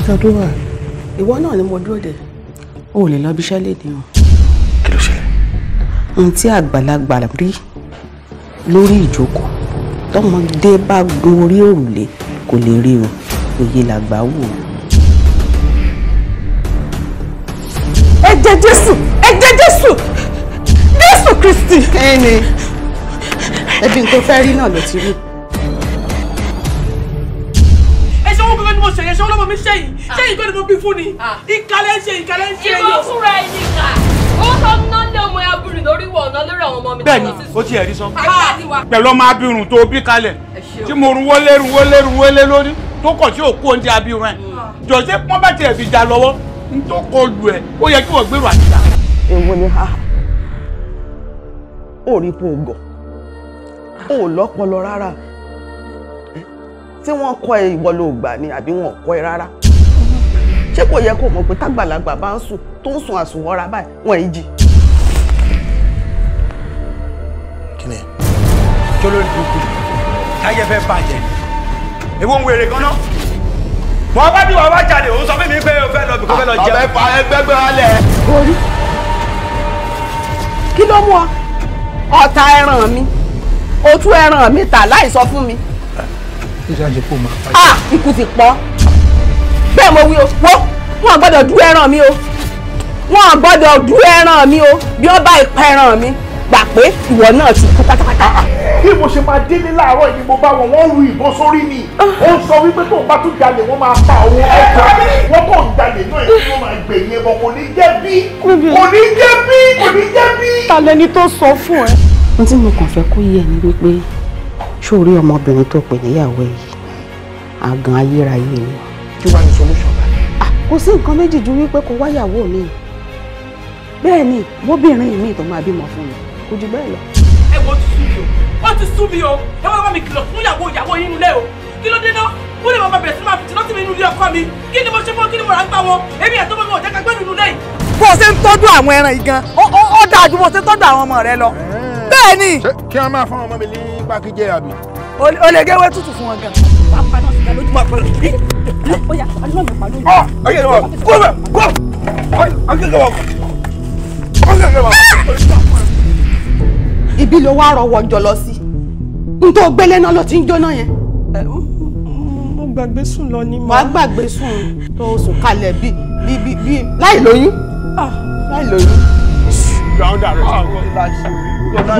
níta tó wà. ìwọ náà ni mo dúró dè o ò lè lọ ibiṣẹ́ léde o. kí ló ṣẹlẹ̀. ohun tí àgbàlagbà rí lórí ìjókòó tọmọdé bá gun orí òrùlé kò lè rí o òye làgbà wò ó. ẹ̀jẹ̀ jésù ẹ̀jẹ̀ jésù jésù kristi. ẹni ẹbí n tó fẹ́ rí náà ló ti rí. mi ṣẹ́yìn ṣẹ́yìn kọ́ ni mo bí fún ni ah. ìkàlẹ̀ ṣe ìkàlẹ̀ ṣe yìí. ìwọ fúnra ẹ ní ká ó sọ ná lé ọmọ abirùn lórí wọ ọ̀nà lórí àwọn ọmọ mi. bẹ́ẹ̀ni ó ti ẹrí sọ. Ah. pẹ̀lú ọmọ abirùn tó bí kalẹ̀ tí mo rún wọlé rún wọlé rún wọlé lórí tó kọ̀ tí ò kó oúnjẹ abirùn ẹ hmm. jọ̀ọ́sẹ̀ pọ́n bá tiẹ̀ fi já lọ́wọ́ n tó kọ lù ẹ ó yẹ kí wọ́n gbèrò àtìlá. èwo ni ha ò rí pò gọ̀ ò lọ́pọlọ rárá tí wọ́n kọ́ ẹ ìwọ ló gbà ni àbí wọn ò kọ́ ẹ rárá ṣé kò yẹ kó mọ̀ pé tágbàlagbà bá ń sùn tó ń sùn àsùnwọ́ra báyìí wọ́n ẹ̀ jí. kíni ẹ. kí ló ń dùn kù táyé fẹ́ bàjẹ́ ewu ń wèrè gan-an wọn bá bí wọn bá jáde òun sọ fún mi pé o fẹ́ lọ bí kò fẹ́ lọ jẹun. àbẹ ah, fa ẹgbẹgbẹ alẹ. orí kí ló mú ọ ọ̀tá ẹran mi o tú ẹran mi tà láì sọ fún mi ah ikú ti pọ̀ bẹ́ẹ̀ mo wí o wo wọn gbọ́dọ̀ dú ẹran mi o wọn gbọ́dọ̀ dú ẹran mi o bí wọ́n bá ipa ẹran mi gbà pé ìwọ náà ti kú pátápátá. bí mo ṣe máa délé láàárọ̀ yìí mo bá wọn wọ́n ru ìbọn sórí mi ó ń sọ wípé tó o bá tún jalè wọ́n máa pa owó ẹ̀ka wọ́n kàn ń jalè náà èyí ló máa gbẹ̀yìn ẹ̀bọ kò ní jẹ́ bí kò ní jẹ́ bí kò ní jẹ́ bí. ta lẹni tó sọ fún ẹ. ohun tí mo kàn fẹ́ kó yé ẹ ni wípé ṣóòrí ọmọbìnrin tó pè níyàwó yìí àgàn ayérayé ni. kí wàá ní solution bá. Ah, kò sí nǹkan méjì ju wípé kó wáyàwó mi bẹ́ẹ̀ ni wóbìnrin mi tó máa bímọ fún mi kò jù bẹ́ẹ̀ lọ. ẹ wo ti sú mi o wọ́n ti sú mi o ẹ wá bá mi kìlọ̀ fún ìyàwó ìyàwó yín nílé o kí ló dé náà wọ́n lè máa bẹ̀rẹ̀ sí máa fi tìlọ́sí mi nínú ilé ọkọ mi kí ni mo ṣe fún kí ni mo rà ń gbà wọn èmi àtọ́mọ́ mi ò jẹ́ ká gbẹ́nu nínú lẹ́yìn. bó o ṣe ń tọ́jú àwọn ẹran yìí gan ó dáa ju bó o ṣe ń tọ́jú àwọn ọmọ rẹ lọ bẹ́ẹ̀ ni. kí a máa fún ọmọ mi ní pákí jẹ àbí. o lè gé ewé tútù fún wọn gan. pápá náà ti dá lójú máa pẹ̀lú. ó yà ọdún náà mi pa lóyún. ọyẹ ìwọ kó bẹ kó akẹkẹ wọn kó akẹkẹ wọn. ibi ló wá rọwọ jọlọ sí n tó gbélé náà ló ti ń jóná yẹn. mo gbàgbé sùn lọ ni mo. wàá gbàgbé sùn tó sùn kalẹ̀ bíi bíi láì lóyún láì lóyún. Ah,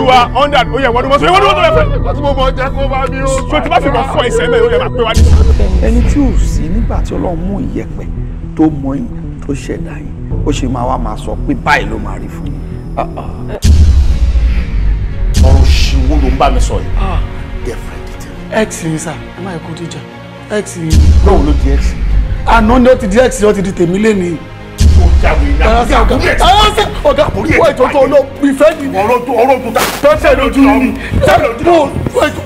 you are under oh arrest. you are under arrest. oyè wọ́n ni mo sọ wọ́n ni mo sọ ẹ̀fẹ̀. àti mo mọ jẹ́ kó bá mi o. sọ ti bá fi mọ̀ fọ ẹsẹ̀ mẹ́rin ó yẹ máa pé wá ní. ẹni tí ò sí nígbà tí Ọlọ́run mú ìyẹ̀pẹ̀ tó mọ yín tó ṣẹ̀dá yín ó ṣe máa wá máa sọ pé báyìí ló máa rí fún yín. Ah, ah. ọ̀rọ̀ ṣìwó ló ń bá mi sọ yìí. girlfriend ti tẹ̀lé. x ni sá ẹ má yẹ kó tó jà x ni. báwo ló di x. àná ni ó ti di x ni ó ti di tèmi lé nìyí ọlọsẹ ọgá wọ ìtọ́jú ọlọ ìfẹ́ ni tọ́sẹ̀ lójú mi mo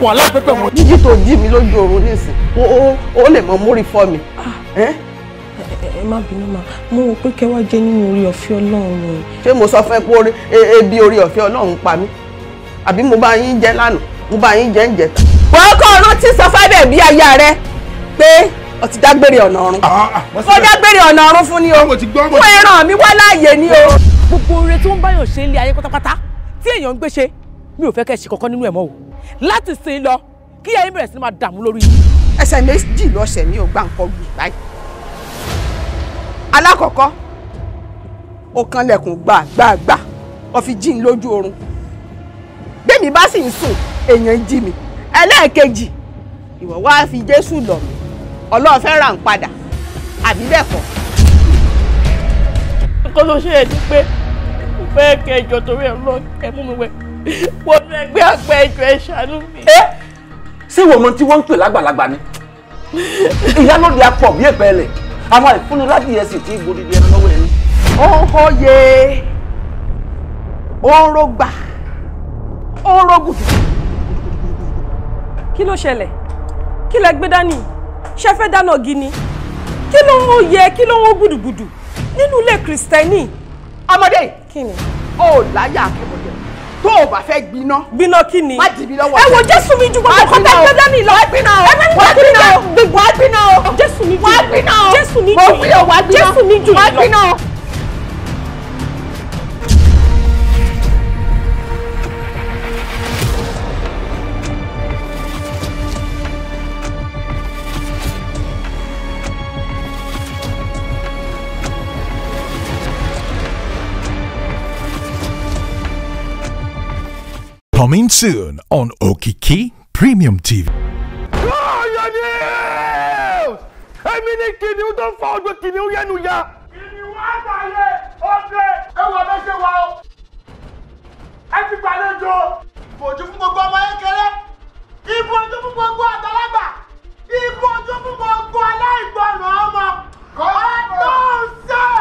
wà lápẹ́pẹ́ wọn. jíjí tó jí mi lójú oorun nísìn ó lè mọ múrí fọ́ mi. Ah. ẹ má bínú ma mo rò pé kẹwàá jẹ nínú orí ọ̀fẹ́ Ọlọ́run. ṣé mo sọ fẹ́ pé e, ebi orí ọ̀fẹ́ Ọlọ́run pa mí àbí mo bá yín jẹ lánàá mo bá yín jẹ ń jẹ. wọ́n kọ́ ọ rántí sọ fẹ́ bẹ̀ bí aya rẹ pé ó ti dágbére ọ̀nà ọ̀run ah, ah, ah. ó dágbére ọ̀nà ọ̀run fún ni o fún ẹran mi wá láàyè ni o. gbogbo oore tó ń báyọ̀ ṣe ń lé ayé pátápátá tí èèyàn ń gbéṣe mi ò fẹ́ kẹ́ ṣe kankan nínú ẹ̀ mọ́ o láti sin lọ kí ẹ̀yin bẹ̀rẹ̀ sí máa dààmú lórí. ẹsẹ̀ méjì lọ́sẹ̀ mi ò gbà nǹkan lù báyìí. alákọ̀ọ́kọ́ ó kanlẹ̀kùn gbàgbàgbà ó fi jí n lójú oorun bẹ́ẹ̀ mi bá sì ń sùn èèyàn jí mi ẹlẹ́ẹ̀kejì ìwọ wá fi Jésù lọ̀ mí ọlọ́run fẹ́ rà ń padà àbí bẹ́ẹ̀ kọ́. nǹkan tó ṣe é ni pé mo fẹ́ kẹjọ torí ẹ̀ lọ ẹ mú mi wẹ̀ wọ́n fẹ́ gbé àgbẹ̀ ẹjọ ẹ̀ ṣàánú mi. ṣé ìwọ ọmọ tí wọ́n ń pè lágbàlagbà ni ìyá lóde apọ̀ bí ẹ̀pẹ́ lẹ̀ àwọn àìfúnni ládìyẹ sì ti gbòdì ẹnu lọ́wọ́ ẹni. ó ń hóye ó ń rógbà ó ń rógùn. kí ló ṣẹlẹ̀ kí lẹ gbé dání yìí ṣe fẹ́ dáná gini kí ló ń yẹ kí ló ń gbùdùgbùdù nínú ilé kristẹni. ọmọdé kí ni. ó láyà akẹ́kọ̀ọ́ tó o bá fẹ́ gbiná. gbiná kí má dìbí lọ́wọ́ ẹ wo jésù mi ju gbogbo kọ́tà ẹgbẹ́ dání lọ. wàá gbiná o. ẹgbẹ́ nígbà gbiná o. jésù mi jù. wàá gbiná o. jésù mi jù. mo fi o jésù mi jù. wàá gbiná o. Coming soon on Okiki Premium TV. Ọ̀yọ̀ ni èmi ní kìnìún tó fọ́ ọdún kìnìún yẹnu ya. Kìnìún àgbáyé ọ̀dẹ ẹwà bẹ́ẹ̀ ṣe wà o. Ẹ ti gbàlejò. Ìbòjú fún gbogbo ọmọ kékeré. Ìbòjú fún gbogbo àgbàlagbà. Ìbòjú fún gbogbo aláìgbọràn ọmọ. Ọ̀dọ́ ń sẹ̀.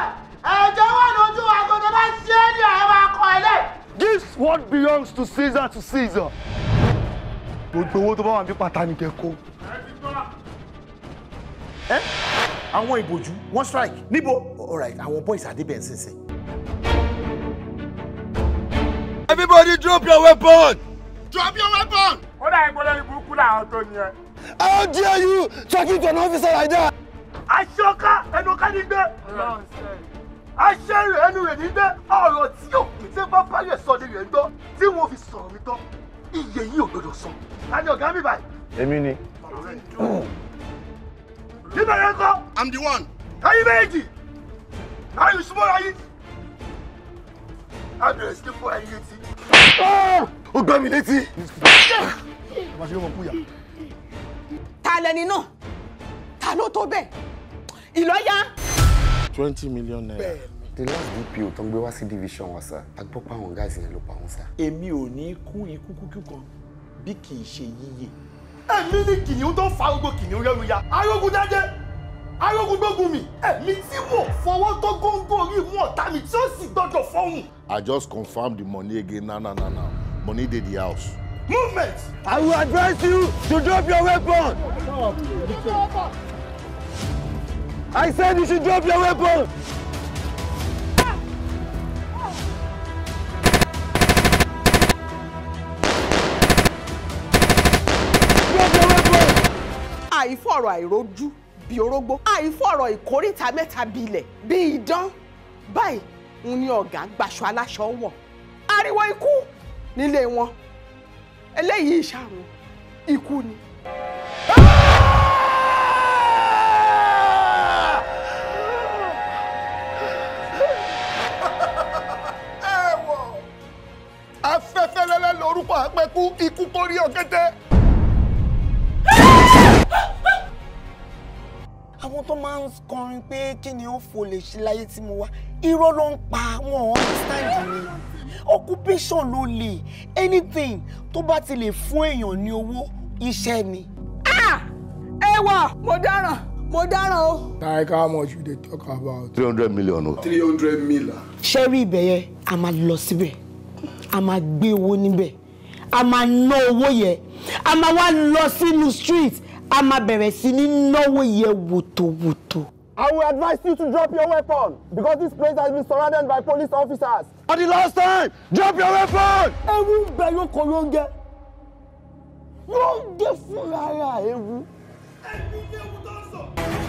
Ẹ̀jẹ̀ wà lójú wa tó tẹ́ bá ṣe é ní àyẹ̀wò akọ ẹlẹ́. This what belongs to Caesar to Caesar. Gbogbo owó tó bá wà ní pátá ni kẹ́ kó. Ẹ àwọn ìbòjú wọ́n strike níbo alright àwọn boys àdébẹ̀ ṣinṣin. Everybody drop your weapon. Drop your weapon. Ó dà ìgbọ́dọ̀ ní burúkú làwọn tó ní ẹ. How dare you talking to an officer like that? Aṣọ́ká ẹnu ká ní gbé. Nonsense aṣẹ́rù ẹnu rẹ̀ ní gbé ọ̀rọ̀ tí òkùnkùn tí bá bá yẹ sọ ni rẹ̀ ń gbọ́ tí wọ́n fi sọ̀rọ̀ mi tán iye yìí ò gbọdọ̀ sọ. láti ọ̀gá mi báyìí. èmi ni. nígbà yẹn kọ́. i'm the one. ẹyin méjì ayò ìṣúmọ́ra yìí á bẹ̀rẹ̀ sí fún ẹyin létí. ó gbá mi létí. ta lẹni náà ta ló tó bẹ́ẹ̀ ìlọ́yà twenty million naira. the last DPO tó ń gbé wá sí division wa sir agbọ́ pa àwọn guys yẹn ló pa wọn sir. èmi ò ní kú ikú kúkú kan bí kì í ṣe yíyẹ. èmi ni kìnìún tó fa gbogbo kìnìún rẹ́rù ya arógun dájẹ́ arógun gbógun mi èmi tí mo fọwọ́ tó góńgó orí mú ọ̀tá mi tí ó sì gbọ́dọ̀ fọ́hùn. I just confirmed the money again na na na na money dey the house. movement. I will advise you to drop your weapon. I said you should drop your weapon! àìfọ̀rọ̀ àìrójú bí orógbó àìfọ̀rọ̀ ìkórìtà mẹ́ta bilẹ̀ bí idán báyìí ń ní ọ̀gá gbaṣọ aláṣọ wọ̀ ariwo ikú nílé wọn eléyìí ìṣàrùn ikú ni. Ah! orúkọ àpẹkú ikú kórí ọ̀kẹ́tẹ́. àwọn tó máa ń kọrin pé kí ni ó fò lè ṣe láyé tí mo wá irọ́ ló ń pa wọn understand mi occupation ló lè anything tó bá ti lè fún èèyàn ní owó iṣẹ́ ni. Ah! ẹ wà mo dáràn mo dáràn o. like how much you dey talk about. three hundred million o. three hundred million. ṣé rí ibẹ̀ yẹn a máa lọ síbẹ̀ a máa gbé owó níbẹ̀ a máa ná owó yẹn a máa wá lọ sínú street a máa bẹ̀rẹ̀ sí ní náwó yẹn wòtòwòtò. I will advise you to drop your weapon because this place has been surrounded by police officers. For the last time, drop your weapon. Ewu ń bẹ yóò kọ yóò ń gẹ. Yóò ń gẹ fúnra ara ewu. Ẹni ní ewu tó ń sọ.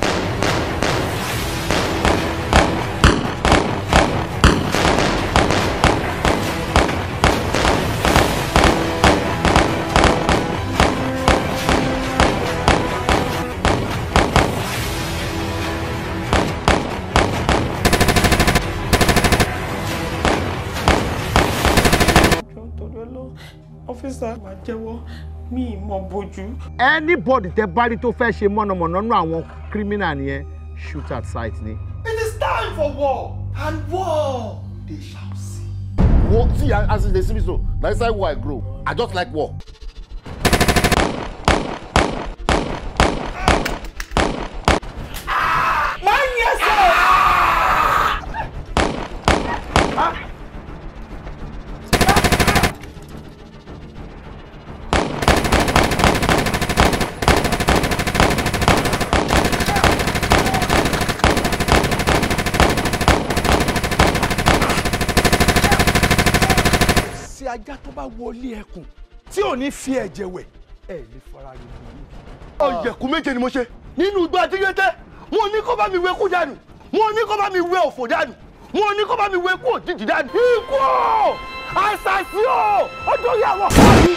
ọ́fíìsà má jẹ́wọ́ mi ì mọ̀ bójú. anybody tẹ bá rí tó fẹ́ ṣe mọ̀nàmọ̀nà nú àwọn criminal nìyẹn shoot at sight ni. it is time for war and war they shall see. wo see as e dey see me so na inside war i grow i just like war. bá wọlé ẹkùn tí ò ní fi ẹ̀jẹ̀ wẹ̀ ẹ̀ lè fara rẹ̀ wọlé. ọ̀yẹ̀kùn méje ni mo ṣe nínú igbó àtijọ́tẹ́ mo ní kó bá mi wé kú dànù mo ní kó bá mi wé òfò dànù mo ní kó bá mi wé kú òjijì dànù. ikú o àṣàṣì o ó dórí àwọn ọ̀hún.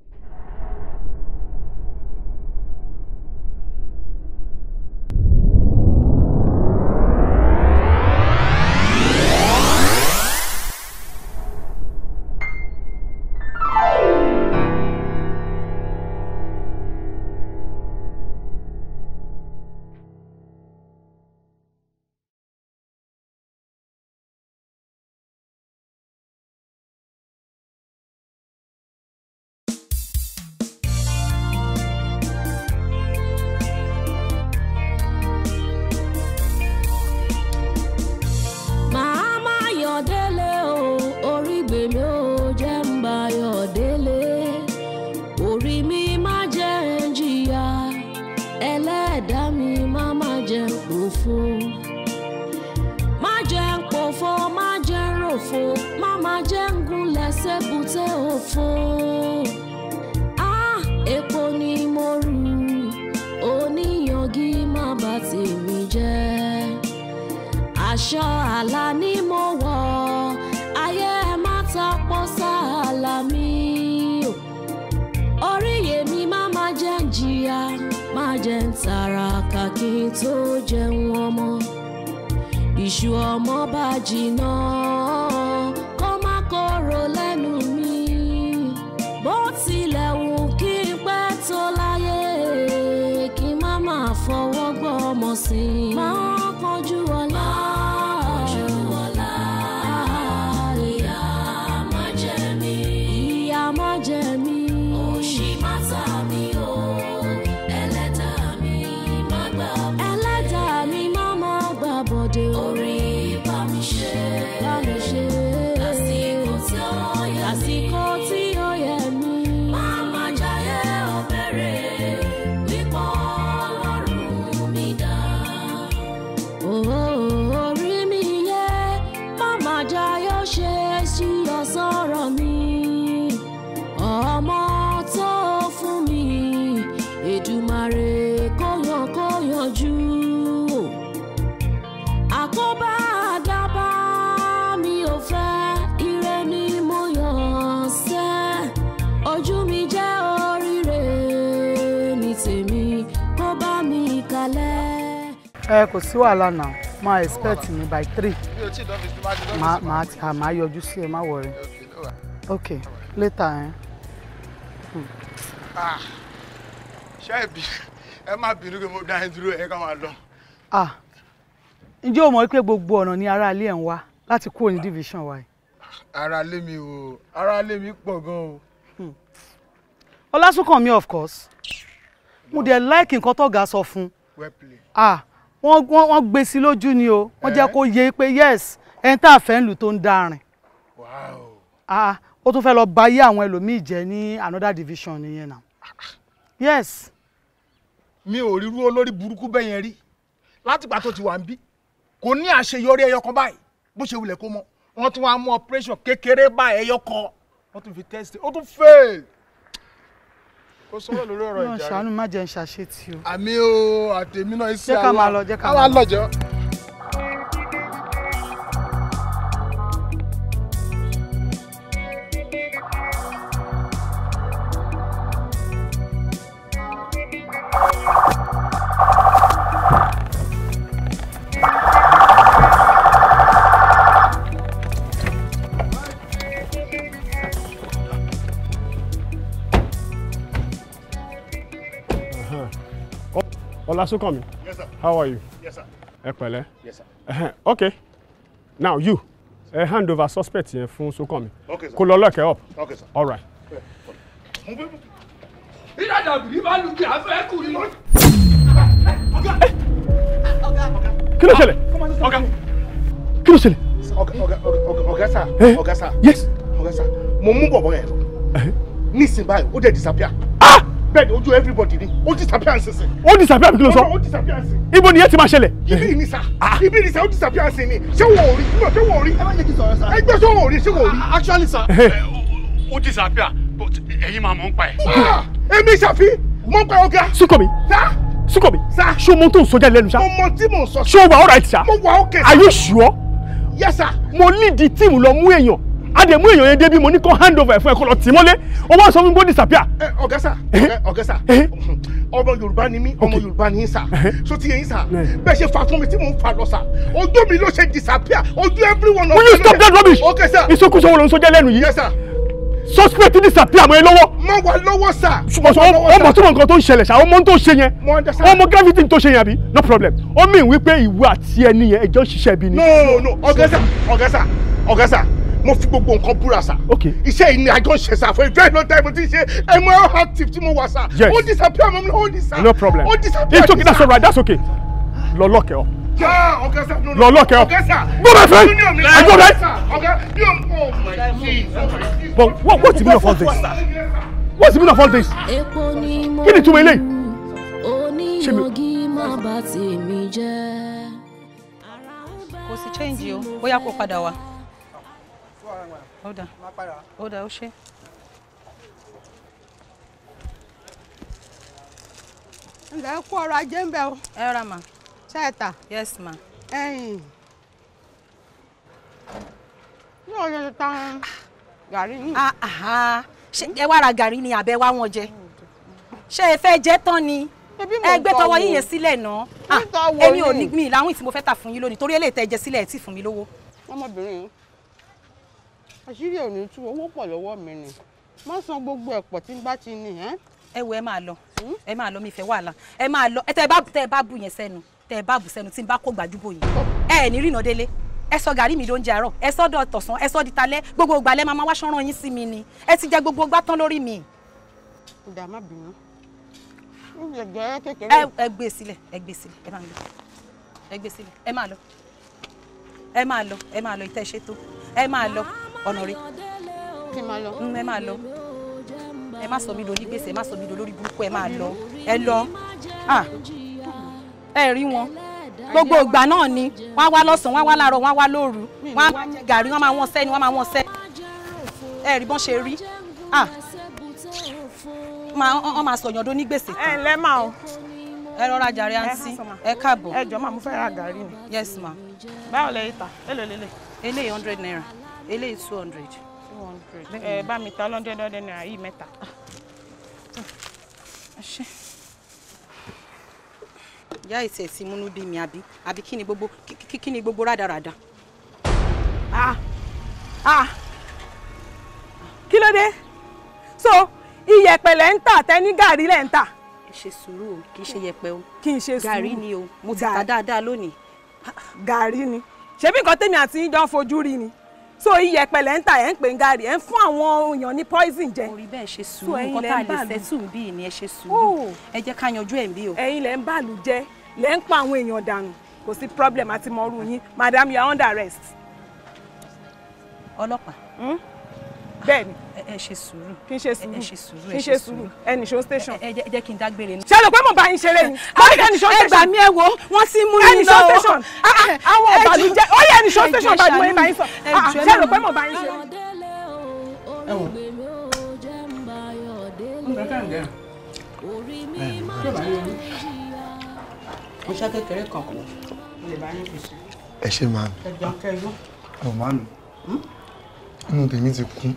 ẹ kò sí wàhálà náà máa expect mi by three máa ti àmà yọjú sí ẹ má wọrí ok later ẹ. Eh. Hmm. Ah, ṣé ẹ bí ẹ má bínú pé mo dá ẹ dúró ẹ ká máa lọ. Ah, o mọ̀ pé gbogbo ọ̀nà ni aráalé ẹ̀ ń wá láti kúrò ní division wa Ara aráalé mi o aráalé mi pọ̀ gan o. Hmm. ọlásùnkànmí of course mo dẹ̀ like nǹkan tó ga sọ fún well played. ah wọ́n wọ́n gbé sí lójú ni o wọ́n jẹ́ eh? kó yé pé yes ẹni tá a fẹ́ ń lù tó ń darin ó tún fẹ́ lọ bá yé àwọn ẹlòmíì jẹ́ ní another division nìyẹn náà yes. mi ò rí irú olórí burúkú bẹ́ẹ̀ yẹn rí látìgbà tó ti wà ń bí kò ní àṣeyọrí ẹyọ kan báyìí bó ṣe wulẹ̀ kó mọ wọ́n tún wá mú operation kékeré báyìí ẹyọ kan wọ́n tún fi test ó tún fail ó sọ̀rọ̀ lórí ọ̀rọ̀ ìjà rẹ̀. ṣàánú má jẹ́ ṣàṣetì o. àmì o àtẹ̀mí náà iṣẹ́ àwọn jẹ́ Olasokanmi. Yes, sir. How are you? Yes, sir. Ẹ Yes, sir. Okay. Now you uh, hand over suspect yẹn fún Sokanmi. Okay, sir. Kó lọ up. Okay, sir. All right. Ìdájà bìrì bá lu kí afẹ́ kù ní. Ọ̀gá. Ọ̀gá. Kí ló ṣẹlẹ̀? Ọ̀gá. Kí ló ṣẹlẹ̀? Ọ̀gá ọ̀gá sà. Ọ̀gá sà. Yes. Ọ̀gá sà. Mo mú bọ̀bọ̀ yẹn lọ. Nísìnyí báyìí, ó dẹ̀ disappear. Ah! bẹ́ẹ̀ ni ojú everybody ni ó disappear sísìn. ó disappear kí ló sọ. ó disappear sí. ibo ni yẹn ti máa ṣẹlẹ̀. ibi ni sa ah. ibi ni sa ó disappear sí ni ṣé wọ́n ò rí ṣé wọ́n ò rí. ẹ má jẹ́ kí sọ̀rọ̀ sa. ẹgbẹ́ sọ wọ́n ò rí ṣé wọ́n ò rí. actually sa eh, ó disappear but ẹ̀yin máa mọ̀ ń pa ẹ̀. Ah, èmi ṣàfi mọ̀ ń pa ọ̀gá. sukọ mi. sa sukọ mi. sa ṣé o mọ tó ń sọjá lẹ́nu sa. mo mọ tí mò sọ. ṣé o wà all sa. mo wà okay. are you sure. yes sir. mo lead the team lọ mú èèyàn a dẹ̀ mú èèyàn yẹn débi mo ní kó hand over ẹ̀ fún ẹ kó lọ tì mọ́lé ó wá sọ fún bó disappear. ẹ ọ̀gá sà eh, ọ̀gá sà eh. ọmọ yorùbá ni mí ọmọ yorùbá ni yín sà eh. so ti yẹn yín sà bẹ́ẹ̀ ṣe fa fún mi tí mò ń fa lọ sà ojú mi ló ṣe disappear ojú everyone. will you stop that rubbish. okay sir. ìsọkúsọ wo ló ń sọ jẹ́ lẹ́nu yìí. yes sir suspect ní disappear àmọ́ ẹ lọ́wọ́. mọ wa lọ́wọ́ sà. ṣùgbọ́n ọ mọ tí mo nǹkan tó ń ṣẹlẹ̀ ṣá ọmọ tó ṣe yẹn ọmọ gravity tó ṣe yẹn àbí no problem ó mì wípé ìwé àti ẹni yẹn ẹjọ́ ṣiṣẹ́ bí ni. no no ọ̀gá sà ọ̀gá sà mo fi gbogbo nǹkan búra sa. iṣẹ́ yìí ni àjọ ṣe sa for a very long time ti ṣe ẹ mọ how active tí mo wà sa. yes ó disappear mo ní ó di sa. no problem ó disappear di sa. it's okay that's alright that's okay lọ lọkẹ ọ. Ah, lọ lọkẹ ọ gbọdọ fẹ ẹjọ rẹ. but what what's the meaning of all this what's the meaning of all this kí ni túmọ̀ eléyìí. ṣé mi má kò sí change o bóyá kó padà wá ó dà ó dà ó ṣe. ǹlẹ́ kú ọrọ̀ ajé ń bẹ̀ o. ẹ ra ma. ṣe é ta. yes ma. ẹyìn yóò ṣe ta gàrí yìí. Ah, ṣé ẹ wá ra gàrí ni àbẹ wá wọn jẹ ṣé ẹ fẹ́ jẹ tán ni ẹ gbé tọwọ́ yín yẹn sílẹ̀ náà ah, èmi ò ní mi láwìn tí mo fẹ́ tà fún yín lónìí torí eléyìí tẹ́ jẹ sílẹ̀ ẹ tì fún mi lówó. ọmọbìnrin yìí àṣírí ò ní tú owó pọ̀ lọ́wọ́ mi ni má san gbogbo ẹ̀pọ̀ tí n bá ti ní. ẹ wo ẹ máa lọ hmm? ẹ máa lọ mi fẹ́ wàhálà ẹ máa lọ ẹ tẹ bá tẹ bá bu yẹn sẹ́nu tẹ bá bu sẹ́nu tí n bá kó gbàdúgbò yìí ẹ ẹ ní rìnà délé ẹ sọ gàrí mi ló ń jẹ àárọ̀ ẹ sọ dọ tọ̀sán ẹ sọ di talẹ́ gbogbo ìgbà lẹ máa wá ṣọràn yín sí mi ni ẹ ti jẹ gbogbo gbá tán lórí mi. ìdá má bínú ẹ gbé e sílẹ̀ ẹ gbé e sílẹ̀ ẹ máa lọ ẹ gbé e lọ ẹ máa lọ ẹ máa ẹ máa lọ ọ̀nà kí máa lọ. Mm, ẹ máa lọ ẹ má sọ mí do onígbèsè ẹ má sọ mí lórí burúkú ẹ máa lọ ẹ lọ ẹ rí wọn gbogbo ìgbà náà ni wọ́n á wá lọ́sàn-án wọ́n á wá láàárọ̀ wọ́n á wá lóru wọ́n á wá gàrí wọ́n máa wọ́n sẹ́ni wọ́n máa wọ́n sẹ́ ẹ rí bọ́n ṣe rí wọ́n máa sọ̀yàn dó ní gbèsè tán. ẹ ǹlẹ́ máa o. ẹ rọra jàre àǹtí ẹ káàbọ̀. ẹ jọ máa mú fẹ́ ra gàrí ni. yes ma. báwo lẹ yìí ta èlò lélẹ̀. eléyìí hundred naira eléyìí two hundred. two hundred ẹ bá mi ta lọ́dẹ lọ́dẹ náírà yìí mẹ́ta. ìyá ìṣẹ̀ sí múnú bí mi àbí àbí kí ni gbogbo kí ni gbogbo rádaràda. ah ah kí ló dé so iyẹ̀pẹ̀ lẹ́ ń tà tẹ́ ní gàrí lẹ́ ń tà. ẹ ṣe sùúrù o kì í ṣe yẹ̀pẹ̀ o kì í ṣe sùúrù gàrí ni o mo ti ta dáadáa lónìí. gàrí ni ṣebí nǹkan tèmi àti yín jọ ń fojú rí ni so iyẹ pẹlẹ ń ta ẹ ń pè ń gàrí ẹ ń fún àwọn èèyàn ní poison jẹ. orí bẹ́ẹ̀ ṣe sùúrù nǹkan tá a lè sẹ́tù ń bí ni ẹ ṣe sùúrù oh! ẹ jẹ́ ká yanjú ẹ̀ ń bí o. ẹ̀yin lẹ ń bàlù jẹ lẹ ń pa àwọn èèyàn dànù kò sí problem àti mọ̀ọ́rù yín madam you are under arrest. ọlọ́pàá hmm? bẹ́ẹ̀ ni. ẹ ṣe sùúrù kí n ṣe sùúrù ẹ ṣe sùúrù kí n ṣe sùúrù ẹ nìṣó station. ẹ jẹ́ kí n dágbére ni. ṣé ló pé mo bá yín ṣeré ni. kọ́ríkà nìṣó station. ẹ gbà mí ẹ wo wọ́n ti mú mi lọ. Ah, ah, àwọn ọ̀bàlújẹ́ ó yẹ nìṣó station bá dúró ìbá yín sọ. ṣé ló pé mo bá yín ṣeré ni. ẹ wò ń bẹ káyọ̀dé rẹ̀ ṣé bá yín ní ọṣẹ kékeré kan kù lè bá yín fi ṣe. ẹ ṣe máa ń. ẹ jẹun kẹ́ ẹ yó. ọ̀ máa ń. inú tèmi ti kún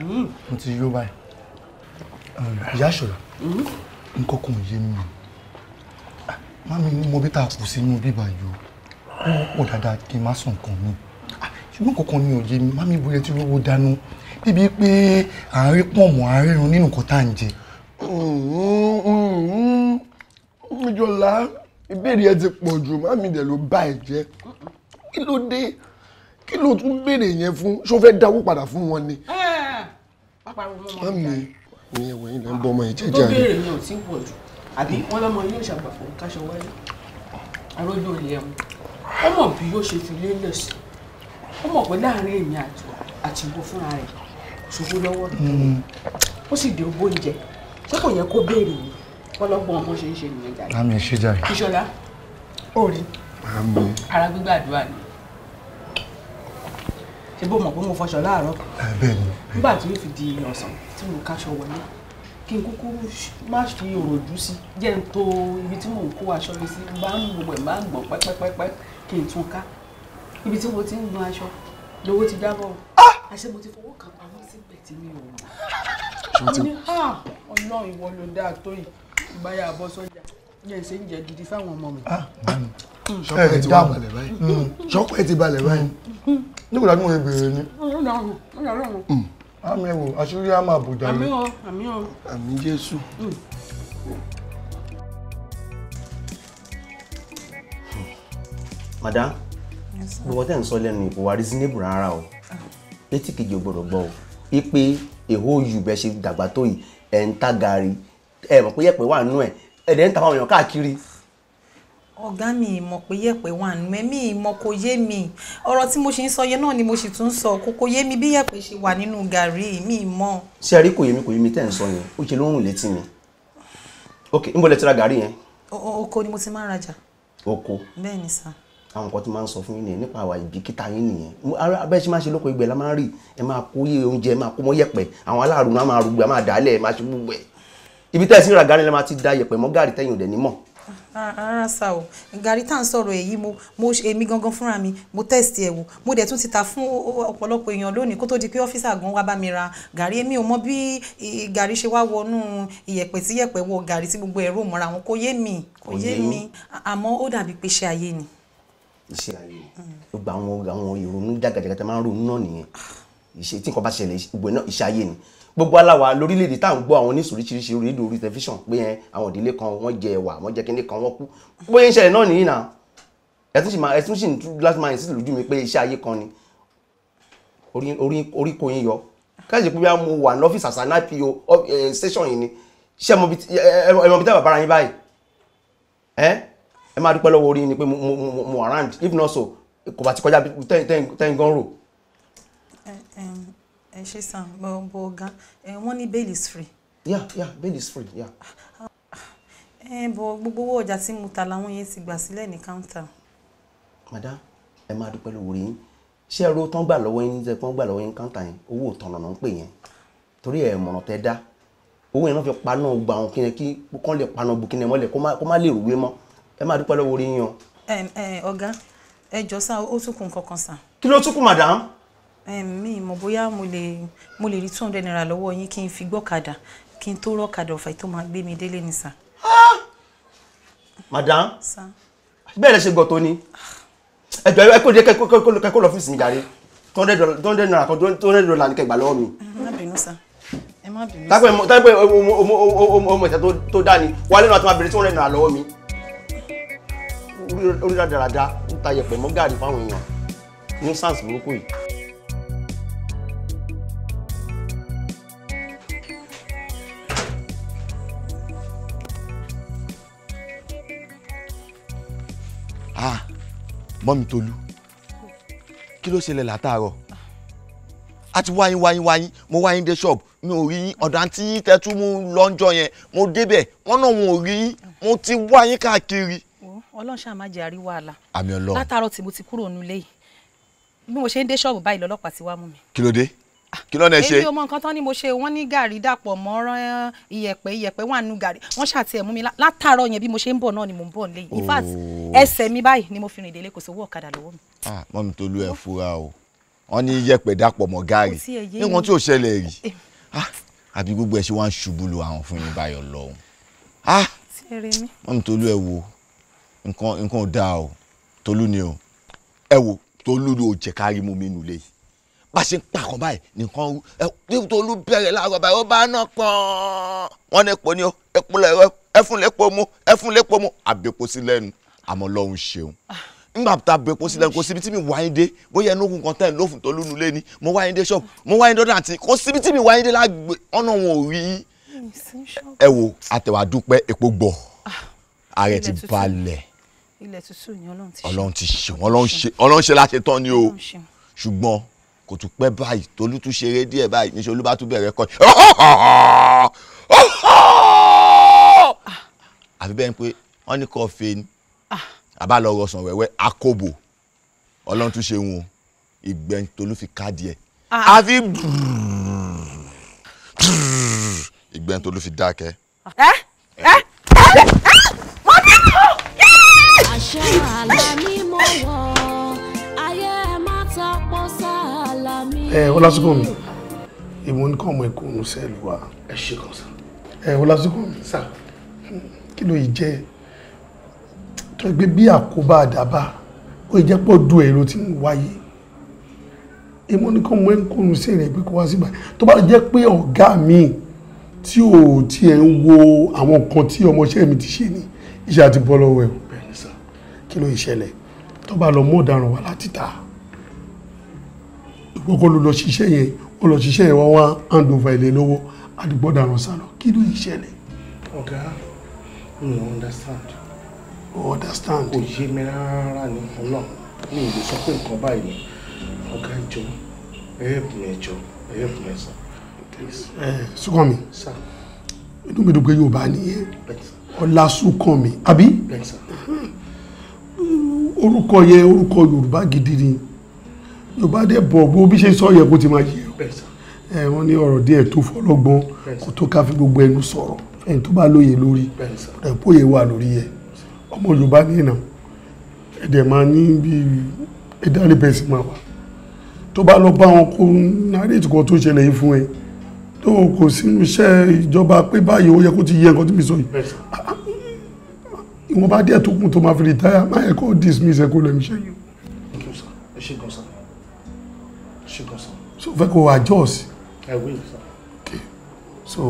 mo ti yó báyìí ìyá ṣọ̀rọ̀ nǹkan kan yé mi mami mo bí tá a kù sínú bíbá yìí o ó pọ̀ dáadáa kí n má sọ nǹkan mi ṣùgbọ́n kankan ni òye mi mami bóyá tí rówó dáná bíbí pé à ń rí pọ̀nmọ́ à ń rírun nínú nǹkan tá à ń jẹ. ìjọlá ìbéèrè ẹ ti pọ̀ jù mami dẹ̀ ló bá ẹ jẹ́ kí ló dé kí ló tún béèrè yẹn fún ṣó fẹ́ dáwó padà fún wọn ni. mami mi ẹ̀wọ̀ yìí ló bọ́ ọmọ yìí jẹ́jà rẹ̀. tó bí yóò ṣe fi lélẹ̀ sí ó pé láàrin èmi àti ìwọ fúnra rẹ̀ ṣòwò lọ́wọ́ hmm. ó sì dé owó oúnjẹ ṣé kò yẹ kó béèrè yìí pọlọgbọn ọmọ ṣe ń ṣe nìyẹn jáde. àmì ìṣe jáde. ìṣọlá òòrì ara gbígbàdúrà ni ebó mọ̀ pé mo fọṣọ láàárọ̀. bẹ́ẹ̀ ni. nígbà tí ó fi di ọ̀sán tí mo káṣọ wọlé kí n kúkú má fi òròjú sí jẹ́ n tó ibi tí mò ń kó aṣọ mi sí bá ń gbogbo ẹ̀ má ń gbọ̀n pẹ́pẹ́pẹ́pẹ́ kí n tún ká ibi tí mo ti ń gun aṣọ lówó ti jábọ̀ ah! àṣẹ mo ti fowó kan pamọ́ síbẹ̀ tí mi ò mọ̀. mo ní ah! ọlọ́run ìwọ ló dáa tó yìí ìgbáyà bọ́ sọ́jà yẹ ṣe ń jẹ gidi fáwọn ọmọ mi. Ah, mm. Mm. Mm. ṣọpẹ́ ti balẹ̀ báyìí ṣọpẹ́ ti balẹ̀ báyìí nígbà tí mo lè bèrè ni. àmì ẹ̀wò àṣírí á máa bùjá mi. àmì o àmì o. àmì Jésù. madam gbogbo tẹ́ ń sọ lẹ́nu ìkó wa reasonable rárá o létí kejì ò gbọ́dọ̀ gbọ́ o pípé èho yù bẹ́ẹ̀ ṣe dàgbà tó yìí ẹ̀ ń tá gààrí ẹ̀ mọ̀ pé yẹ̀pẹ̀ wà nú ẹ̀ ẹ̀dẹ̀ ń ta àwọn èèyàn káàkiri. ọ̀gá mi ìmọ̀ pé yẹ̀pẹ̀ wà nù mẹ́mí ìmọ̀ kò yé mi ọ̀rọ̀ tí mo ṣe ń sọ yẹn náà ni mo sì tún sọ kò kò yé mi bí yẹ̀pẹ̀ ṣe wà nínú gàrí mi mọ̀. ṣé ẹ rí kò yé mi kò yé mi tẹ́ ń sọ yẹn ó ṣe ló ń rùn létí mi ok níbo lẹ ti gàrí yẹn. oko ni mo ti máa ń rajà. oko bẹ́ẹ̀ ni sà àwọn nǹkan tí máa ń sọ fún yín nìyẹn nípa àwa ìbìkítà yín nìyẹn abẹ́ ṣe máa ṣe lóko ìgbẹ́ la máa ń rí ẹ máa kó oúnjẹ ẹ máa kó mọ́ yẹ̀pẹ̀ àwọn aláàrùn máa máa rúgbẹ́ máa dàálẹ̀ máa ṣe gbogbo ẹ̀ ibi tẹ́ ẹ sí ra gàrí lẹ́ẹ̀ ti da yẹ̀pẹ̀ mọ́ gàrí tẹ́yìn òdẹ̀ ní mọ̀. Ah, ah, rárá sá o gàrí tá à ń sọ̀rọ̀ èyí mo mo èmi gangan fúnra mi mo test ẹ̀ wò mo dẹ̀ tún ti ta fún ọ̀pọ̀lọpọ̀ èèyàn lónìí kó tó di pé ọ́fíìsà gan wá bá mi ra gàrí èmi ò mọ bí gàrí ṣe wá wọnú ìyẹ̀pẹ̀ tí yẹ̀pẹ̀ wọ gàrí tí gbogbo ẹ̀rọ mọ́ra wọn kò yé mi kò yé mi àmọ́ ó dàbí pé ṣe ayé ni. iṣẹ́ ayé mm. gbogbo àwọn ìrònú jàgàjàgà tá máa ń ronú náà nìyẹn ìṣe tí nǹkan bá ṣẹlẹ̀ gbogbo náà iṣẹ́ ayé ni gbogbo aláwa lórílẹ̀‐èdè tá à ń gbọ́ àwọn oníṣòro oríṣiríṣi orí ìdòrí tẹlifíṣàn pé ẹ àwọn ìdílé kan wọ́n jẹ ẹ̀wà wọ́n jẹ kíní kan wọ́n kú bóyá iṣẹ́ náà nìyí náà ẹtún sì máa ẹtún sì ń tú láti máa ìsìn lójú mi pé iṣẹ́ ayé kan ni orí kò yín yọ káyọ̀ pé bí a mú wà ní ọ́fíìsì àṣà ipo station yìí ni ṣé ẹ mọ bí tá bàbá yín báyìí ẹ ẹ máa dúpẹ́ lọ́wọ́ orí ni pé mo around if not so kò bá ti kọjá ẹ ṣe sàn bọ ọgá wọn ní bail is free. yeah yeah bail is free yeah. ẹ bọ gbogbo owó ọjà tí mo ta làwọn yẹn ti gbà sílẹ̀ ní káńtà. madam ẹ máa dúpẹ́ lówó yín ṣé ẹrú tán gbà lọ́wọ́ yín jẹ́ pọ́n gbà lọ́wọ́ yín káńtà yẹn owó ìtànà náà ń pè yẹn torí ẹ̀ mọ̀nà tẹ́ dá owó yẹn náà fi paná gba àwọn kíni kí kán lè paná bu kíni mọ́lẹ̀ kó má lè rúwé mọ́ ẹ máa dúpẹ́ lọ́wọ́ yín yan. ọ̀gá ẹ jọ sá ó tún kù nǹkan kan sá. kí ló tún kù madam mi mọ̀ bóyá mo lè mo lè rí two hundred naira lọ́wọ́ yín kí n fi gbọ́kadà kí n tó rọ́kadà ọ̀fà tó máa gbé mi délé ni sà. madam bẹ́ẹ̀ lẹ ṣe gọ̀tọ̀ ni ẹ̀jọ̀ ẹ kó de kẹ́kọ́ lọ́fíìsì mi jàre two hundred naira kan two hundred naira ni kẹgbà lọ́wọ́ mi. ẹ má bínú sà ẹ má bínú sà. tápẹ́ tápẹ́ ọmọ ìta tó dá ni wà lẹ́nu àti máa bèrè two hundred naira lọ́wọ́ mi orí dáadáa ń ta yẹpẹ̀ mọ́ gàrí fáwọn èèyàn ní sars burúkú yìí. mọ́mi tolú kí ló ṣẹlẹ̀ látàárọ̀ a ti wáyín wáyín wáyín mo wáyín dé shop mi ò rí yín ọ̀dà tí tẹ́tú mú lọ́njọ́ yẹn mo débẹ̀ wọ́n náà wọn ò rí yín mo ti wáyín káàkiri. ọlọ́run ṣáà má jẹ́ àrí wàhálà àmì ọlọ́run látàárọ̀ tí mo ti kúrò nílé yìí bí mo ṣe ń dé ṣọ́ọ̀bù báyìí lọ́lọ́pàá ti wá mú mi. kí ló dé kí ló ń ṣe. èyí o mọ nǹkan tán ni mo ṣe wọ́n ní gàrí dàpọ̀ mọ́ iyẹ̀pẹ̀ iyẹ̀pẹ̀ wà nù gàrí wọ́n ṣàti mú mi látàárọ̀ yẹn bí mo ṣe ń bọ̀ náà ni mo ń bọ̀ nílé in fact oh. ẹsẹ̀ mi báyìí ni mo fi rìn délé kò sówó ọ̀kadà lọ́wọ́ mi. Ah, mọ́ mi Tolú ẹ fura o wọ́n ní iyẹ̀pẹ̀ dàpọ̀ mọ́ gàrí ní wọn tí ò ṣẹlẹ̀ rí eh. ah, àbí gbogbo ẹ̀ ṣe wá ń ṣubú lu àwọn fún ah. mi báyọ̀ bá ṣe ń pa àkàn báyìí nìkan ẹ tolú bẹ̀rẹ̀ láàárọ̀ báyìí ó bá ná pọ́n wọ́n ní epo ni ó epo lẹ́rọ ẹfun lẹ́po mu ẹfun lẹ́po mu àbẹ̀pọ̀ sí lẹ́nu àmọ́ lọ́hún ṣeun nígbà tá a bẹ epo sílẹ̀ kò síbi tí mi wáyé dé bóyá ẹnu òkun kan tẹ̀ lófun tó lúnu lé ni mo wáyé dé ṣọ́ọ̀bù mo wáyé dọ́dọ̀ àti kò síbi tí mi wáyé dé lágbè ọ̀nà wọn ò rí ẹ wo àtẹ̀wá dúpẹ́ epo gbọ̀ ààrẹ ti balẹ̀ ọlọ́run ti ṣe ọlọ́run ṣe láṣetán ni o ṣùgbọ́n kò tún pẹ́ báyìí tolú tún ṣeré díẹ̀ báyìí níṣẹ́ olú bá tún bẹ̀rẹ̀ kọ́ àfi bẹ́ẹ̀ ni pé wọ́n ní kọ́ fe ni àbá lọ rọsàn wẹ́wẹ́ àkóbò ọlọ́run tún ṣe wọn ìgbẹ́ni tolú fi káàdì ẹ̀ àfi ìgbẹ́ni tolú fi dákẹ́. ẹ ẹ ẹ mọ bí mo. àṣà àlẹ́ ni wọ̀. ẹ ọlásùkò mi èmo ní kàn mọ ẹkọ òun sẹẹlì wa. ẹ ṣe kan sá. ẹ ọlásùkò mi sá hmm, kí ló yìí jẹ tó gbé bí àkóbá àdábà ó yìí jẹ pọ du èrò tí ń wáyé èmo ní kàn mọ ẹkọ òun sẹẹlì pé kó wá sígbà tó bá jẹ pé ọ̀gá mi tí ò tiẹ̀ ń wo àwọn nǹkan tí ọmọọṣẹ́ mi ti ṣe ni iṣẹ́ àti bọ́ lọ́wọ́ ẹ̀ kí ló ìṣẹ̀lẹ̀ tó bá lọ mú ọ̀daràn wá láti ta ṣùgbọ́n kó ló lọ ṣiṣẹ́ yẹn ó lọ ṣiṣẹ́ yẹn wọ́n wá hand over ilé lọ́wọ́ àdìgbò dànù sálọ kí ló yìí ṣẹlẹ̀. ọ̀gá mi ò understand. o understand. kò yé mi rárá ni ọlọ́run mi ò lè sọ pé nǹkan báyìí ni ọ̀gá ìjọ ẹ̀ẹ́bù mẹ́jọ ẹ̀ẹ́bù mẹ́sàn. ẹ sùkọ́ mi inú mi dùn pé yorùbá nìyẹn ọlá sùkọ́ mi àbí orúkọ yẹn orúkọ yorùbá gidi ni tó bá dé bọ̀ bó bí ṣe sọ yẹ kó ti máa yẹ ẹ wọ́n ní ọ̀rọ̀ díẹ̀ tó fọlọ́gbọ́n kó tó ká fi gbogbo ẹnu sọ̀rọ̀ ẹni tó bá lóye lórí ẹ̀pọ̀yẹ wà lórí ẹ ọmọ Yorùbá nìyẹn ẹ̀dẹ̀ máa ní bí ẹ̀dáni bẹ̀sì máa wà tó bá lọ bá wọn kó nárètì kan tó ṣẹlẹ̀ yìí fún ẹ tó kò sínú iṣẹ́ ìjọba pé báyìí ó yẹ kó ti yẹ nǹkan tó mi sọ yìí ah, ah, ìwọ̀nba díẹ̀ tó kù tó máa fi rìtáyà máa ẹ̀kọ́ dismiss ẹ̀kọ́ lẹ́mìṣẹ́ yìí. ẹ ṣe gan sa fẹ́ kó adjust. I will sir. okay so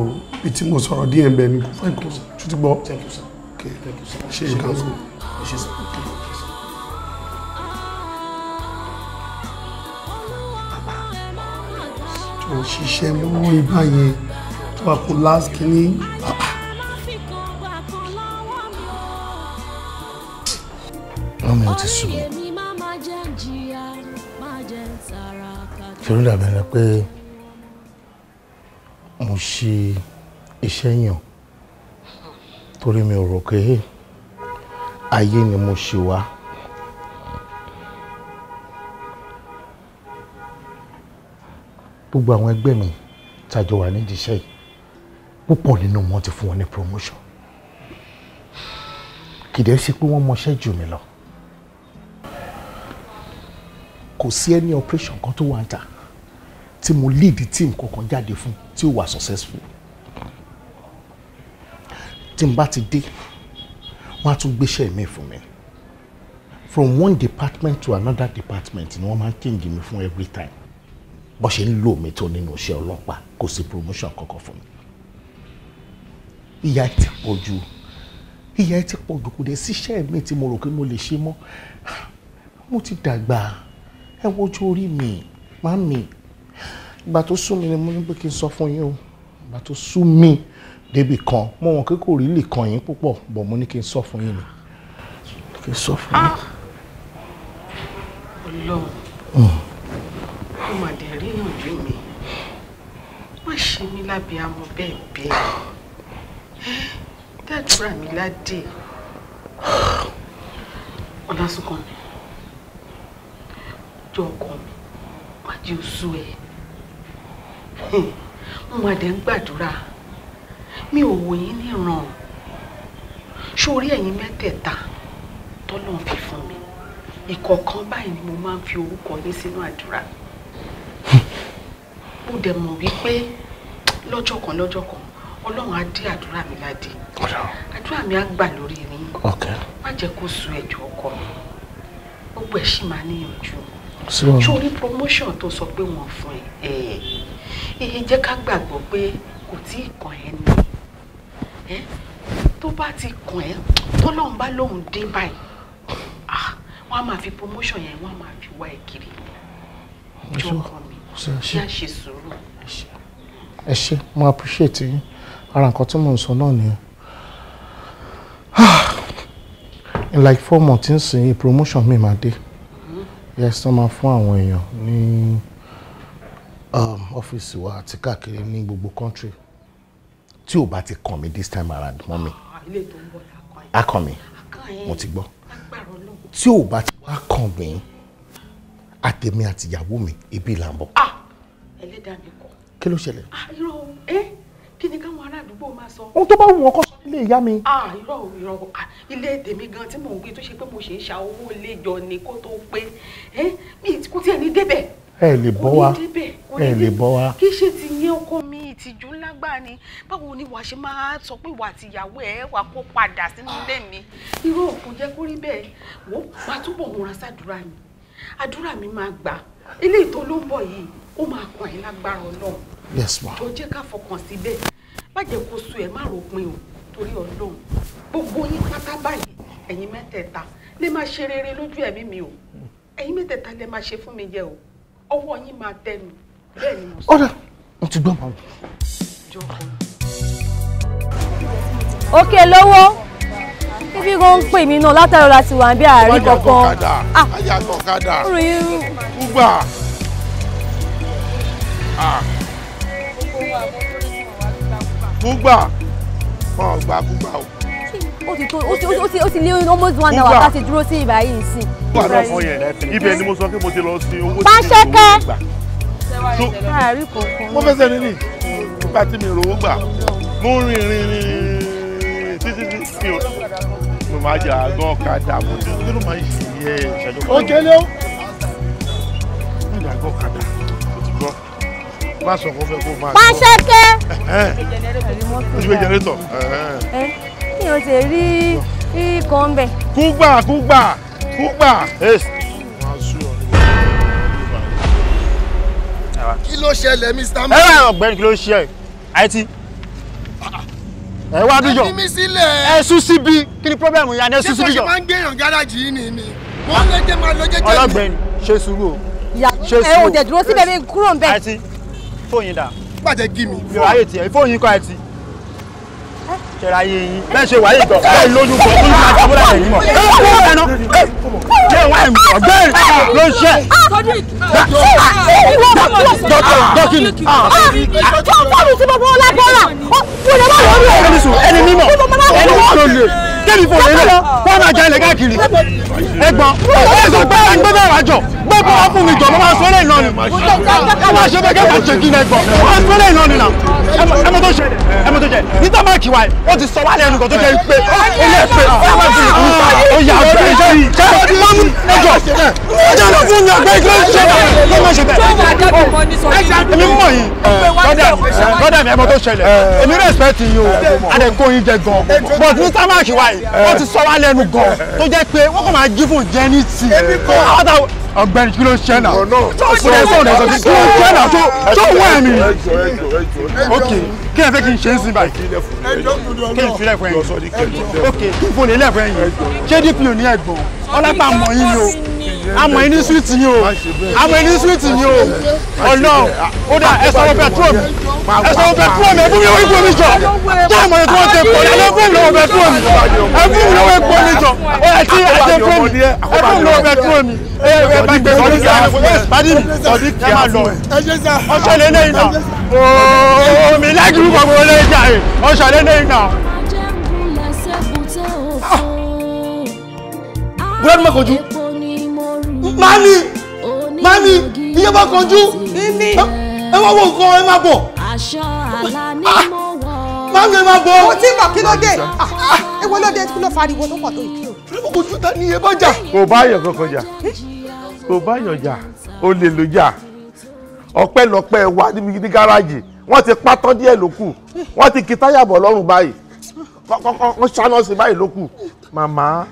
bí tí mo sọ̀rọ̀ díẹ̀ ń bẹ ni kò fẹ́ kó tó gbọ́. thank you sir. okay thank you sir. ṣe nǹkan sọ. ṣe sọ. tó ṣiṣẹ́ lọ́wọ́ ibà yẹn tó wà kó last kínní. ọmọ mi ò ti sùn ṣòro dàbí ẹni pé mo ṣe iṣẹ́ yàn torí mi ò rò pé ayé ni mo ṣe wá. gbogbo àwọn ẹgbẹ́ mi tàjọ wà nídìí iṣẹ́ yìí púpọ̀ nínú wọn ti fún wọn ní promotion kìdẹ́ ṣe pé wọ́n mọṣẹ́ jù mí lọ kò sí ẹni operation kan tó wà ń ta tí mo lead team kankan jáde fún tí ó wà successful tí n bá ti dé wọ́n á tún gbéṣẹ́ mi fún mi from one department to another department ni wọ́n máa ń change mi fún every time bó ṣe ń lò mí tó nínú iṣẹ́ ọlọ́pàá kò sí promotion kankan fún mi ìyà ti pọ̀ jù ìyà ti pọ̀ jù kò dé síṣẹ́ mi tí mo rò pé mo lè ṣe mọ́ mo ti dàgbà ẹ wojú orí mi màmí ìgbà tó sú mi ni mo ní pé kí n sọ fún yín o ìgbà tó sú mi débi kan mo wọn kí kò rí lè kàn yín púpọ̀ bọ̀ mo ní kí n sọ fún yín ni kí n sọ fún yín. Ah! Ọlọ́run ó mà dé rí mi má ṣe mí lábẹ́ amọ̀ bẹ́ẹ̀ bẹ́ẹ̀ dàdúrà mi ládé ọlásùnkàn mi jọ ọkọ mi má jẹ́ oṣù mo mà dé ń gbàdúrà mi ò wò yín níran sórí ẹ̀yin mẹ́tẹ̀ẹ̀ta tọ́lọ́ fi fún mi ìkọ̀ọ̀kan báyìí ni mo máa ń fi orúkọ yín sínú àdúrà mo dẹ̀ mọ̀ wípé lọ́jọ́ kan lọ́jọ́ kan ọlọ́run á dé àdúrà mi ládé àdúrà mi á gbà lórí yín má jẹ́ kó sú ẹ̀jọ̀ ọkọ mi gbogbo ẹ̀ sì máa níyànjú sórí promotion tó sọ pé wọ́n fún ẹ ẹ jẹ́ ká gbàgbọ́ pé kò tí ì kàn ẹ́ ní tó bá ti kàn ẹ́ tọ́lọ́run bá lóun dé báyìí wọ́n á máa fi promotion yẹn wọ́n á máa fi wá ẹ kiri jọ kàn mí kí á ṣe sùúrù. ẹ ṣé mo appreciate yín ara nǹkan tí mò ń sọ náà nìyẹn in like four months n sin promotion mi máa dé yes wọ́n máa fún àwọn èèyàn ní um, ọ́fíìsì wa àti káàkiri ní gbogbo country tí ò bá ti kàn mí this time around mọ́ mi akàn mi mo ti gbọ́ tí ò bá ti wá kàn mí àtèmi àtìyàwó mi ibi là ń bọ̀. Ah! kí ló ṣẹlẹ̀. Ah, kí ni káwọn ará àdúgbò máa sọ. ohun tó bá wù wọn kọ́ sọ nílé ìyá mi. Ah, irọ́ irọ́ ah, ilé tèmi gan tí mò ń gbé tó ṣe pé mo ṣe ń ṣa owó ilé jọ ni kó tó pé mi kò tiẹ̀ ní débẹ̀. ẹ lè bọ́ wa ẹ lè bọ́ wa. kì ṣe ti yẹn ọkọ mi ìtìjú ńlá ni báwo ni wàá ṣe máa sọ pé wà tìyàwó ẹ wà kó padà sínú ilé mi irọ́ kò jẹ́ kó rí bẹ́ẹ̀ wò wàá túbọ̀ múra sádùúrà mi àdúrà mi máa gbà eléyìí tó ló ń bọ̀ yìí ó máa kàn yes ma. o jẹ́ ká fọkàn sí bẹ́ẹ̀ má jẹ́ kó sú ẹ má ròpin o torí ọlọ́run gbogbo yín pátá báyìí ẹ̀yin mẹ́tẹ̀ẹ̀ta lè máa ṣe rere lójú ẹ̀mí mi o ẹ̀yin mẹ́tẹ̀ẹ̀ta lè máa ṣe fún mi jẹ o ọwọ́ yín máa tẹnu bẹ́ẹ̀ ni mo sọ. ọ̀rẹ́ mo ti gbọ́ màmú. òkè lówó ibi kan ń pè mí náà látàrí ọ̀la ti wà bí àárín kankan. ayé àgbọ̀kadà ayé ah. àgbọ̀kadà tún gbà wọn ò gbà kúgbà o. ó ti tó ó ti lé almost one hour ká ti dúró sí ibà yìí sí. wà lọ fún yẹn ibẹ̀ ni mo sọ pé mo ti lọ sí owó tí mi ò gbà. mo fẹsẹ̀ nínú nígbà tí mi rówó gbà mo rìn rìn rìn títí tí mi ò mo máa jà gan ọ̀kadà mo ti kí ló máa ń ṣe yẹ ìṣẹ́jú. ó jẹ́ lé o. mo jà gan ọ̀kadà má sọ fún fẹ́ kó máa. pàṣẹkẹ. ó ti gbé jẹnẹrétọ̀. ẹ kí o ṣe rí rí kan bẹ. kúgbà kúgbà kúgbà. kí ló ṣẹlẹ̀ mr man. ẹ wá ọ̀gbẹ́ni kí ló ṣe ẹ àìtí ẹ wá dújọ ẹ fi mí sílẹ̀ ẹ sún síbi kí ni pọ́bẹ́mù yà ni ẹ sún síbi jọ. ṣé kò ṣe máa ń gbéyàn gáràjì yìí ni ni wọ́n lè jẹ́ máa lọ jẹ́jẹ́ mi. ọlọ́gbẹ́ni ṣe sùúrù o ṣe sùúrù o. ẹ ò jẹ dúró síbẹ̀ mi kúrò ń bẹ̀. àìtí fóyín dà. bàjẹ́ gí mi. mi ò ráyè tiẹ̀ fóyín kọ́ ẹ ti. kẹrẹ ayé yín bẹ́ẹ̀ ṣe wáyé gbọ̀ bẹ́ẹ̀ lójú gbọ̀ tó ní máa jábọ́ láyé yín mọ̀. jẹ́ wá ẹ̀mí ọ̀gbẹ́rì ló ń ṣe. dọ́kìnì. tó ń fọ́ọ̀mù sí gbogbo ọlágbọ́ra. ó wọlé wà lórí ẹ̀. ẹni mímọ̀ ẹni mímọ̀ ló lè kébì fò lélẹ̀ wọ́n máa ja ilẹ̀ káàkiri ẹgbọ́n ẹ sọ pé ẹ ń gbé bẹ́ẹ̀ wá jọ gbé bọ́ wá fún mi jọ mo máa sọ lẹ́yìn náà ni wọ́n máa ṣe bẹ́ẹ̀ kẹ́kọ̀ọ́ ṣe kí ni ẹgbọ́n wọ́n máa sọ lẹ́yìn náà ẹmọ tó ṣẹlẹ̀ ẹmọ tó ṣẹlẹ̀ níta máa kí wa yìí ó ti sọ wá lẹ́nu kan tó jẹ́ pé ó lè pé ó máa fi ìlú pa ó yà á bẹ́ẹ̀ jẹ́ ìjẹ́ ọdún mọ́mú ẹjọ́ ẹjọ́ ló fún yàn pé kí ló ṣe bẹ́ẹ̀ ló máa ṣe bẹ́ẹ̀. èmi mọ̀ yìí bọ́dà mi ẹmọ tó ṣẹlẹ̀ èmi respect yìí o adẹ́kọ̀ yìí jẹ gan but níta máa kí wa yìí ó ti sọ wá lẹ́nu gan tó jẹ́ pé wọ́n kàn máa jí fún jẹ́ ní tì ọ̀gbẹ́ni kí ló ń ṣe náà kó lè sọ ọ̀nà ìsọ̀tún kí ló ń ṣe náà tó tó wọ ẹ̀mí. ok kí ẹ fẹ́ kí n ṣe ń sin báyìí kí n fi lẹ́fọ̀ ẹ̀yìn ok kí n fò lè lẹ́fọ̀ ẹ̀yìn ò ní ẹ̀gbọ́n ọlọ́pàá mọ̀ yín ni o àmọ́ ẹni súwìtì yín o àmọ́ ẹni súwìtì yín o ọ̀nà ó dà ẹ sọ̀rọ̀ pẹ̀trọ́ọ̀mù ẹ sọ̀rọ̀ pẹ̀trọ́ọ̀mù ẹ fún mi lọ́wọ́ epo mi jọ jẹ́ àmọ́ ẹ̀ tí wọ́n ti pọ̀ ẹ fún mi lọ́wọ́ pẹ̀trọ́ọ̀mù ẹ fún mi lọ́wọ́ epo mi jọ ẹ ti ẹ ti fún mi ẹ fún mi lọ́wọ́ pẹ̀trọ́ọ̀mù ẹ ẹ bá gbé sọ́dí kí á sọ́dí kí á lọ ọ̀ṣọ́lẹ̀ lẹ́yìn náà ooo mi lágìrú gbogbo lẹ́yìn náà ọ̀ṣọ́lẹ̀ lẹ́yìn náà. búrẹ́dì mọ́kànjú mami mami iye bá kanjú ẹ wá wo nǹkan ẹ má bọ̀ ah! mami ẹ má bọ̀. mo ti mọ̀ kí ló dé ah, ah, ewo ló dé kí ló fariwo tó pọ̀ tó yìí. ojú ta ni iye bá jà. kò bá yọ kankan jà kò bá yọ jà ó lè lò jà ọpẹ́lọpẹ́ wa níbi ní gáràjì wọ́n ti pátán díẹ̀ ló kù wọ́n ti kí táyà bọ̀ lọ́rùn báyìí wọ́n ṣáná sí báyìí ló kù màmá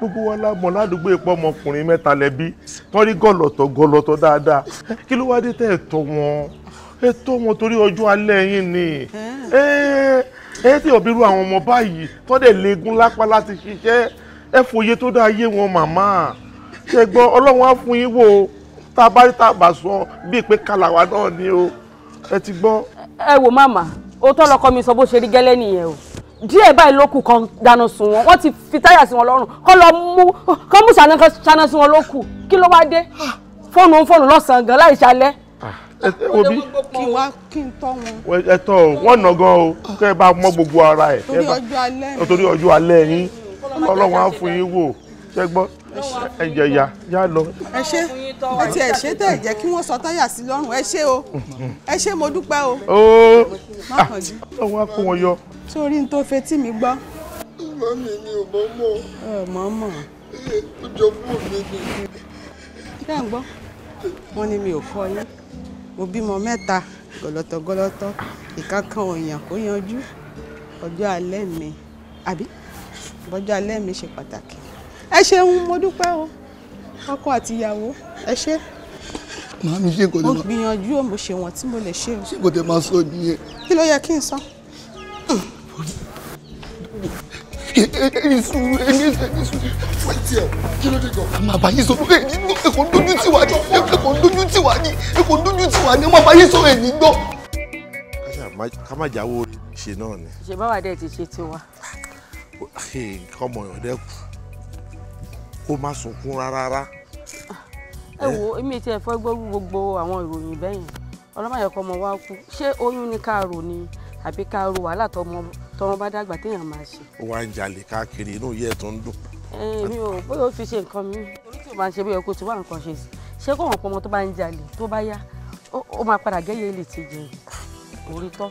gbogbo wa la mọ̀ ládùúgbò epo ọmọkùnrin mẹ́ta lẹ́bí tán rí gọ̀lọ̀tọ̀ gọ̀lọ̀tọ̀ dáadáa kí ló wá dé tẹ́ ẹ̀ tọ́ wọn ẹ tọ́ wọn torí ọjọ́ alẹ́ yín ni ẹ tí òbí ru àwọn ọmọ báyìí tán dẹ̀ leegun lápá láti ṣiṣẹ́ ẹ fòye tó dáa yé wọn màmá ṣe gbọ́ ọlọ́run á fún yín wò ó tá a bá rí tá sọ bíi pé kàlàwà náà ni o ẹ ti gbọ́. ẹ wò màmá òótọ́ lọkọ mi sọ bó ṣe rí gẹ́lẹ́ nìyẹn o díẹ̀ báyìí ló kù kan dáná sun wọn wọ́n ti fi táyà sí wọn lọ́rùn kọ́ lọ mú kọ́ mú ṣáná kan ṣáná sí wọn ló kù kí ló wá dé fóònù ń fóònù lọ́sàn-án gan láì ṣalẹ́. Ah, ẹ wo bí kí wá kí n tọ́ wọn. ẹ tọ́ o wọ́n nà gan o kẹ́ ẹ bá mọ gbogbo ara ẹ̀. torí ọjọ́ alẹ́ yín torí á fún yín wò ṣẹ́gbọ́n ẹ jẹ ya ya lọ. ẹ ṣe ẹ ti ẹ ṣe tẹ ẹ jẹ kí wọn sọ táyà sí lọ́rùn ẹ ṣe o ẹ ṣe mo dúpẹ́ o. ooo àwọn akó wọn yọ. sórí n tó fetí mi gbọ́. ọmọ mi ni ò mọ̀ mọ́. ẹ mọ̀ mọ́. ó jọ fún mi ni. ṣé ẹ ń gbọ́ wọ́n ní mi ò kọ́ yín mo bímọ mẹ́ta gọlọtọgọlọtọ ìkankan òyàn kó ọjọ́ alẹ́ mi àbí ọjọ́ alẹ́ mi ṣe pàtàkì ẹ ṣeun mo dúpẹ́ o ọkọ àtìyàwó ẹ ṣe. màá mi ṣe kò tẹ máa. mo gbìyànjú o mo ṣe wọn tí mo lè ṣe o. ṣé kò tẹ máa sọ nìyẹn. kí ló yẹ kí n sọ. ẹni sùn ẹni ẹni sùn fún ẹtì ẹ kí ló dé jọ. àmọ́ àbáyé sọ fún ẹni ẹkọ ń dojú tì wá ní ẹkọ ń dojú tì wá ní ẹkọ ń dojú tì wá ní ọmọ àbáyé sọ ẹni gbọ́. ká má jáwọ́ ṣe náà ni. ṣe báwa dẹ̀ ti ṣe tiwa. kọ́mọ ọ̀dẹ́kù kó má sunkún rárá. ẹ eh? wo èmi ti ẹ̀fọ́ gbọ́ gbogbo àwọn ìròyìn bẹ́yìn ọlọ́mọyẹ̀kọ́ ọmọ wa kú ṣé oyún ni ká rò ni àbí ká ro wàhálà tọmọ bá dàgbà téèyàn máa ṣe. ó wá ń jalè káàkiri inú yẹ́ ẹ̀ tó ń dùn. èmi ò bóyá ó fi ṣe nǹkan mi orí tí o máa ń ṣe bí ọkọ tí wà nǹkan ṣe sí ṣé kó wọn pọ ọmọ tó bá ń jalè tó bá yá ó máa padà gẹ́yẹ́ lè ti jẹ òrítọ́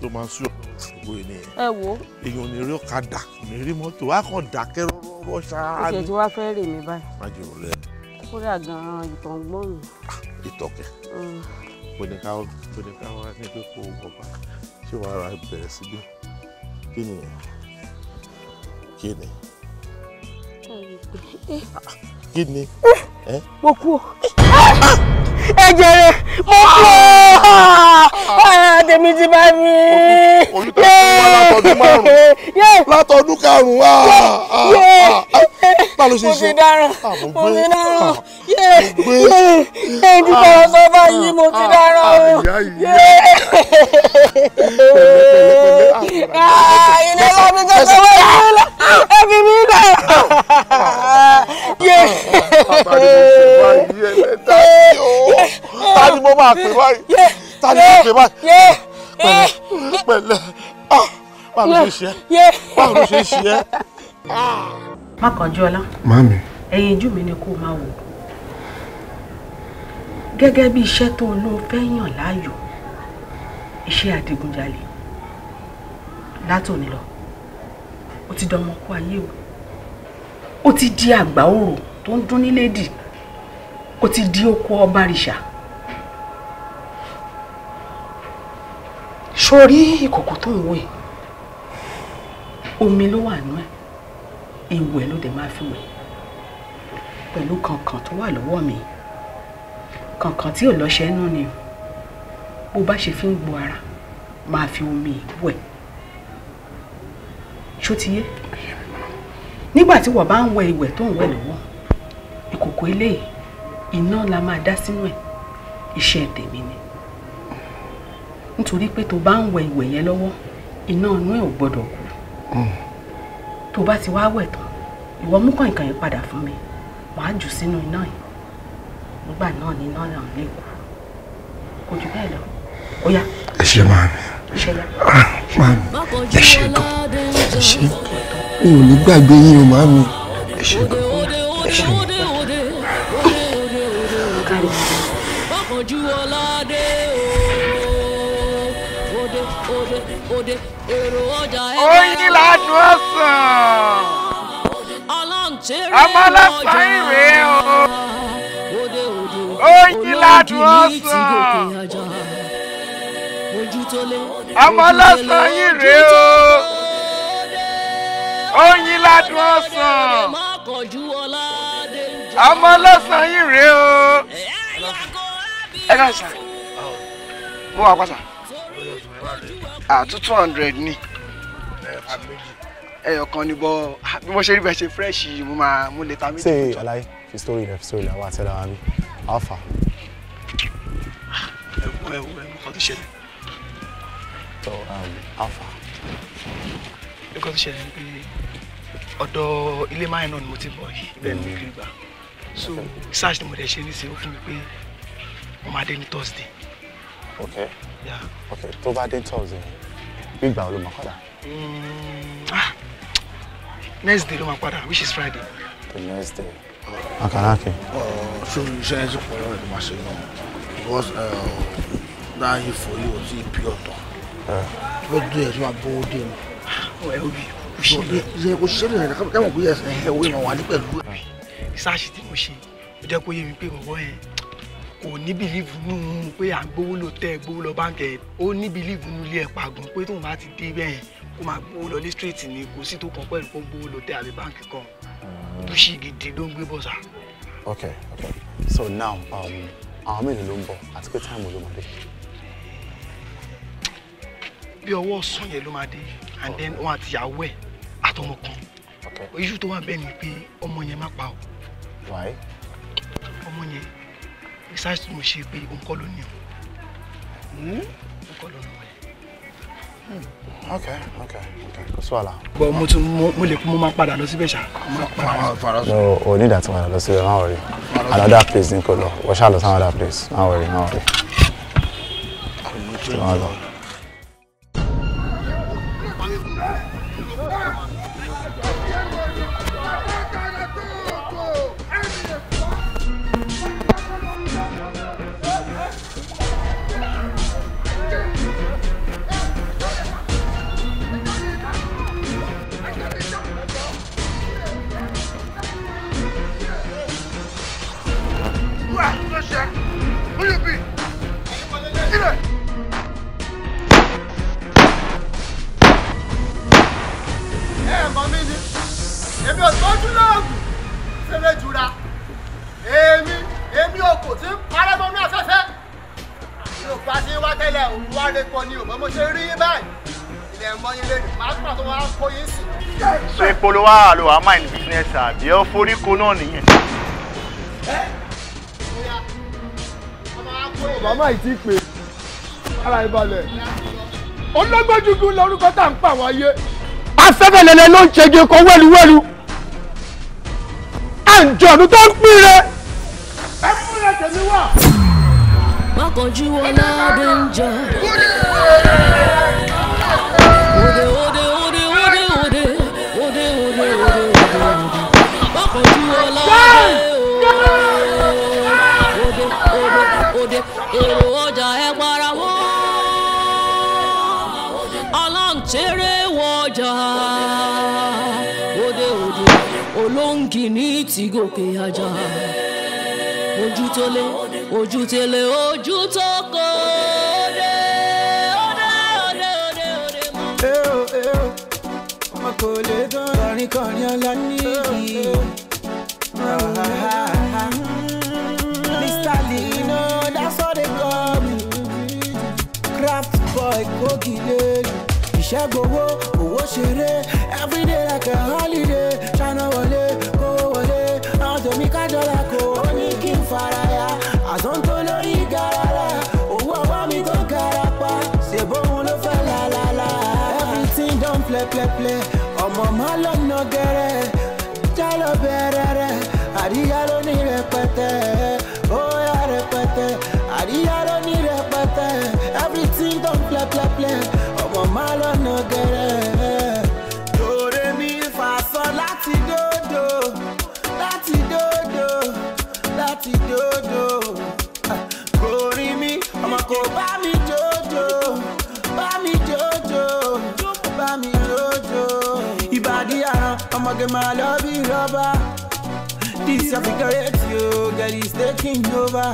tó máa ń sùn gbogbo ènìyàn. wo. èèyàn ò ní rí ọ̀kadà kò ní rí mọ́tò á kàn dákẹ́ rọ́rọ́ ṣáá. ìṣèjú wa fẹ́ rè mí báyìí. má jẹ́ òun lẹ. kódà gan-an ìtàn gbọ́n mi. Ah, ìtọ̀kẹ́. pènìkà pènìkà wa ní pé kó o bọ̀bà ṣé wàá ra bẹ̀rẹ̀ síbí kí ni kí ni kí ni. Eh, mo kú o eh, ẹ jẹrẹ mo kú o ah, tèmi ti bá mi. oyún tó kún wa látọdún márùn látọdún karùn wá. bá ló ṣe ṣe mo ti dáràn mo ti dáràn yé yé ìdíkọ̀ ọ̀sán báyìí mo ti ah, dáràn o. Ah, máa pè báyìí ta ni mo pè báyìí pẹ̀lẹ́ pẹ̀lẹ́ ah, báwo ló ṣe ṣe báwo ló ṣe ṣe. mákànjú ọlá màmí ẹ̀yin ojú mi ni kó máa wò gẹ́gẹ́ bí iṣẹ́ tó ló fẹ́ yàn láàyò iṣẹ́ adigunjalè látòní lọ ó ti dọmọ kú ayé o ó ti di àgbà òrò tó ń dún nílé dì ó ti di oko ọba rìṣà sórí ìkòkò tó ń wò yìí omi ló wà nú ẹ̀ ìwẹ̀ ló dẹ̀ máa fi wẹ̀ pẹ̀lú kankan tó wà lọ́wọ́ mi kankan tí ò lọ́ṣẹ́ nú ni bó bá ṣe fi ń gbo ara máa fi omi wẹ̀ ṣó ti yé nígbà tí wọ́n bá ń wẹ ìwẹ̀ tó ń wẹ̀ lọ́wọ́ ìkòkò eléyìí iná la máa dá sínú ẹ̀ iṣẹ́ tèmi ni nítorí pé tó bá ń wẹ ìwẹ̀ yẹn lọ́wọ́ iná inú ẹ̀ ò gbọ́dọ̀ kú hmm. tó bá ti wá wẹ̀ tán ìwọ mú kànkàn yẹn padà fún mi màá jù sínú iná yìí nígbà náà ni iná náà lè kú kò jù bẹ́ẹ̀ lọ ó yá. ẹ ṣe máa mi ẹ ṣe gan ẹ ṣe mi ò ní gbàgbé yín o máa mi ẹ ṣe gan ẹ ṣe mi. oyin ládùn ọ̀sán. ọmọ ọlọ́sàn ìrè o. oyin ládùn ọ̀sán. ọmọ ọlọ́sàn ìrè o. oyin ládùn ọ̀sán. ọmọ ọlọ́sàn ìrè o. ẹ ká sà mo wà pàṣà. ah two hundred ni ẹyọ kan ni bọ bí mo ṣe rí bẹ ṣe fresh mo máa mú lẹ́tà méjì. ṣe àlàyé fi story rẹ fi story rẹ àwọn àti ẹlẹ́wọ̀n mi alpha. ẹ wo ẹ wo ẹ mọ kàn um, alpha. nǹkan tó ṣẹlẹ̀ ni pé ọ̀dọ̀ ilé máa náà ni mo ti bọ̀ yìí ibẹ̀ ni mo kiri gbà so research ni mo dẹ̀ ṣe níṣẹ́ ó fún mi pé mo máa dé ní Thursday. ok yeah. ok tó bá dé Thursday gbígbà olùmọ̀kọ́dà next day ló máa padà which is friday. the next day. akanake. ṣé iṣẹ́ yẹn ti pọ̀ lọ́wọ́ ìdìbò àṣẹ náà because dáhìn fò yìí ò tí ì bí ọ̀tọ̀ tó dé ẹ̀ tí wàá bọ́ ó dé mi. ẹ wí ṣe kò ṣe lè káwọn kò yẹ ẹsẹ ẹ wí wọn wà ní pẹ̀lú. ìsáàṣì tí mo ṣe ó jẹ́ kó yé mi pé bọ̀bọ̀ yẹn kò ní bìlíìfù nínú pé àgbówó ló tẹ́ gbówó lọ báńkì ẹ̀ ó ní bìlíìfù nílé ẹ̀ pàgùn pé tóun bá ti dé bẹ́ẹ̀ yẹn ó máa gbówó lọ ní street ni kò sí tó kàn pẹ̀lú kó gbówó lọ tẹ àbí báǹkì kan bùṣì gidi ló ń gbé bọ̀ ok ok so now um, àwọn mélòó ló ń bọ̀ àti pé táìmù ló máa dé. bí ọwọ́ ọ̀sán yẹn ló máa dé and then wọn àti ìyàwó ẹ̀ àtọmọ kan ojú tó wà bẹ́ẹ̀ ni pé ọmọ yẹn má pa o ọmọ yẹn research tí mo ṣe pé òun kọ́ ló ní o òun kọ́ ló ní o okay okay okay kò But wàhálà. bọ mo tún mo mo máa padà lọ síbẹ̀ ṣá. no o ní ìdàtí wọn lọ síbẹ̀ má wọrí another place ní kò lọ wọ́n ṣáà lọ another place má worry, má worry. àwọn ojú wàá mind business àbí ọ foríko náà nìyẹn. bàbá yìí ti pè ara ìbalẹ̀ ológbójúgún lórúkọ tá à ń pa àwọn ayé. afẹ́fẹ́ lẹ́lẹ́ ló ń ṣege kan wẹ́luwẹ́lu àǹjọ̀nù tó ń pín rẹ. ẹ múlẹ̀ tèmi wà. wọ́n kàn ju wọn lọ́dún jọ. kìíní ti gòkè àjà ojú tó lé ojú tó lé ojú tó kó dé ọdẹ ọdẹ ọdẹ ọdẹ mọ. eo eo ọmọ kò lè dán kọrin kọrin ọlá nídìí. Mr. Lino, that's what they call me. Craft boy, kogi lady. Ìṣẹ́gun owó, owó ṣeré. Everyday like a holiday. pẹpẹpẹ ọmọ má lọ́nà gẹrẹ jálọ bẹrẹ rẹ àríyá ló ní rẹpẹtẹ ó yá rẹpẹtẹ àríyá ló ní rẹpẹtẹ everything don pẹpẹpẹ ọmọ má lọ́nà gẹrẹ. lóore mi fà sọ láti dòdò láti dòdò láti dòdò kò rí mi ọmọ kò bá mi. I'ma get my loving lover. This Africa radio, girl is taking over.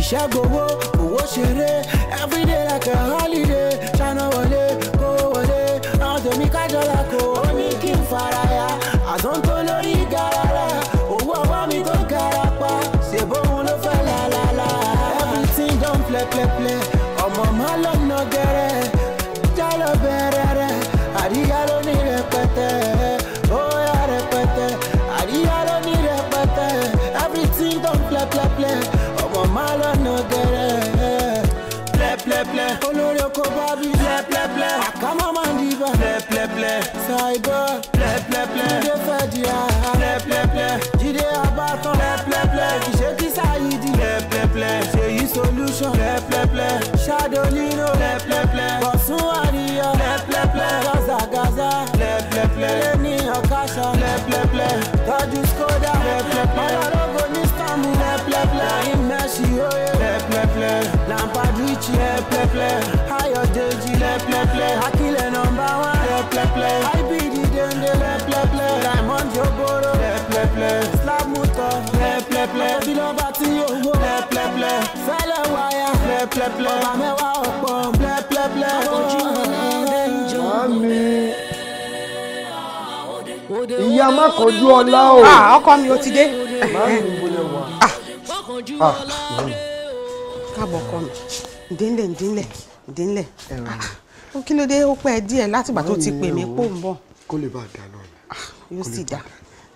Iṣẹ́ gbowó, owó ṣeré, everyday like a holiday. Ṣáná wọlé, kó wọlé, àwọn tèmi kájọlá kò ó ní kí n faraya. a tó lórí garara, owó ọwọ́ mi tó gara pa, ṣèbóhun ló fẹ́ làlàlà. Everything not play play play. ple ple Saigo ple ple ple Jide Fedia ple ple ple Jide Abatan ple ple ple Kìsẹ́kì Saidi ple ple ple Ṣèyí solution ple ple ple Ṣado Nino ple ple ple Bọ̀sùn Àríyá ple ple ple Gaza Gaza ple ple ple Ilé ní Ọ̀kasha ple ple ple Tọ́jú Skoda ple ple ple Ọlọ́rọ̀gbọ̀ ní Istanbul ple ple ple Láyé Mẹ́sì Oye ple ple ple Lampard Richie ple ple ple plẹ́. ọba mẹ́wàá ọ̀pọ̀ plẹ́ plẹ́ plẹ́. ojú ọ̀dẹ ń jọ mi. ìyá má kọjú ọlá o. Ah, ọkọ mi ò ti dé. má mi ń bolẹ̀ wá. Ah. Ah. káàbọ̀ ọkọ mi ǹdínlẹ̀ ǹdínlẹ̀ ǹdínlẹ̀ kí ló dé ó pẹ́ díẹ̀ látìgbà tó ti pè mí pò ń bọ̀. kó lè bá a dáná ni. yóò sì dá.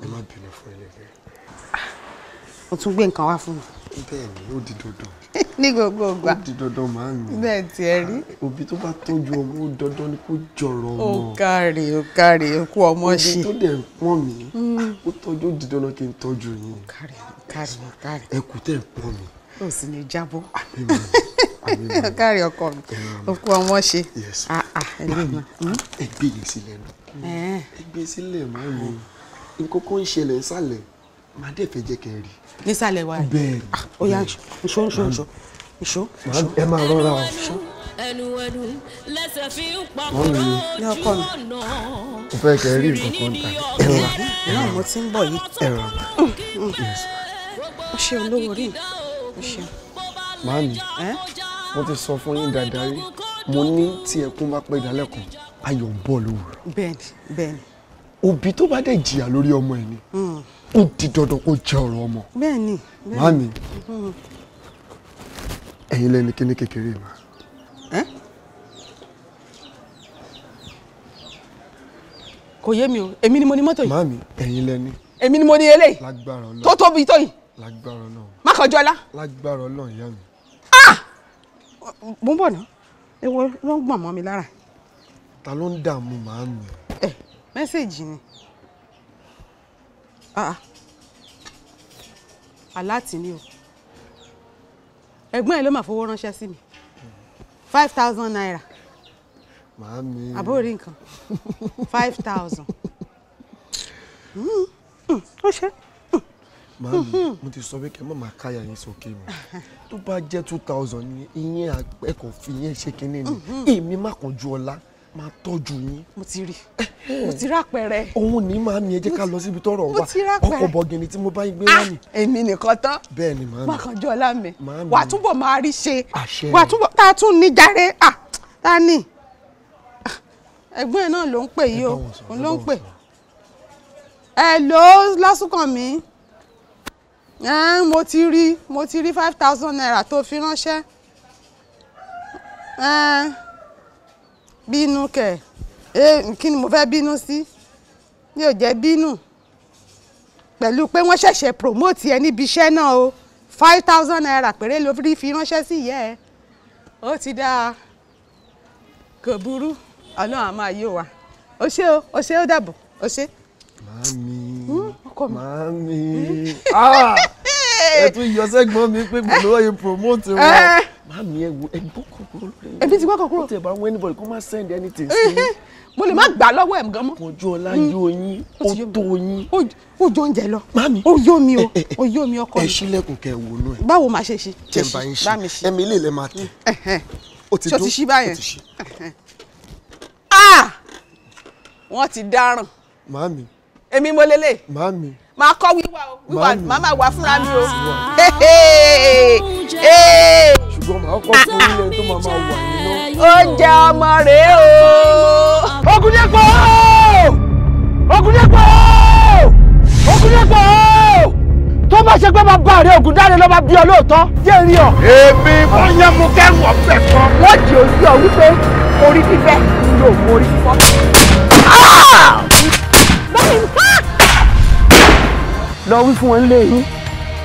ẹ má bínú fún ilé rẹ. o tún gbé nǹkan wá fún mi. bẹ́ẹ̀ ni ó di dandan. ní gbogbo ìgbà ó di dandan máa ń mi bẹ́ẹ̀ tí ẹ rí ah, òbí tó bá tọ́jú ọmọ ó dandan ni kó jọ̀rọ̀ ọmọ ó káre ó káre ó kú ọmọ ṣe òbí tó dẹ̀ ń pọ́n mi hmm. ó tọ́jú ó di dandan kí n tọ́jú yín káre káre káre ẹ kú tẹ̀ ń pọ́n mi ó sì ní jábọ́ ó káre ọkọ mi ó kú ọmọ ṣe ah, ah, ẹgbẹ́ yìí hmm. e sílẹ̀ náà eh. ẹgbẹ́ e sílẹ̀ máa ń mi nǹkan kan ń ṣẹlẹ̀ ńsàlẹ̀ màá dẹ̀ fẹ́ jẹ́ kẹ́ ẹ rí. nísàlẹ̀ wa bẹ́ẹ̀ ah, ó yá ìṣó ìṣó ìṣó ìṣó. ẹ máa rọra o. ẹnu ẹnu lẹsẹ̀ fi ń pa kúrò ojú ọ̀nà. mo fẹ́ kẹ́ ẹ rí nǹkan kan ta ẹ̀rọ. ìyá àwọn tí ń bọ̀ yìí. ẹ̀rọ mm, mm, ó ṣe olówó rí ó ṣe. màámi mo ti sọ fún yín dáadáa rí mo ní tí ẹkún bá pẹ́ ìdálẹ́kùn ayọ̀ ń bọ̀ lówùrọ̀. bẹ́ẹ̀ni bẹ́ẹ̀ni. òbí tó bá dẹ̀ jìyà lórí ọmọ ẹ̀ ni. Mm ó di dandan kó jẹ́ ọ̀rọ̀ ọmọ. bẹ́ẹ̀ni bẹ́ẹ̀ni màámi mm-hmm. ẹ̀yin lẹni kíní kékeré mà. kò yé mi o èmi ni mo ní mọ́tò yìí. màámi ẹ̀yin lẹni. èmi ni mo ní eléyìí. lágbára Ọlọ́run tó tóbi tó yìí. lágbára Ọlọ́run. mákànjọ́lá. lágbára Ọlọ́run ìyá mi. ah mo ń bọ̀ náà ewo ló ń gbọ̀n mọ́ mi lára. ta ló ń dààmú màámi. ẹ mẹ́sẹ̀gì ni. Ah, ah. aláàtì ni o ẹ̀gbọ́n ẹ̀ ló máa fowó ránṣẹ́ sí mi five thousand naira màámi àbúrò rí nǹkan five thousand hmm. ó ṣe. màámi mo ti sọ pé kí ẹ má máa káyà yín sókè mi tó bá jẹ́ two thousand ni ìyẹn ẹ̀kọ́ fi yẹn ṣe kínní ni mm-hmm. èmi má kàn ju ọlá máa tọ́jú yín. mo ti rí mo ti rí àpẹẹrẹ. òun ní máa mi ẹ jẹ́ ká lọ síbi tọ́rọ̀ wa ọkọ̀ bọ̀gìnì tí mo bá yín gbé wá ah, èmi nìkan tán bẹ́ẹ̀ ni màámi mọ̀kànjọ́ ọ̀la wà á túbọ̀ máa rí ṣe wà á túbọ̀ tá a tún ní jàre tá a ní. Ah, ẹ̀gbọ́n ẹ̀ náà ló ń pè yìí o òun ló ń pè. ẹ lò ó mi mo ti rí mo ti rí five thousand naira tó fi ránṣẹ́ bínú kẹ̀ ẹ́ kí ni mo fẹ́ bínú sí mi ò jẹ́ bínú pẹ̀lú pé wọ́n ṣẹ̀ṣẹ̀ promote ẹ níbi iṣẹ́ náà o five thousand naira péré ló rí fi ránṣẹ́ sí ìyá ẹ ó ti dáa kò burú ọlọ́run á máa yé wa ó ṣé o ó ṣé ó dàbọ̀ ó ṣé. màámi màámi ah! ẹ tún yọ sẹ́gbọ́n mi pé gbọ́dọ̀ wọ́n promote wọn. Eh, Mami, ẹ wo ẹbí kọ́kọ́ kúrò ẹbí ti kọ́kọ́ kúrò. ó tẹ̀ bá wọn anybody kó má send anything sí eh, mi. mo lè má gbà lọ́wọ́ ẹ̀ gan mọ́. ojú ọlá yó hmm. yín ó tó yín. ó jọ oúnjẹ lọ. màmí ó yó mi o eh, eh, ó yó mi ọkọ mi. ẹ ṣílẹ̀kùn kẹ wò nú ẹ. báwo máa ṣe ṣe. jẹ̀mbá yín ṣe ẹ̀mí ilé ilẹ̀ máa tẹ̀. ó ti dó ó ti ṣe. Ah! wọ́n ti dáràn. màmí. èmi mo lélẹ̀. màmí máa kọ́ wíwá o wíwá máa máa wà fúnra mi o ṣùgbọ́n màá kọ́ fún ilé tó máa máa wà nínú. ó jẹ ọmọ rẹ̀ o. Ògúndépọ̀ Ògúndépọ̀ Ògúndépọ̀ tó bá ṣe pé bàbá rẹ Ògúndáre ló bá bí ọ lóòótọ́ jẹ́ rí ọ. èmi wọ́n yẹ mo kẹ́rù ọ̀fẹ́ kan. wọ́n jì ó sí ọ wípé orí fífẹ́ yóò mú orí ah! lọ wí fún wọn lé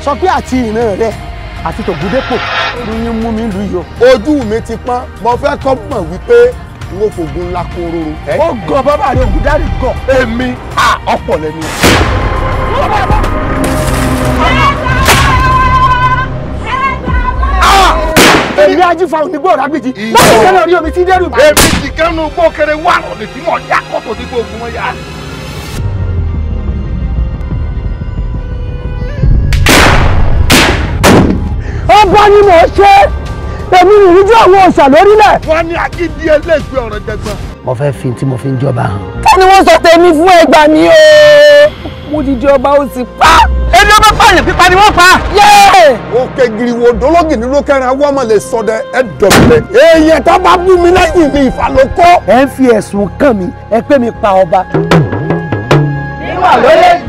sọ pé àti ìran rẹ àti tògúdépò lóyún mú mi lù yọ. ojú mi ti pọ́n mo fẹ́ kọ́ mọ̀ wípé n ò fògùn ńlá kóró. ó gọ bàbá rẹ ògùn dárí gọ. èmi ọ̀pọ̀ lẹ́nu. Ah! èmi ajífa onígbò rágbìjì láti kẹ́lẹ́ orí omi tí dẹ́rù èmi ti kẹ́nu gbọ́ kẹrẹ wà lọ́dẹ tí mo yá kọ́tò tí gbogbo wọn yá. ọba ni mò ń ṣe èmi ìrújú àwọn òòṣà lórílẹ̀. wọ́n ní akíndí ẹlẹ́gbẹ́ ọ̀rọ̀ jẹgbọ́n. mo fẹ́ fi tí mo fi ń jọba hàn. kẹ́ni wọ́n sọ tèmi fún ẹgbàá mi o mo ti jọba ó ti pa. ẹni ọba pààyàn pípa ni wọ́n pa. òkè giriwo dológì nínú kẹrin awọ ọmọ lè sọdẹ ẹ dọ̀bẹ̀lẹ̀. èèyàn tó bá bú mi lẹ́yìn mi ìfàlókọ́. ẹ ń fi ẹ̀sùn kàn mí ẹ pé mi pa ọba. níwà ló lè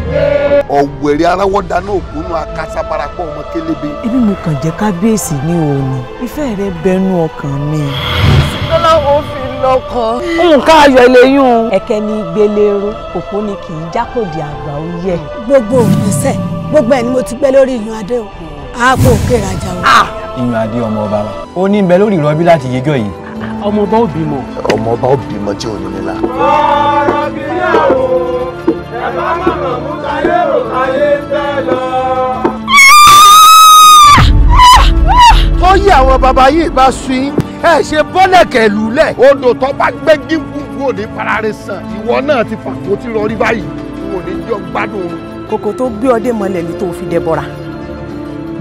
ọ̀wẹ̀rẹ̀ aráwọ̀dá náà ògúnnú akasabarapọ̀ ọmọ kélébé. ibi mo kàn jẹ́ kábíyèsí ní òní ìfẹ́ rẹ bẹnu ọkàn mi. lọ́láwọ́ fi lọ́kàn. nǹkan ayọ̀ lẹ́yìn o. ẹ̀kẹ́ ni gbélérú òpó ni kì í jákòdì àgbà ó yẹ. gbogbo ògbésẹ̀ gbogbo ẹ̀ ni mo ti gbé lórí ìyún adé o àápò òkè ìrajà o. ìyún adé ọmọ ọba wa ó ní bẹ lórí ìrọbí láti yẹjọ yìí. ọmọ ò bímọ. ọmọ ò bímọ tí ò ní nílà. ọ̀rọ̀ bíyàwó ẹ̀ bá má mọ̀ mú káyé tó yí àwọn baba yìí bá sun yín ẹ ṣe bọ́lẹ̀kẹ̀ lulẹ̀. odò tó bá gbé gígùn kò ní farare sàn ìwọ náà ti fàkótí rọrí báyìí kò ní jọ gbádùn. kòkò tó gbé ọdẹ mọ́lẹ̀ ni tó fi dẹ bọra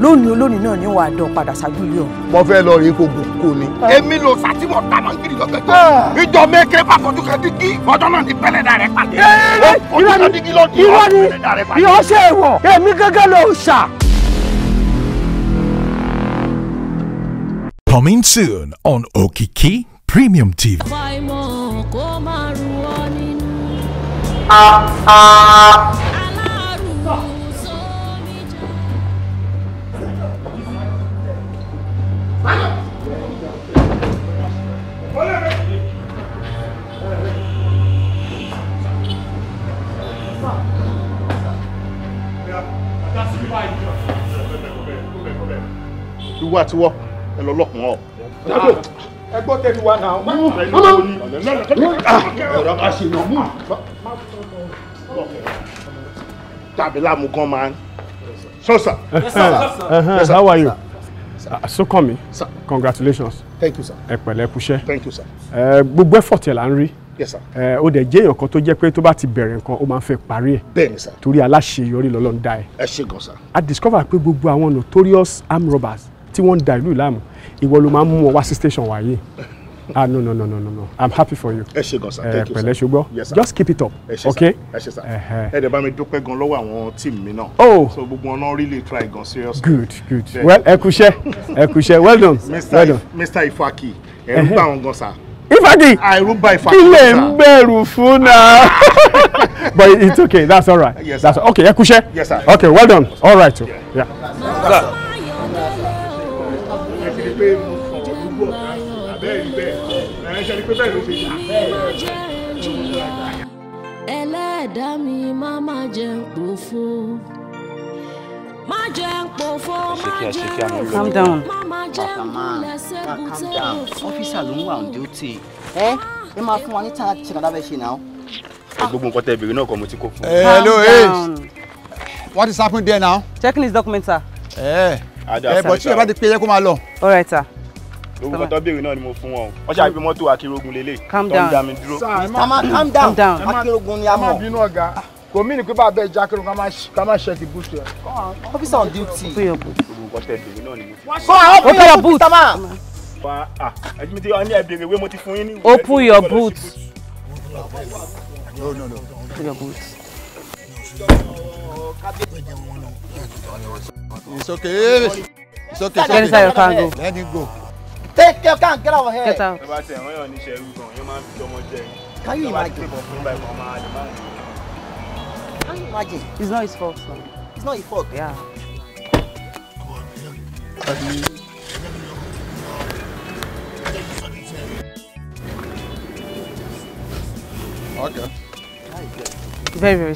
lónìí olónìí náà ni wà á dán padà ṣáájú ilé ọ̀hún. mo fẹ́ lọ rí gbogbo kò ní. èmi ló sàtìmọ̀ tàmà gidi lọ́gbẹ̀ẹ́ tó. Ah. ìjọ mẹ́kẹ́ bá fojú dígí ọjọ́ náà ní pẹ́lẹ́dà rẹ̀ pàdé. ìrọ̀ eh, ni ìrọ̀ ni ìrọ̀ ṣe é wọ̀ èmi gẹ́gẹ́ ló ṣà. Coming soon on Okiki Premium TV. Ah, ah. ìwọ àti wọ ẹ lọ lọkùn ọ. ẹ gbọ́ tẹ̀lé wa náà. Ah. ọ̀rọ̀ bá ṣe lọ tàbí láàmú gan máa ń. sọ́sà. how are you. Ah, so Sókànmí sir congratulations thank you sir ẹ pẹ̀lẹ́ thank you sir ẹ gbogbo effort ẹ̀ là ń rí yes sir ẹ ó dẹ̀ jẹ́ èèyàn kan tó jẹ́ pé tó bá ti bẹ̀rẹ̀ nǹkan ó máa ń fẹ́ parí ẹ̀ bẹ́ẹ̀ sir torí aláṣeyọrí lọ́lọ́run dá ẹ ẹ ṣe gan sir a discover pé gbogbo àwọn notorious armed robbers tí wọ́n ń da ìlú láàmú ìwọ ló máa ń mú wọn wá sí station wa yìí ah no no no no no i'm happy for you. ẹ ṣé gan sir eh, thank you sir just keep it up okay. ẹ ṣé sir ẹ dẹ̀ bá mi dúpẹ́ gan lọ́wọ́ àwọn team mi náà. oh so gbogbo ọ̀nà really try gan seriously. good good well ẹ kúṣẹ́ ẹ kúṣẹ́ well done well done. mr ifaki ẹ ń wọn gan sir ifadi ah, ilé ń bẹ̀rù fún náà but it's okay that's all right yes, that's okay ẹ kúṣẹ́ yes, okay well done all right. Yeah. Yeah pé bẹ́ẹ̀ ló ṣe mi má má jẹ́ pòfo má jẹ́ pòfo má jẹ́ pòfo calm down má jẹ́ lẹ́sẹ̀ bùtẹ́ òfin. duty ẹ ẹ máa fún wa ní tààtì ṣe kàdábẹ́ ṣe náà. ẹ gbogbo nǹkan tẹ ìbéèrè náà kọ mo ti kó fún. hello what is happening there now. checking his documents sir. ẹ ẹ bọ̀ tí ẹ bá ti pé yẹ kó máa lọ. all right sir lórúkọ tó béèrè náà ni mo fún wọn o wọ́n ṣàbí akérògùn lélẹ̀ tó ń dá mi dúró. calm down akérògùn ni a mọ̀. ẹ má bínú ọ̀gá kò mí ni pé bàbá ẹja akérò ká má ṣe ti búùtù ẹ. officer on duty. open your boot. olùkọ́ tẹ béèrè náà ni mo fún wọn. open your boot. ẹjúmi tí wọ́n ní ẹ̀bẹ̀rẹ̀ ìwé mo ti fún yín ní. open your boot. open your boot. it's okay it's okay. get inside your car let it go. Take care, can't get out here. Get out. Can you imagine? Can you imagine? It's not his fault, son. It's not his fault. Yeah. Okay. Very, very.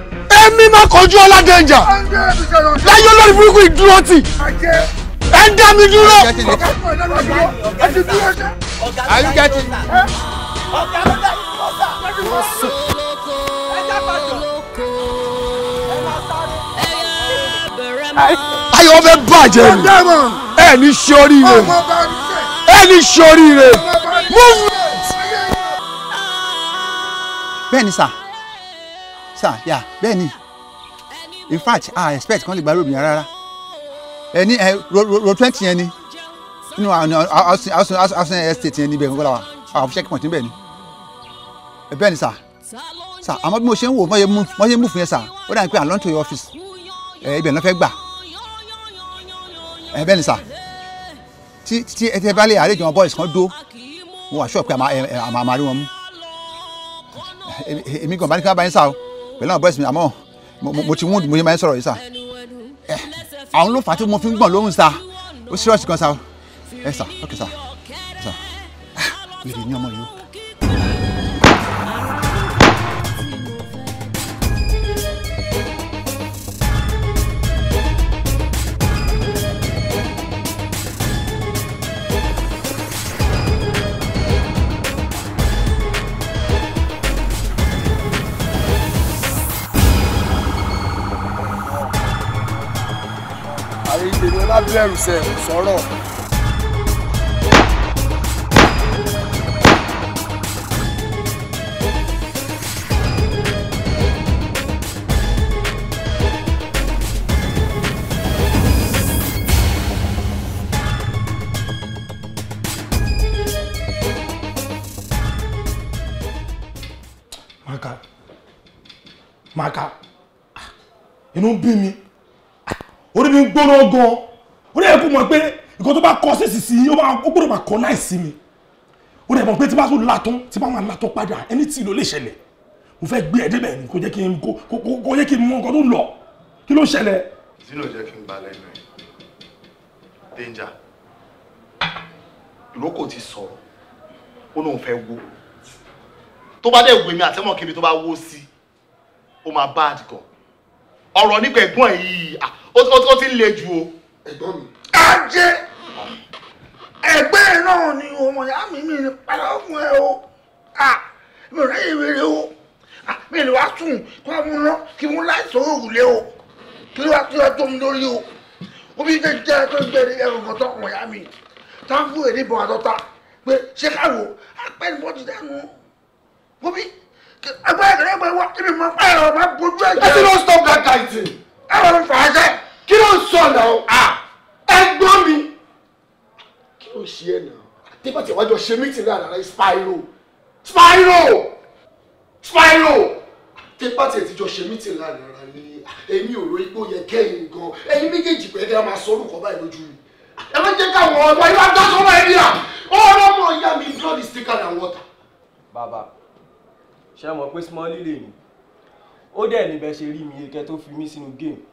èmi máa kọjú ọlá dẹ̀njà láyé olórí burúkú ìdúró tì ẹ ń dá mi dúró. àyùkẹ́tì ọ̀gá ló dá ìfọ́ sà. ayọ̀ bẹ bàjẹ́ ni ẹ ní sọríire ẹ ní sọríire movement. bẹ́ẹ̀ ni sà sir yà bẹ́ẹ̀ ni in fact i expect kan lè gba róòmù yẹn rárá ẹ ní ẹ ro twenty yẹn ni nínú housing estate yẹn ni ibẹ̀ ń gbọ́dọ̀ wa àwọn check point níbẹ̀ ni ẹ bẹ́ẹ̀ ni sir sir àmọ́ bí mo ṣe ń wò mo ṣe ń mú fún yẹn sir ó dà ní pé i lọ́n to your office ẹ ibẹ̀ náà fẹ́ gbà ẹ bẹ́ẹ̀ ni sir tí tí ẹ tẹ bá lè àlejò àwọn boys kan dó mo wà sure pé àmà àmà àmà rí wọn mú èmi gan bá ní kí wọn bá yín sá o pẹ̀lú àwọn boys mi àmọ́ mo ti wound mo ṣe máa ń sọ̀rọ̀ yìí sà ẹ eh, àwọn ló fà á tí mo fi ń gbọ̀n lóhùn sà ó serious kan sà ẹ eh, sà ok sà sà wèrè eh, ní ọmọ yìí o. lẹ́rù sẹ́ ò sọ̀rọ̀. Maka. Maka. Inú bí mi. Orí mi gbóná gan-an yẹ kó mọ̀ pé nǹkan tó bá kọ sí sísì yìí ó gbọ́dọ̀ máa kọ náà sí mi ó dẹ̀ mọ̀ pé tí bá tún látún tí bá máa látún padà ẹni tí ló lè ṣẹlẹ̀ mo fẹ́ gbé ẹdẹ bẹ́ẹ̀ ni kò jẹ́ kí n kò jẹ́ kí n mọ nǹkan tó lọ kí ló ṣẹlẹ̀. tí ló jẹ́ kí n gba lẹ́nu ẹ̀ danger ìrókò ti sọ̀rọ̀ ó lóun fẹ́ wo tó bá dẹ̀ wèmí àtẹ́mọ̀ kébi tó bá wó sí ó máa bá àdìgàn ọ̀rọ̀ nípa ẹ̀gbọ́n yìí ó ti le jù o. ẹ̀gbọ́n mi ajé ẹgbẹ́ náà ni ọmọ ìyá mi mi padà fún ẹ o mi rẹ̀ yìí rere o mi lè wá sùn kí wọ́n mú ná kí wọ́n láìsàn òrùlé o kí wọ́n kí wọ́n tó mi lórí o omi jẹ́ jẹ́ tó ń gbẹ̀rẹ̀ ẹ̀rù kan tó ọmọ ìyá mi táwọn fún èrè ìbọn àtọ́ta pé ṣé káwọ́ apẹ́nubọ́ ti dánú omi ẹgbẹ́ ẹ̀rẹ́ ẹgbẹ́ wa ẹ̀mí máa pẹ́ ẹ̀rọ máa bójú ẹ̀jẹ̀. ẹ ti lọ stop that guy thing. ẹ wọ́n fà á jẹ́. kí ló ń sọ náà ẹ̀gbọ́n mi kí ló ń ṣe ẹ náà àtẹ́bàtì ìwájú ṣe mítìn náà rárá spyro spyro spyro àtẹ́bàtì ẹ̀ ti jọ ṣe mítìn náà rárá ni èmi ò ro igbó yẹn kẹ́yìn gan ẹ̀yin méjèèjì pẹ̀lẹ́ máa sọ orúkọ báyìí lójú mi ẹ má jẹ́ káwọn ọmọ ìwà dọ́sọ́ náà ẹ̀rí à ọlọ́mọ ìyá mi blood is thicker than water. bàbá ṣé mọ̀ pé small lè ní ó dẹ̀ níbẹ̀ ṣe rí mi kẹ́ tó fi mí sínú géèmù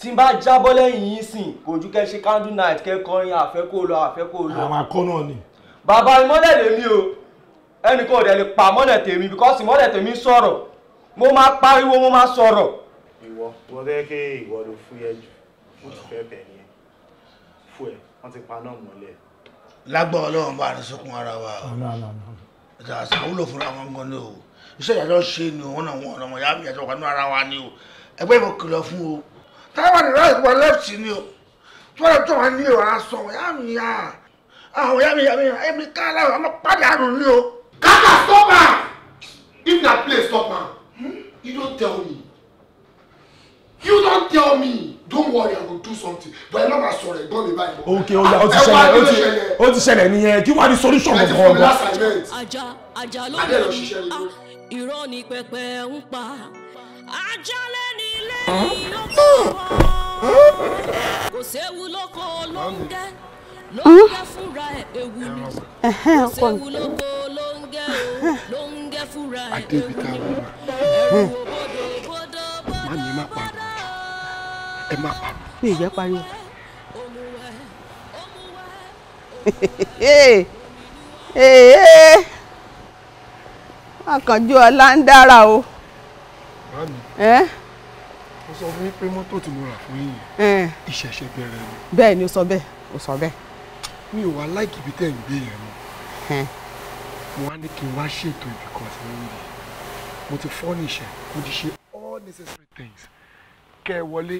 tí n bá jábọ́ lẹ́yìn yín sìn kò ju kẹ́ ṣe candle night kẹ́ kọrin àfẹ́kò lọ àwọn akọ́nà ni. bàbá ìmọ́lẹ̀ lèmi o ẹnì kan ò dẹ̀ lè pa mọ́lẹ̀ tèmi because ìmọ́lẹ̀ tèmi sọ̀rọ̀ mo máa pariwo mo máa sọ̀rọ̀. ìwọ wọn fẹ́ kí ìwọ ló fúyẹ́ jù mo ti fẹ́ bẹ̀ yẹn fún ẹ wọ́n ti paná mọ́lẹ̀. lágbọ́n ọlọ́run bá ní sunkún ara wa o ìjà àwúlò fúnra wọn gan ni o iṣẹ́ ìyàjọ́ ṣe ni òun náà wọn ọ̀nà ọmọ ni o ẹgbẹ́ ìmọ̀ kìlọ̀ fún o táwọn ní right wọ left ni o tí wọ́n lè tó wọn ní o aṣọ wọn yá mi yá àwọn yá mi yá mi yá èmi ká láwọn ọmọ pàdé àrùn ni o. kaka stop am if na play stop am hmm? you don tell me you don tell me don't worry i go do something but ẹ lọ́ba sọ̀rọ̀ ẹ̀gbọ́n mi báyìí. ok oya o ti ṣẹlẹ̀ o ti ṣẹlẹ̀ nìyẹn kí wàá di solution gbọ̀ngàn. ẹ ti fún mi last assignment. ajá ajá ló ń bá ah, irọ́ ni pẹpẹ ń pa ajá lẹ́ni ọkọ mi. adébíta wọn má ní má pariwo ẹ má pariwo. mi ì jẹ́ pariwo. àkànjú ọ̀la ń dára o. Eh? mo sọ fún yín pé mọ́tò tí mo rà fún yín ìṣẹ̀ṣẹ̀ bẹ̀rẹ̀ ni. bẹ́ẹ̀ ni ó sọ bẹ́ẹ̀ ó sọ bẹ́ẹ̀. mi ò wá láìkì ibi tẹ́ ń gbé yẹn mọ́ mo wá ní kí n wá ṣètò ibì kan sí yín mo ti fọ́nìṣẹ̀ mo ti ṣe all necessary things kẹ́ ẹ wọlé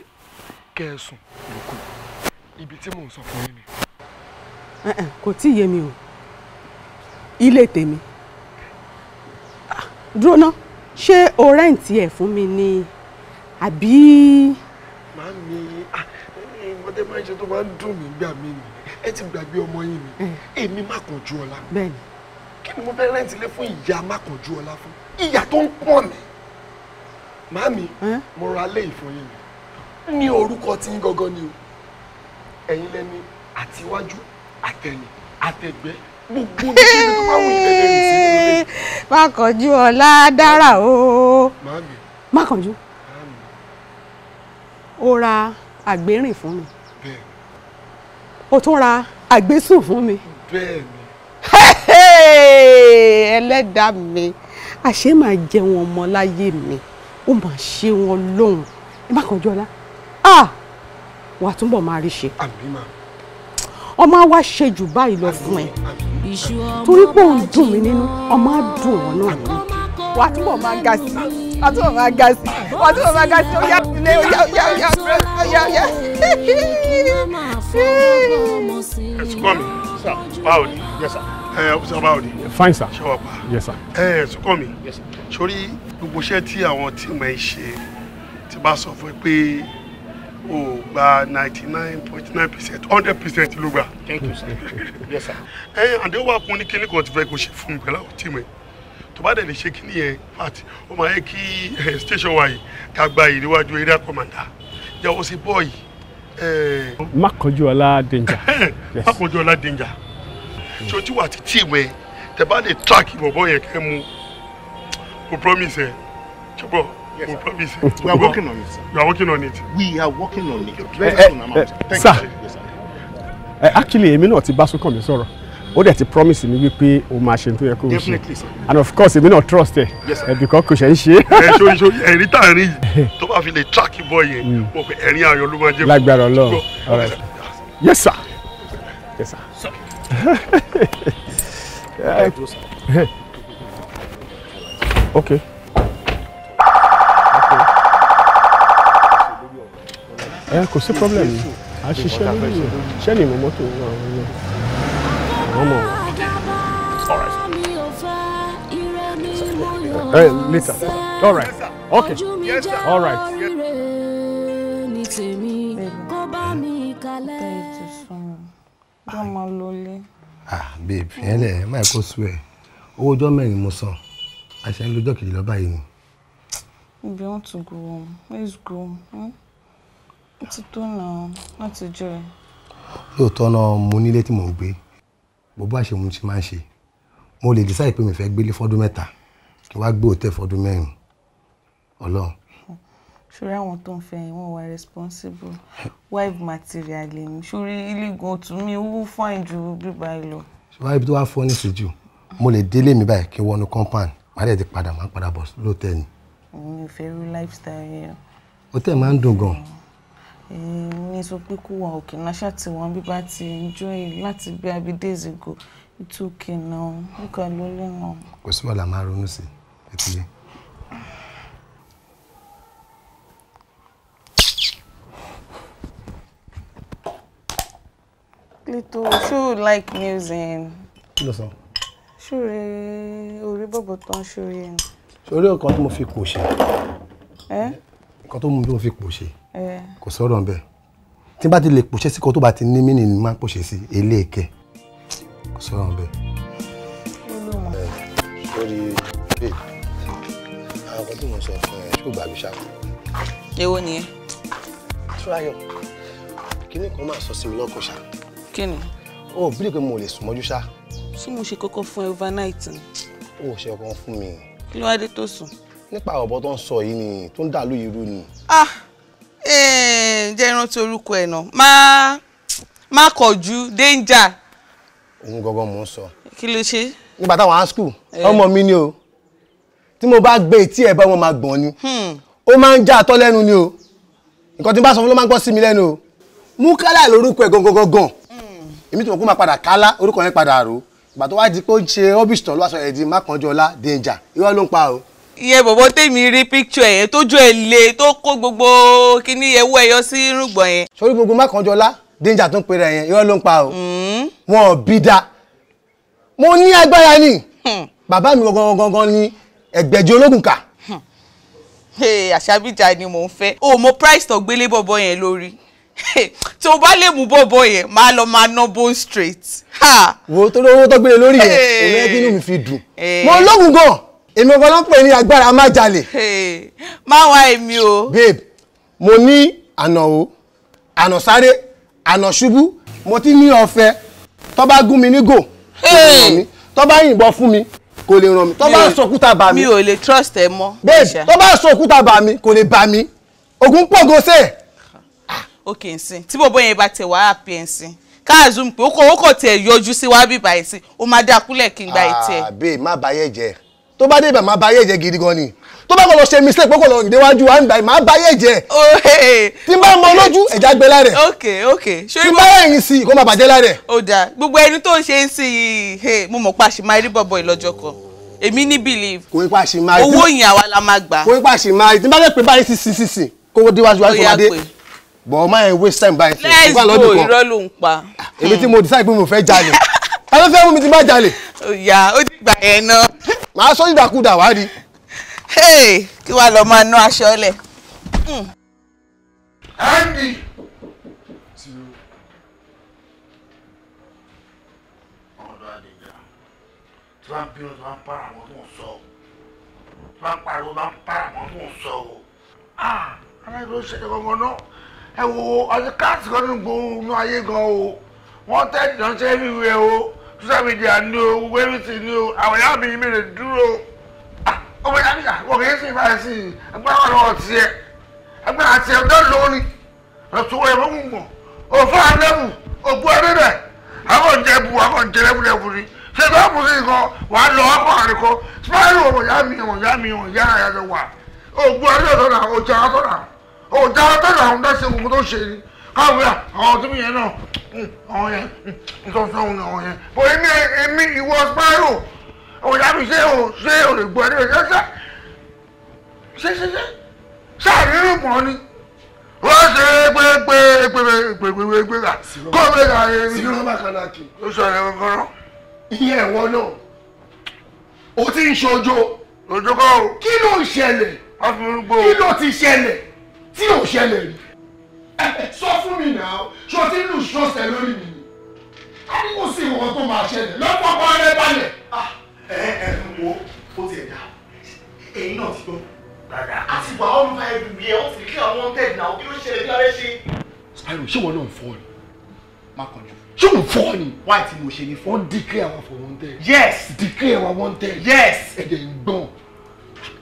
kẹ́ ẹ sùn lóko ibi tí mò ń sọ fún yín ni. kò tí ì yé mi o ilé tèmi ah, dúró ná ṣé o rẹ́ǹtì ẹ̀ fún mi ní. Ni àbí. màámi nǹkan ah, tẹ́ máa ń ṣe tó máa ń dùn mí gbà mí ni ẹ ti gbàgbé ọmọ yín ni mm. èmi má kàn ju ọlá. bẹ́ẹ̀ni. kí ni mo fẹ́ rẹ́ǹtì lé fún ìyá má kàn ju ọlá fún ìyá tó ń pọ̀ mí. màámi mo ra lé ìfún yín ni ní orúkọ tí ń gangan ni o ẹ̀yin lẹ́ni àtiwájú àtẹ̀yìn àtẹ̀gbẹ́ gbogbo ní kí ni tó máa wù yín lẹ́yìn sí i. má kàn ju ọlá dára o. màámi. má kàn ju ó ra àgbérìn fún mi ó tún ra àgbésùn fún mi ẹlẹ́dàá mi àṣé máa jẹ wọn ọmọ láyé mi ó máa ṣe wọn lóhùn ẹ má kàn jọlá wàá túbọ̀ máa rí ṣe ọmọ wa ṣe jù báyìí lọ fún ẹ torí pé òun dùn mí nínú ọmọ á dùn wọn náà wàá túbọ̀ máa ga sí i wọ́n tún máa ga sí wọ́n tún máa ga sí ó yá ilé ó yá yá yá yá yá. ẹ̀sùnkọ́ mi sà báwo ni yes sir ẹ ọ̀sán báwo ni. fine sir ṣé wàá pa yes sir. ẹ ẹ̀sùnkọ́ mi sórí gbogbo iṣẹ́ tí àwọn tíìmù ẹ̀ ṣe ti bá sọ fún ẹ pé o gba ninety nine point nine percent hundred percent ló gbà. thank you sir yes sir. ẹ àdéhùn àpò ní kíní kan ti fẹ́ kó ṣe fún mi pẹ̀lú àwọn tíìmù ẹ̀ tó bá dẹ̀ lè ṣe kíní yẹn fat ó máa yẹ kí eh, station wa yìí ká gba yìí níwájú area commander jẹ́wọ́ sí bọ́ọ̀yì. Eh, Makanjuola danger. Makanjuola danger. sojú wa ti tíì mọ́ ẹ tẹ bá lè track ìbọ̀bọ̀ yẹn kẹ́ mu mo promise ẹ ṣùgbọ́n mo promise ẹ. we are working on it. We are working on it. we are working on it. very soon amount. Eh, sir actually èmi náà ti bá Sunkanmi sọ̀rọ̀ ó dẹ̀ ti promise mi wípé o máa ṣe n tó yẹ kó o ṣe and of course èmi náà trust ẹ ẹbìkan kò ṣe ń ṣe. ẹ̀rí tá a rí yìí tó bá fi lè track bọ́ yẹn hmm. mo pe ẹ̀rín ayọ̀ ló máa jẹ́. lágbára Ọlọ́run all right yes sir yes sir. okay. ẹ eh, kò sí problem a ṣiṣẹ́ lórí yẹn ṣẹ́ ni mo mọ́tò náà. Come on. All right. Hey, Lisa. All right. Okay. Yes, sir. All right. Yes. Ah, babe. Ẹ lẹ̀ ẹ máa kó sùn ẹ̀. Owó ọjọ́ mẹ́rin mo san. Àṣẹ ń lọ́jọ́ kejì lọ báyìí ni. If you want to go home, let's go. Hmm? Ó turn tó náà láti joy? You turn on money, let him obey bó bá ṣe ohun tí máa ń ṣe mo lè decide pé mi fẹ́ gbélé fọ́dún mẹ́ta kí wá gbé òtẹ́ fọ́dún mẹ́rin ọlọ́run. ṣúrí àwọn tó ń fẹ́ yín wọ́n wà responsible wife material èmi ṣúrí ilégun òtún mi owó fine ju bíbá yìí lọ. ṣùgbọ́n ibi tó wá fọ́ ní ṣojú mo lè délé mi báyìí kí n wọnú compound màá dẹ̀ ti padà màá padà bọ̀ lóòótẹ́ ni. mi ò fẹ́ rí lifestyle yẹn. òtẹ́ máa ń dùn gan-an ní sọ pé kó wa òkè náṣà tí wọn bí bá ti enjoy láti bí abi days ago ètò náà nígbà ló lè ràn. kò sí wàhálà máa ronú sí ètò Lito, ṣó like music. kí ló sọ. ṣúre orí bọ̀bọ̀ tán ṣúre. ṣorí ọ̀kan tí mo fi pò ṣe. ẹ́. tó mo fi pò ṣe. Eh. kò sọ̀rọ̀ nbẹ̀ tí n bá ti lè pòṣẹ́ sí kan tó bá ti ní mínì ni máa ń pòṣẹ́ sí eléèkẹ́ kò sọ̀rọ̀ nbẹ̀. sórí bẹ́ẹ̀ àwọn kan tí mo sọ fún ẹ ṣó gbàgbé ṣáà. èwo nìyẹn. tíráyọ̀ kíní kan máa sọ sí mi lọ́kàn ṣá. kí ni. o ò bílẹ̀ pé mo lè sùn mọ́jú ṣá. ṣé mo ṣe kọ́kọ́ fún ẹ overnight ni. o ò ṣe ọkàn fún mi. kí ló wá dé tó sùn. nípa ọ̀bọ tó ń sọ yìí ni tó ń dàlú irú ni. ah Eh, jẹ́ rántí orúkọ ẹ̀ náà má má kọjú danger. òun gangan mò ń sọ. kí ló ṣe. nígbà táwọn á school eh. ọmọ mi ni o tí mo bá gbé etí ẹ̀ bá wọn máa gbọ̀n ni hmm. ó máa ń já àtọ́ lẹ́nu ni o nǹkan tí n bá sọ fún ló máa ń gbọ́ sí mi lẹ́nu o mú kálá lórúkọ ẹ̀ gangan gangan hmm. èmi tí mo kó máa padà kálá orúkọ yẹn padà rò ìgbà wá di pé ó ń ṣe rubbish ló wá sọ ẹ̀ di mákànjọ́lá danger irọ́ ló ń pa o ìyẹn bọ̀bọ̀ tèmi rí píkṣọ ẹ̀ tójú ẹ̀ le tó kó gbogbo kíní ẹwú ẹyọ sí rúgbọ̀n yẹn. sórí gbogbo mákànjọlá danger tó ń pera yẹn irọ́ ló ń pa o hmm. wọn ò bí da mo ní agbára ni hmm. bàbá mi gangan gangan ni ẹgbẹ̀jọ ológun kà. Hmm. àṣàbíjà ni mò ń fẹ́ o mo price tó gbélé bọ̀bọ̀ yẹn lórí tó bá lè mú bọ̀bọ̀ yẹn máa lọ máa ná bone straight. wo tó lówó tó gbélé lórí yẹn òun ẹbí inú mi fi dùn mo lógun gan-an èmi ọkọ ló ń pè ní agbára má jalè. má wá èmi o. babe mo ní àná o àná sáré àná ṣubú mo ti ní ọ̀fẹ́ tó bá gún mi ní gò kò lè ràn mí tó bá yìnbọn fún mi kò lè ràn mí tó bá sọkúta bà mí. mi ò lè trust ẹ mọ́. babe tó bá sọkúta bà mí kò lè bà mí ogun pọ̀ gọ́sẹ̀. ok nsìn tí bòbó yẹn bá tẹ wàá àpè nsìn káàzùm pé ó kò ó kò tẹ yọjú sí wàá bíbá ẹ̀ sí ó máa dákúlẹ̀ kí n gba ẹ̀ àbẹ má bàyẹ̀ jẹ́ tó bá dé ibà máa ba ayé ẹ̀jẹ̀ gidi gan ni tó bá kọ́ ṣe mistake pé lọ ìdíwájú wa ń gbà máa ba ayé ẹ̀jẹ̀ oh, tí n bá mọ lójú ẹ̀já gbẹ lára ẹ̀ tí n bá ẹ̀yìn sí kó máa bàjẹ́ lára ẹ̀. ó dáa gbogbo ẹni tó ń ṣe ń sìn yìí mo mọ̀ pa àṣìmá rí bọ̀bọ̀ ìlọ́jọ́ kan èmi ní believe kò ipa àṣìmá rí owó yìí àwa la máa gbà. kò ipa àṣìmá rí tí n bá lè pè báyìí sí sí sí sí kó díwájú wa ìfọwọ́dé bọ̀ ọ́ máa waste time báyìí sí let's go irọ́ ló ń pa. èmi tí mo decide pé mo fẹ́ jalè ta ló fẹ́ mú mi ti má jalè. ó yá ó màá sọ ìdàkudà wá ni. kí wàá lọ máa ná aṣọ lẹ. Hmm. andy. tí wọ́n ń bínú tí wọ́n ń para wọn tó ń sọ o tí wọ́n ń pariwo tí wọ́n ń para wọn tó ń sọ o ah ara ìlú ṣẹlẹ̀ gangan náà ẹ wo ọdún káàtì kan ní gbòòrùn inú ayé gan o wọ́n tẹ́ ìdánṣẹ́ wíwẹ́ o social media ni o gbogbo everything ni o àwọn ìyá mi mi lè dúró ah, ọmọ ìyá mi yà wọ́n kì í sìn báyìí sí i agbára wà lọ́wọ́ tiẹ̀ agbára tiẹ̀ ọjọ́ lórí ọ̀tún wọ̀ ẹ̀fọ́ mọ̀ òfò àlẹ́bù ògbó ẹ̀rí rẹ̀ àwọn ìjẹ̀bù àwọn ìjẹ̀lẹ́bù lẹ́bù ni ṣé bá mú sí nǹkan wà á lọ ọkọ̀ àríkọ́ smile ọmọ ìyá mi ọmọ ìyá mi ọmọ ìyá àyájọ wà ògbó ẹ̀rí ọ̀tọ̀ náà òjà ọ̀tọ̀ náà òjà káwé àwọn tó yẹn náà àwọn yẹn nǹkan sọ̀hún ni àwọn yẹn. bò èmi èmi ìwọ spiro òyà mi ṣé o ṣé o lè gbọ́ ẹni ṣe ṣe ṣe ṣe ṣe ṣàrírù mọ́ ni wọ́n ṣe pé pé pé pé pé pé pé rà kó pé rà èmi. sìrọ́ bàkàlàkì. ó sọ ẹ̀rọ kankan. ìyẹn ẹ̀wọ́ náà o ti ń ṣojo. òjò kọ́ o. kí ló ń ṣẹlẹ̀. wọ́n fi rúgbó. kí ló ti ṣẹlẹ̀ tí ò ṣẹlẹ̀ rí sọ fún mi náà ṣó ti ń lù ṣọ́ọ̀ṣẹ̀ lórí mi ni a ní kò sí ìwọ̀n tó máa ṣẹlẹ̀ lọ́pọ̀ pa ara ẹ balẹ̀. Ah, ẹ ẹ wo ó ti ẹ̀ dá ẹ̀yin náà ti gbọ́ rárá a ti wà ọ́nù báyìí bí ẹ ó fi kí àwọn wanted náà kí ló ṣẹlẹ̀ bí alẹ́ ṣe. Spyro ṣé wọn náà ń fọ́ ni. má kànjú. ṣé wọn fọ́ ni. wáyé tí mo ṣe ní fọ́. wọ́n declare wa for wanted. yes. declare wa wanted. yes. ẹ̀jẹ̀ ń gbọ́n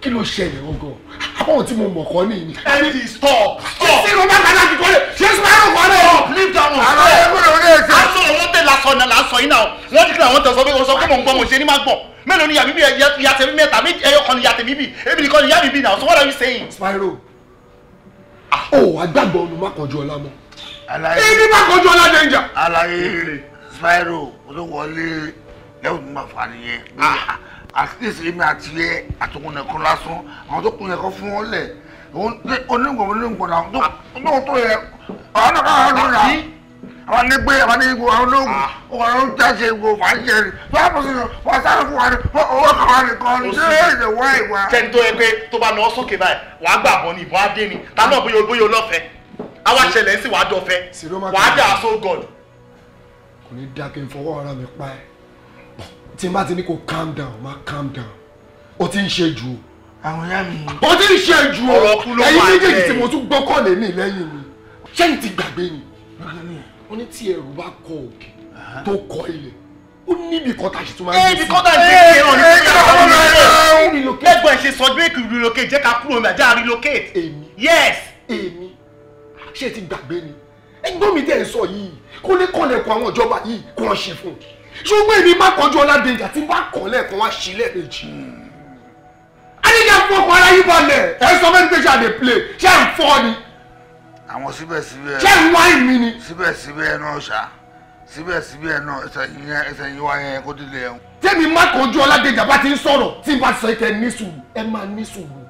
kí ló ṣẹlẹ̀ ọgọ́ àwọn tí mo mọ̀ kọ́ ní ìní. ẹni stop stop. ṣé ìwọ bá padà kí kọ́lé ṣé ìwọ bá kọ́ lé. stop leave that one. àwọn ẹgbẹ́ òun lè ṣe. aṣọ òun tẹ lásọ náà lásọ yìí náà wọ́n ti kí àwọn tẹ̀sán pé wọ́n sọ pé mò ń gbọ́ mo ṣe ní má gbọ́ mélòó ni yàtẹ̀mí yàtẹ̀mí mẹ́ta ẹyọ kan ni yàtẹ̀mí bì ebi nìkan ni yàmí bì náà so what are you saying. Spyro ah. o àgbàgbọ́ ọ̀nà má kọjú ọlá mọ́. alaye ebi má kọjú ọlá danger. alaye Spyro o tó wọlé lẹ́wọ̀n tó máa fà nìyẹn. Ah at least èmi àti ẹ àtòkùn nìkan lásán àwọn tó kún yẹn kọ́ fún wọn lẹ̀ onígbọ̀n onígbọ̀n náà tó yẹ àwọn náà káwọn ló rà àwọn nígbé àwọn nígbó àwọn olóògùn ọkọ̀ ah. ló ń jáde ìwò fàájẹ rẹ̀ tó bá pọ̀sí wọn sáré fún wa ni owó kan wà nìkan ní ṣé èdè wá ìwà. sẹ́ni tó yẹ pé tó bá lọ sókè báyìí wàá gbà bọ́ ni ìbọn á dé ni ta náà bóyá bóyá ọlọ́fẹ́ àwa ṣẹlẹ̀ ń sì wàá dọ̀fẹ́ wàá dà so god. kò ní dákẹ́ ń fọwọ́ ara mi pa ẹ́ tí n bá ti ní kó calm down má calm down o ti ń ṣe jù o. àwọn ìyá mi. o ti ń ṣe jù o ọ̀rọ̀ kú ló wà bẹ́ẹ̀ ẹ̀yin méjèèjì tí mo tún gbọ́kànlé ní lẹ́yìn mi ṣé ti gbàgbé ni. wọ́n ní tí ẹ̀rù bá kọ òkè tó kọ ilẹ̀ ó ní ibi a ṣe tún máa ń bí sí. ibi kan tá a ṣe ṣe hàn ní kí wọ́n máa ń relocate. ẹgbẹ́ ṣe sọ pé kì í relocate jẹ́ ká kúrò ní àjà relocate. èmi yes. èmi ṣé ti gbàgbé ni ẹgbọ́n mi tẹ̀ ń sọ yìí kó lè kọ́lẹ̀kùn àwọn ìjọba yìí kó wọ́n ṣe fún un ṣùgbọ́n èmi má kọjú ọlá dèjà tí bá kọ́ lẹ́ẹ̀kan wá sí lẹ́ẹ̀mejì. adéjà fọkàn ara yín balẹ̀ ẹ sọ fẹ́ pé ṣáà lè play ṣé à ń fọ́ ni. àwọn síbẹ̀síbẹ̀ ṣé ń wáìn mi ni. síbẹ̀síbẹ̀ náà ṣá síbẹ̀síbẹ̀ náà ẹsẹ̀ yín wá yẹn kó délé ẹ̀. tẹ́mi má kọjú ọlá dèjà bá ti ń sọ̀rọ̀ tí n bá sọ ẹ ní sùúrù ẹ máa ní sùúrù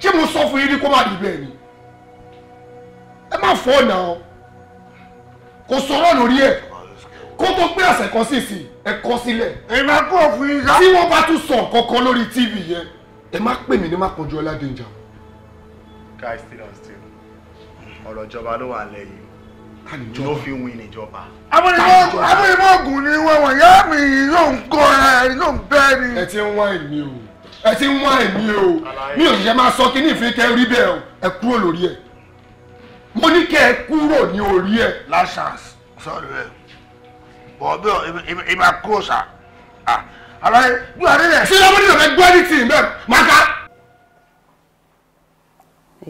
ṣé mo sọ fún yín ní kó má dì bẹ́ẹ̀ ni ẹ má fọ́ ọ̀nà kò sọ̀rọ̀ lórí ẹ̀ kó tó pé ọ̀sẹ̀ kan sì sí ẹ kọ sílẹ̀. ẹ máa kó òfin yín sá. tí wọ́n bá tún sọ kankan lórí tv yẹn ẹ má pè mí ní Makanju Ọlá danger. guy still on still ọ̀rọ̀ ìjọba ló wà lẹ́yìn tí ló fi win ìjọba. abúlé ogun ni wọn wọn yá mi yóò ń kọ ẹ yóò ń bẹ ni. ẹ ti ń wá èmi o ẹ ti ń wá èmi o mi ò ṣiṣẹ́ máa sọ kí ní ìfín kẹ́ rí bẹ́ẹ̀ o ẹ kúrò lórí ẹ mo ní kẹ́ ẹ kúrò ní orí ẹ. last sọ̀rọ̀ ẹ. Eh bọ̀ọ̀bí ọ̀ ìmà kúrò sà à aláyé bí wàá nílẹ̀. ṣé lọ́mọdé náà fẹ́ gbọ́ ní tì bẹ́ẹ̀ máa ká.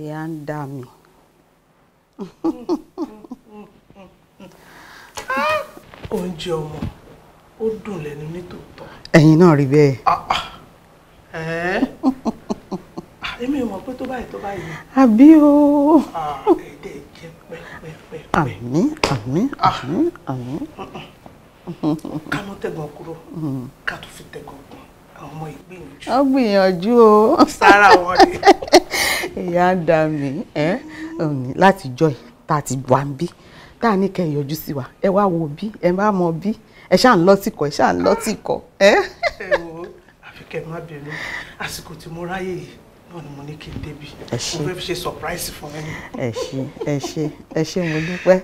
ìyá ń dà mí. oúnjẹ ọmọ ó dùn lẹ́nu nítòótọ́. ẹ̀yin náà rí bẹ́ẹ̀. Ah, ah. Ah, èmi ò mọ̀ pé tó báyìí tó báyìí. àbí o. ẹ̀ẹ́dẹ̀ jẹ pẹ́pẹ́pẹ́. àmín àmín àmín àmín ká mọ́ tẹ̀gbọ́n kúrò ká tó fi tẹ̀gbọ́n kún àwọn ọmọ ìgbìyànjú. wọ́n gbìyànjú o. sára wọn ni. ìyá ń dà mí láti jọ ẹ̀ tá a ti wà ń bí tá a ní kẹ́ ẹ̀ yọjú sí wa ẹ wá wo bí ẹ bá mọ bí ẹ ṣáà ń lọ tìkọ̀ ẹ ṣáà ń lọ tìkọ̀. ẹ wo àfi kẹ́ ẹ má bínú àsìkò tí mo ráyè yìí náà ni mo ní kí n débi mo fẹ́ fi ṣe surprise fún ẹ. ẹ ṣe ẹ ṣe ẹ ṣe mo dúpẹ́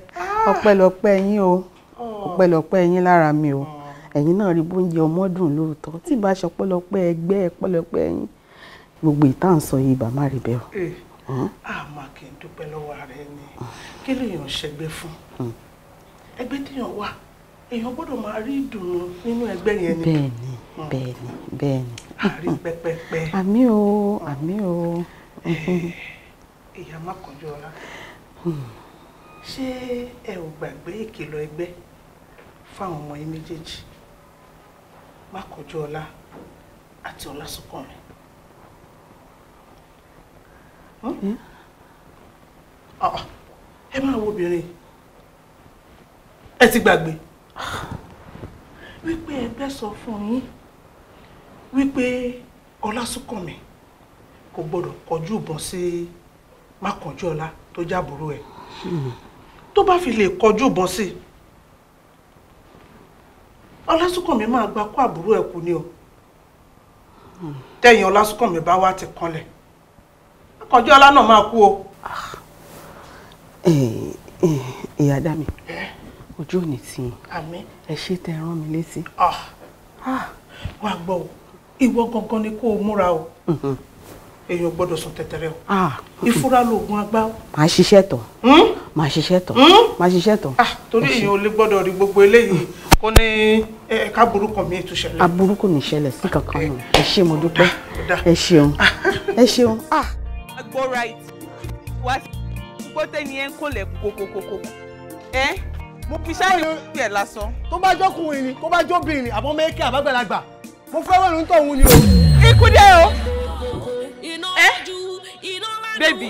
ọpẹ́lọpẹ́ yín o ọpẹ́lọpẹ́ yín lára mi o ẹ̀yin náà rí bóúnjẹ ọmọ dùn lóòótọ́ tí bá ṣe ọpẹ́lọpẹ́ ẹgbẹ́ ọpẹ́lọpẹ́ yín gbogbo ìta ń sọ yìí bà má rí bẹ́ẹ̀ o. àmọ́ kì í dúpẹ́ lọ́wọ́ rẹ ni kí lèèyàn ṣẹgbẹ́ fún hmm. ẹgbẹ́ téèyàn wà èèyàn gbọ́dọ̀ máa rí ìdùnnú nínú ẹgbẹ́ yẹn ni. bẹ́ẹ̀ni hmm. bẹ́ẹ̀ni bẹ́ẹ̀ni. àárín pẹpẹpẹ. àmì o àmì o. Eh, ìyá má kọjú ọlá hmm. ṣé ẹ ò gbàgbé ìkìlọ̀ ẹgbẹ́ fáwọn ọmọ yìí méjèèjì mákòjú ọlá àti ọlásùnkànmí. Hm? Hm? Ah, ah, ẹ máa wo obìnrin ẹ ti gbàgbé wípé ẹgbẹ́ sọ fún yín wípé ọlásùnkànmí kò gbọdọ̀ kọjú ìbọn sí mákòjú ọlá tó jábùrú ẹ̀ tó bá fi lè kọjú ìbọn sí i ọlásùnkànmí máa gba kó àbúrò ẹ̀ kú ni o tẹ̀yìn ọlásùnkànmí bá wá ti kanlẹ̀ akọjọ́ ọlá náà máa kú o. ìyá dá mi ojú ò ní tì yín ẹ ṣe tẹ ẹ rán mi létí. Ah. wàá gbọ́ o ìwọ gangan ni kó o múra o mm-hmm. èèyàn gbọ́dọ̀ sùn tẹ̀tẹ̀rẹ̀ o ah. ìfúra lóògùn agbá o. màá ṣiṣẹ́ tán hmm? màá ṣiṣẹ́ tán hmm? màá ṣiṣẹ́ tán. Ah, torí èèyàn ò lè gbọ́dọ̀ rí gbogbo eléyìí kó ní ẹ ká burúkú mi tún ṣẹlẹ̀. aburúkú ní ṣẹlẹ̀ sí kankan náà ẹ ṣé mo dúpẹ́ ẹ ṣeun ah. ẹ ṣeun. agbóra ah. ìtì wá sí gbọ́tẹ́ ni ẹ ń kọ́lẹ̀ kókókókó ẹ mo fi ṣáàyè tiẹ̀ lásán. tó bá jọkùnrin ni tó bá jóbìnrin ni àbọ̀ mẹ́kẹ́ àbágbàlagbà mo fẹ́ wẹ̀rù ń tọ̀ òun ni o. ikú o ẹ bébì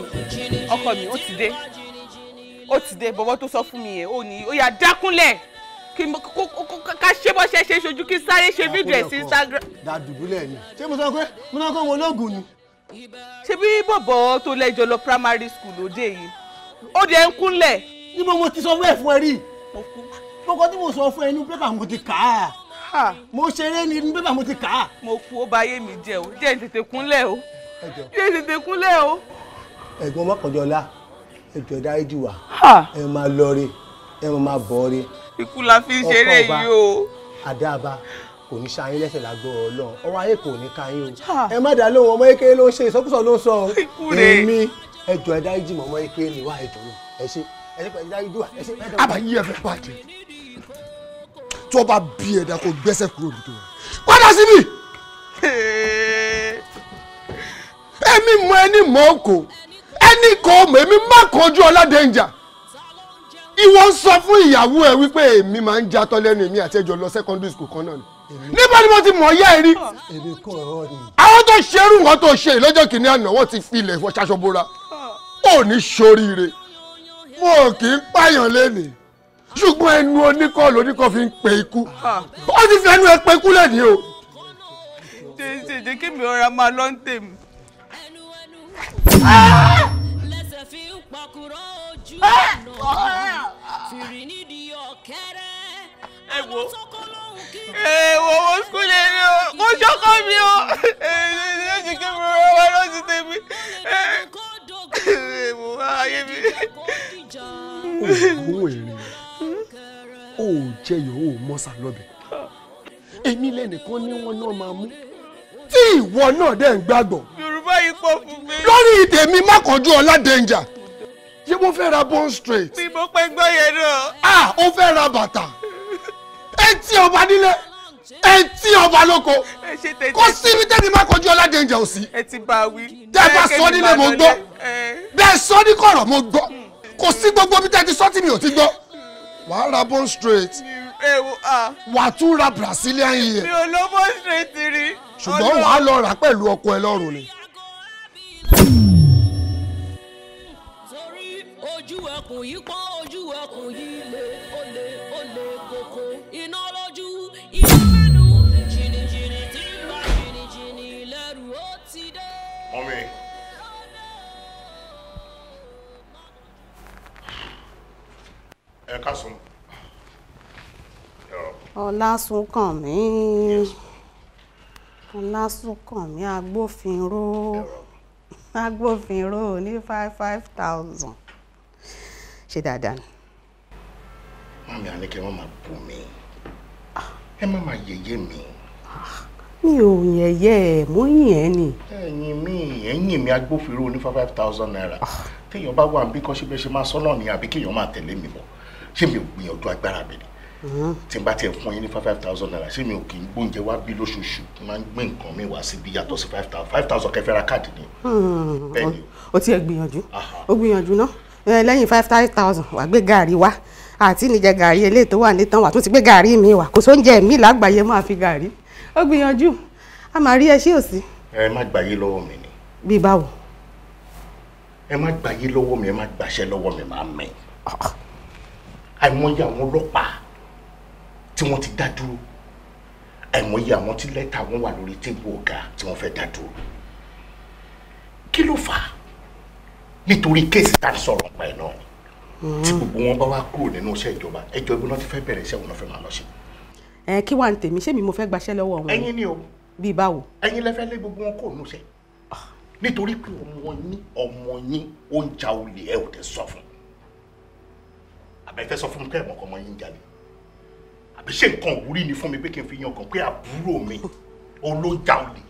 ọkọ mi ó ti dé ó ti dé bọ́bọ́ tó sọ fún mi yẹn ó ní ó yá dákúnlẹ̀ kí n ká ṣe bó ṣe ṣe ṣojú kí n sáré ṣe fídíò ẹ̀ sí Instagram. dàdùbúlẹ̀ ni ṣé mo sọ pé mo náà kó wọn lóògùn ni. ṣebí bọ̀bọ̀ tó lẹ́jọ́ lọ primary school lóde yìí ó dẹ̀ ń kúnlẹ̀. níbo mo ti sọ fún ẹ fún ẹ rí kókó tí mo sọ fún ẹ ní pépà mo ti kà á mo ṣeré ní pépà mo ti kà á. mo kú ó bá yé mi jẹ o jẹ́ tètè kúnlẹ̀ o jẹ́ tètè kúnlẹ̀ o. ẹ̀gbọ́n mọ́kànjọ́lá ẹ̀jọ̀ dáríjì wá ẹ máa lọ rí ẹ máa bọ̀ rí ikú la fi ń ṣeré yìí o. àdàbà kò ní ṣayín lẹ́sẹ̀ lágbó ọlọ́run ọwọ́ ayé kò ní kayín o ẹ má dá lóhùn ọmọ eke ló ń ṣe ìsọkúsọ ló ń sọ o èmi ẹjọ ẹ dáríjì mọ ọmọ eke ni wà ẹjọ lò ẹ ṣe ẹ ṣe pẹ̀lú dáríjì wà ẹ ṣe pẹ̀lú. àbáyé ẹ fẹ́ bàjẹ́ tí wọ́n mọ ẹni mọ́ kò ẹni kò mọ̀ èmi má kọjú ọládẹ́njà ìwọ ń sọ fún ìyàwó ẹ wípé èmi máa ń jatọ́ lẹ́nu èmi àti ẹjọ́ lọ secondary school kan náà ni níbo ni mo ti mọ̀ yá ẹ rí. èmi kò rọ ni. àwọn tó ṣerú nǹkan tó ṣe lọ́jọ́ kìíní àná wọ́n ti fi ilẹ̀ ìwọ ṣaṣọ bóra ó ní ṣoríire mo kì í pààyàn lẹ́nìí ṣùgbọ́n ẹnu oníkọ́ lóníkọ́ fi ń pe ikú ó ti fi ẹnu ẹ pe ikú lẹ́nìí o. ṣe ṣe jẹ́ kí mi ọ̀rá máa lọ́ńtẹ̀ mi. Ah! ìlú ọ̀nà fìrì nídìí ọ̀kẹ́rẹ́ ẹ wo ẹ wo wo sukuu yẹn mi o mo ṣọkọ mi o ẹ ẹ ṣe kí mi rọ wá lọ sí tèmi ẹ ẹ mo wá ayé mi. òkú èrè o ò jẹyọ o ò mọ́sà lọ́bẹ̀ èmi lẹ́nìkan ni wọ́n náà máa mú tí ìwọ náà dẹ̀ ń gbàgbọ́. yorùbá yìí pọ̀ fún mi. lórí ìdè mi má kọjú ọlá dẹ́njà ṣé mo fẹ́ ra bone straight. mi mo pẹ́ gbọ́ yẹn náà. a ó fẹ́ ra bàtà etí ọba nílé etí ọba lóko kó síbi tẹ́ni má kọjú ọládẹ́njà ò sí. ẹ ti bá a wí. tẹ́ ẹ bá sọ nílé mo gbọ́ bẹ́ẹ̀ sọ ní kọ̀rọ̀ mo gbọ́ kò sí gbogbo bí tẹ́ ti sọ mi ò ti gbọ́ wàá ra bone straight wàá tún ra brazilian yìí. mi ò lọ bone straight rí. ṣùgbọ́n wàá lọ rà pẹ̀lú ọkọ ẹ lọ́rùn ni. ojú ẹkùn yìí pọ́n ojú ẹkùn yìí lé ó lé ó lé koko iná lójú iná lẹ́nu jìnnìjìnnì tí ń bá jìnnìjìnnì lẹ́rù ó ti dé. mọ́mí. ẹ ká sùn. Ọlásùnkànmí Ọlásùnkànmí agbófinró agbófinró ní five five thousand. She ṣe dáadáa ni. mami anike mama máa bù mí Hey, mama, ye ye me. mi ò ye ye, mo yìn ẹ ni. ẹyin mi ẹyin mi agbófinró ní five thousand naira ah. téèyàn bá wà bí kọ́síbẹ́ ṣe máa sọ́nà ni àbí kéèyàn máa tẹ̀lé mi bọ̀ ṣé mi ò gbìyànjú agbára mi ni mm-hmm. tí n bá tiẹ̀ fún yín ní five thousand naira ṣé mi ò kì í gbóúnjẹ wá bí lóṣooṣù máa ń gbé nǹkan mi wá síbi yàtọ̀ sí five thousand five thousand kẹfẹ́ ra káàdì ni. Hmm. bẹ́ẹ̀ ni o. o ti ẹ gbìyànjú o gbìyànjú náà lẹ́yìn five five thousand wà gbé gàrí wá àti níjẹ gàrí eléyìí tó wà nítan wà tó ti gbé gàrí mi wà kò sóúnjẹ mi lágbàáyé máa fi gàrí ó gbìyànjú a máa rí ẹ ṣé òsì. ẹ má gbàyé lọ́wọ́ mi ni. bí báwo. ẹ má gbàyé lọ́wọ́ mi ẹ má gbàṣẹ lọ́wọ́ mi máa mẹ́. Ah, ah. àìmọye àwọn ọlọ́pàá tí wọ́n ti dá dúró àìmọye àwọn tí lẹ́tà wọn wà lórí téèbù ọ̀gá tí wọ́n fẹ́ dá dúró kí ló fà á nítorí kéèsì tá a sọ̀rọ̀ pa ẹ̀ náà tí gbogbo wọn bá wá kúrò nínú iṣẹ́ ìjọba ẹjọ́ ibi náà ti fẹ́ bẹ̀rẹ̀ iṣẹ́ òun náà fẹ́ máa lọ sí. ẹ kí wàá tèmi ṣé mi mo fẹ́ gbaṣẹ́ lọ́wọ́ wọn. ẹ̀yin ni o. bíi báwo. ẹ̀yin lẹ fẹ́ lé gbogbo wọn kúrò nínú iṣẹ́ nítorí pé ọmọ yín ọmọ yín ó ń ja olè ẹ ò tẹ sọ fún àbẹ̀fẹ́ sọ fún mi pé ẹ̀mọ́ ọmọ yín ń jalè àbí ṣe nǹkan òwúrí ni fún mi pé kí n fi yan kan pé àbúrò mi olójà olè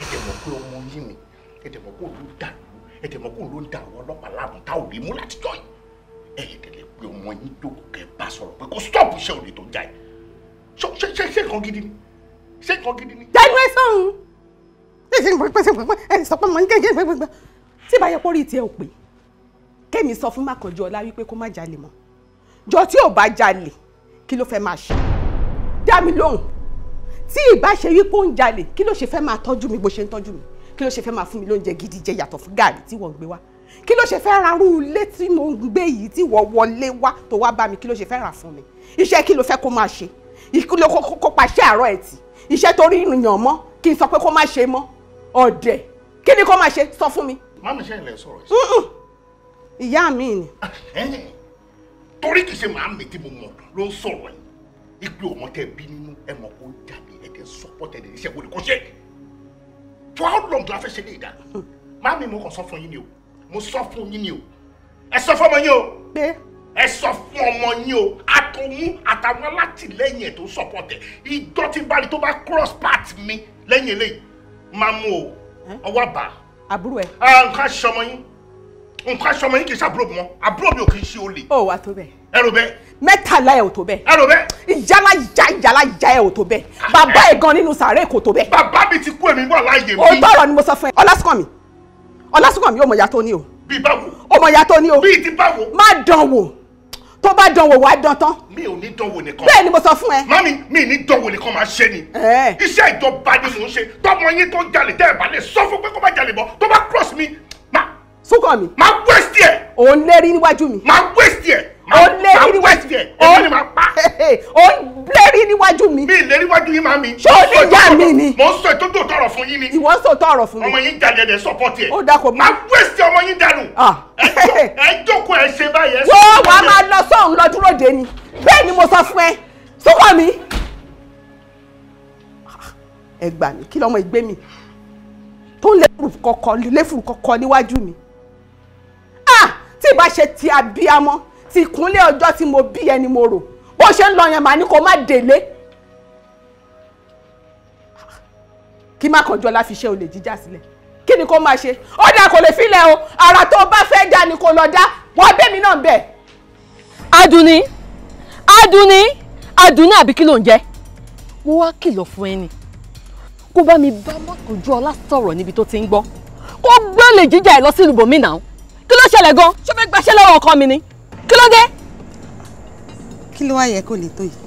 ẹ dẹ̀ mọ̀ pé ọmọ yín ni ẹ dẹ̀ mọ̀ pé olùdarí ẹ̀dẹ̀ mọ́ kó ló ń da àwọn ọlọ́pàá láàmú tá ò rí mú látijọ́ yìí ẹ̀yìn tẹ̀lé pé ọmọ yín tó kẹ́ bá sọ̀rọ̀ pé kó stop iṣẹ́ òde tó ń jà yìí ṣe ṣe ṣe nǹkan gidi ni ṣe nǹkan gidi ni. dájú ẹ sọ̀hún ṣèṣin pẹ́pẹ́sẹ̀ pẹ́pẹ́ ẹ sọ pé màá ń kéjì pẹ́pẹ́ tí ìbá yẹ kó rí tiẹ̀ ò pé kẹ́mi sọ fún Mákànjú ọlá wípé kó má jalè mọ́ jọ tí ò bá jalè kí ló fẹ́ máa ṣe dá mi lóhùn tí ìbá ṣe wípé ó ń jalè kí ló ṣe fẹ́ máa tọ́jú mi bó ṣe ń tọ́jú mi kí ló ṣe fẹ́ máa fún mi lóúnjẹ gidi jẹ yàtọ̀ fún gàrí tí wọ́n ń gbé wá kí ló ṣe fẹ́ ra rú ilé tí mo ń gbé yìí tí wọ́n wọlé wá tó wá bá mi kí ló ṣe fẹ́ rà fún mi iṣẹ́ kí ló fẹ́ kó máa ṣe kí ló kó paṣẹ́ àárọ̀ ẹ̀ tì iṣẹ́ torí ìrìnyàn mọ́ kí n sọ pé kó má ṣe mọ́ ọ̀dẹ̀ kí ni kó má ṣe sọ fún mi. má mi ṣe ilẹ̀ sọ̀rọ̀ yìí. ìyá mi ni. torí kì í ṣe màá mi tí mo mọ̀ ló ń sọ̀rọ̀ yìí ìgbé òmò tẹ bí nínú ẹ̀mọ̀ kó dàbí ẹ̀dẹ̀ sọ́pọ̀tẹ̀ for how long do I ṣe lè dá màámi mo kàn sọ fún yín ni o mo sọ fún yín ni you. ẹ sọ fún ọmọ yín o ẹ sọ fún ọmọ yín o àtòun àtàwọn alátìlẹyìn ẹ tó sọpọtẹ ìjọ tí cross path me lẹ́yìn eléyìí máa a o ọwọ́ bá. àbúrò ẹ. nǹkan aṣọ ọmọ yín nǹkan aṣọ ọmọ yín kì í ṣàbúrò mi wọn àbúrò mi ò kì í mẹ́tàlá ẹ̀ ò tó bẹ́ẹ̀. ẹ rò bẹ́ẹ̀. ìyálà ìjà ìyálà ìjà ẹ̀ ò tó bẹ́ẹ̀. bàbá ẹ̀ gan nínú sàárẹ̀ kò tó bẹ́ẹ̀. bàbá mi ti kú èmi wà láàyè mi. òótọ́ ọ̀rọ̀ ni mo sọ fún ẹ. ọlásùnkànmí ọlásùnkànmí ọmọ ìyá tó ní o. bí báwo. ọmọ ìyá tó ní o. bí ti báwo. má dán wò tó bá dán wò wá dán tán. mi ò ní dán wò nìkan. bẹ́ẹ̀ ni mo sọ fún ẹ. mami mi ní dán wò nìkan máa ṣe ni. iṣẹ́ ìjọba ni mò ń ṣe tọmọ yín tó jalè tẹ́ ẹ̀ bá lè sọ fún pé kó má jalè bọ́ tó bá cross mi. súnkàn mi. máa waste ẹ̀. òun lérí níwájú mi. Ma waste ẹ̀ ó lérí níwájú mi ó ó lérí níwájú mi. mi lérí níwájú yín máa mi. ṣé ó ní ìyá mi ni. mo ń sọ ìtọ́jú tọrọ fún yín ni. ìwọ ń sọ tọrọ fún mi. ọmọ yín jalè dẹ sọpọ́tì ẹ. ó dàpọ̀ mọ́. máa wẹ̀sì ọmọ yín dànù. Ah. ẹ jókòó ẹ ṣe báyẹn. wọ́n wàá máa lọ sọ́hún lọ dúró dé ni bẹ́ẹ̀ ni mo sọ fún ẹ sọ́kọ̀ mi. ẹ gbà mí kí lọ́mọ ìgbé mi tó ń léfùrù kọ̀ọ̀kan níwájú mi. ah tí ì bá ṣe ti abiyamọ ti kúnlẹ̀ ọjọ́ tí mo bí ẹni mo rò bó ṣe ń lọ yẹn màá ní kó má délé kí má kànjú ọlá fi ṣe olè jíjà sílẹ̀ kí ni kó máa ṣe ó dà kó lè filẹ̀ o ara tó bá fẹ́ dá ni kó lọ dá wọ́n bẹ́mi náà bẹ̀. Adùnní Adùnní Adùnní àbí kí ló ń jẹ́ mo wá kìlọ̀ fún ẹni kó bá mi bá má kànjú ọlá sọ̀rọ̀ níbi tó ti ń gbọ́ kó gbé olè jíjà ẹ̀ lọ sí ìlú bòmínà kí gan-an ṣó fẹ́ gbaṣẹ́ lọ́wọ́ ọkọ mi ni kí ló dé. kí ló wá yẹ kó lè tó yìí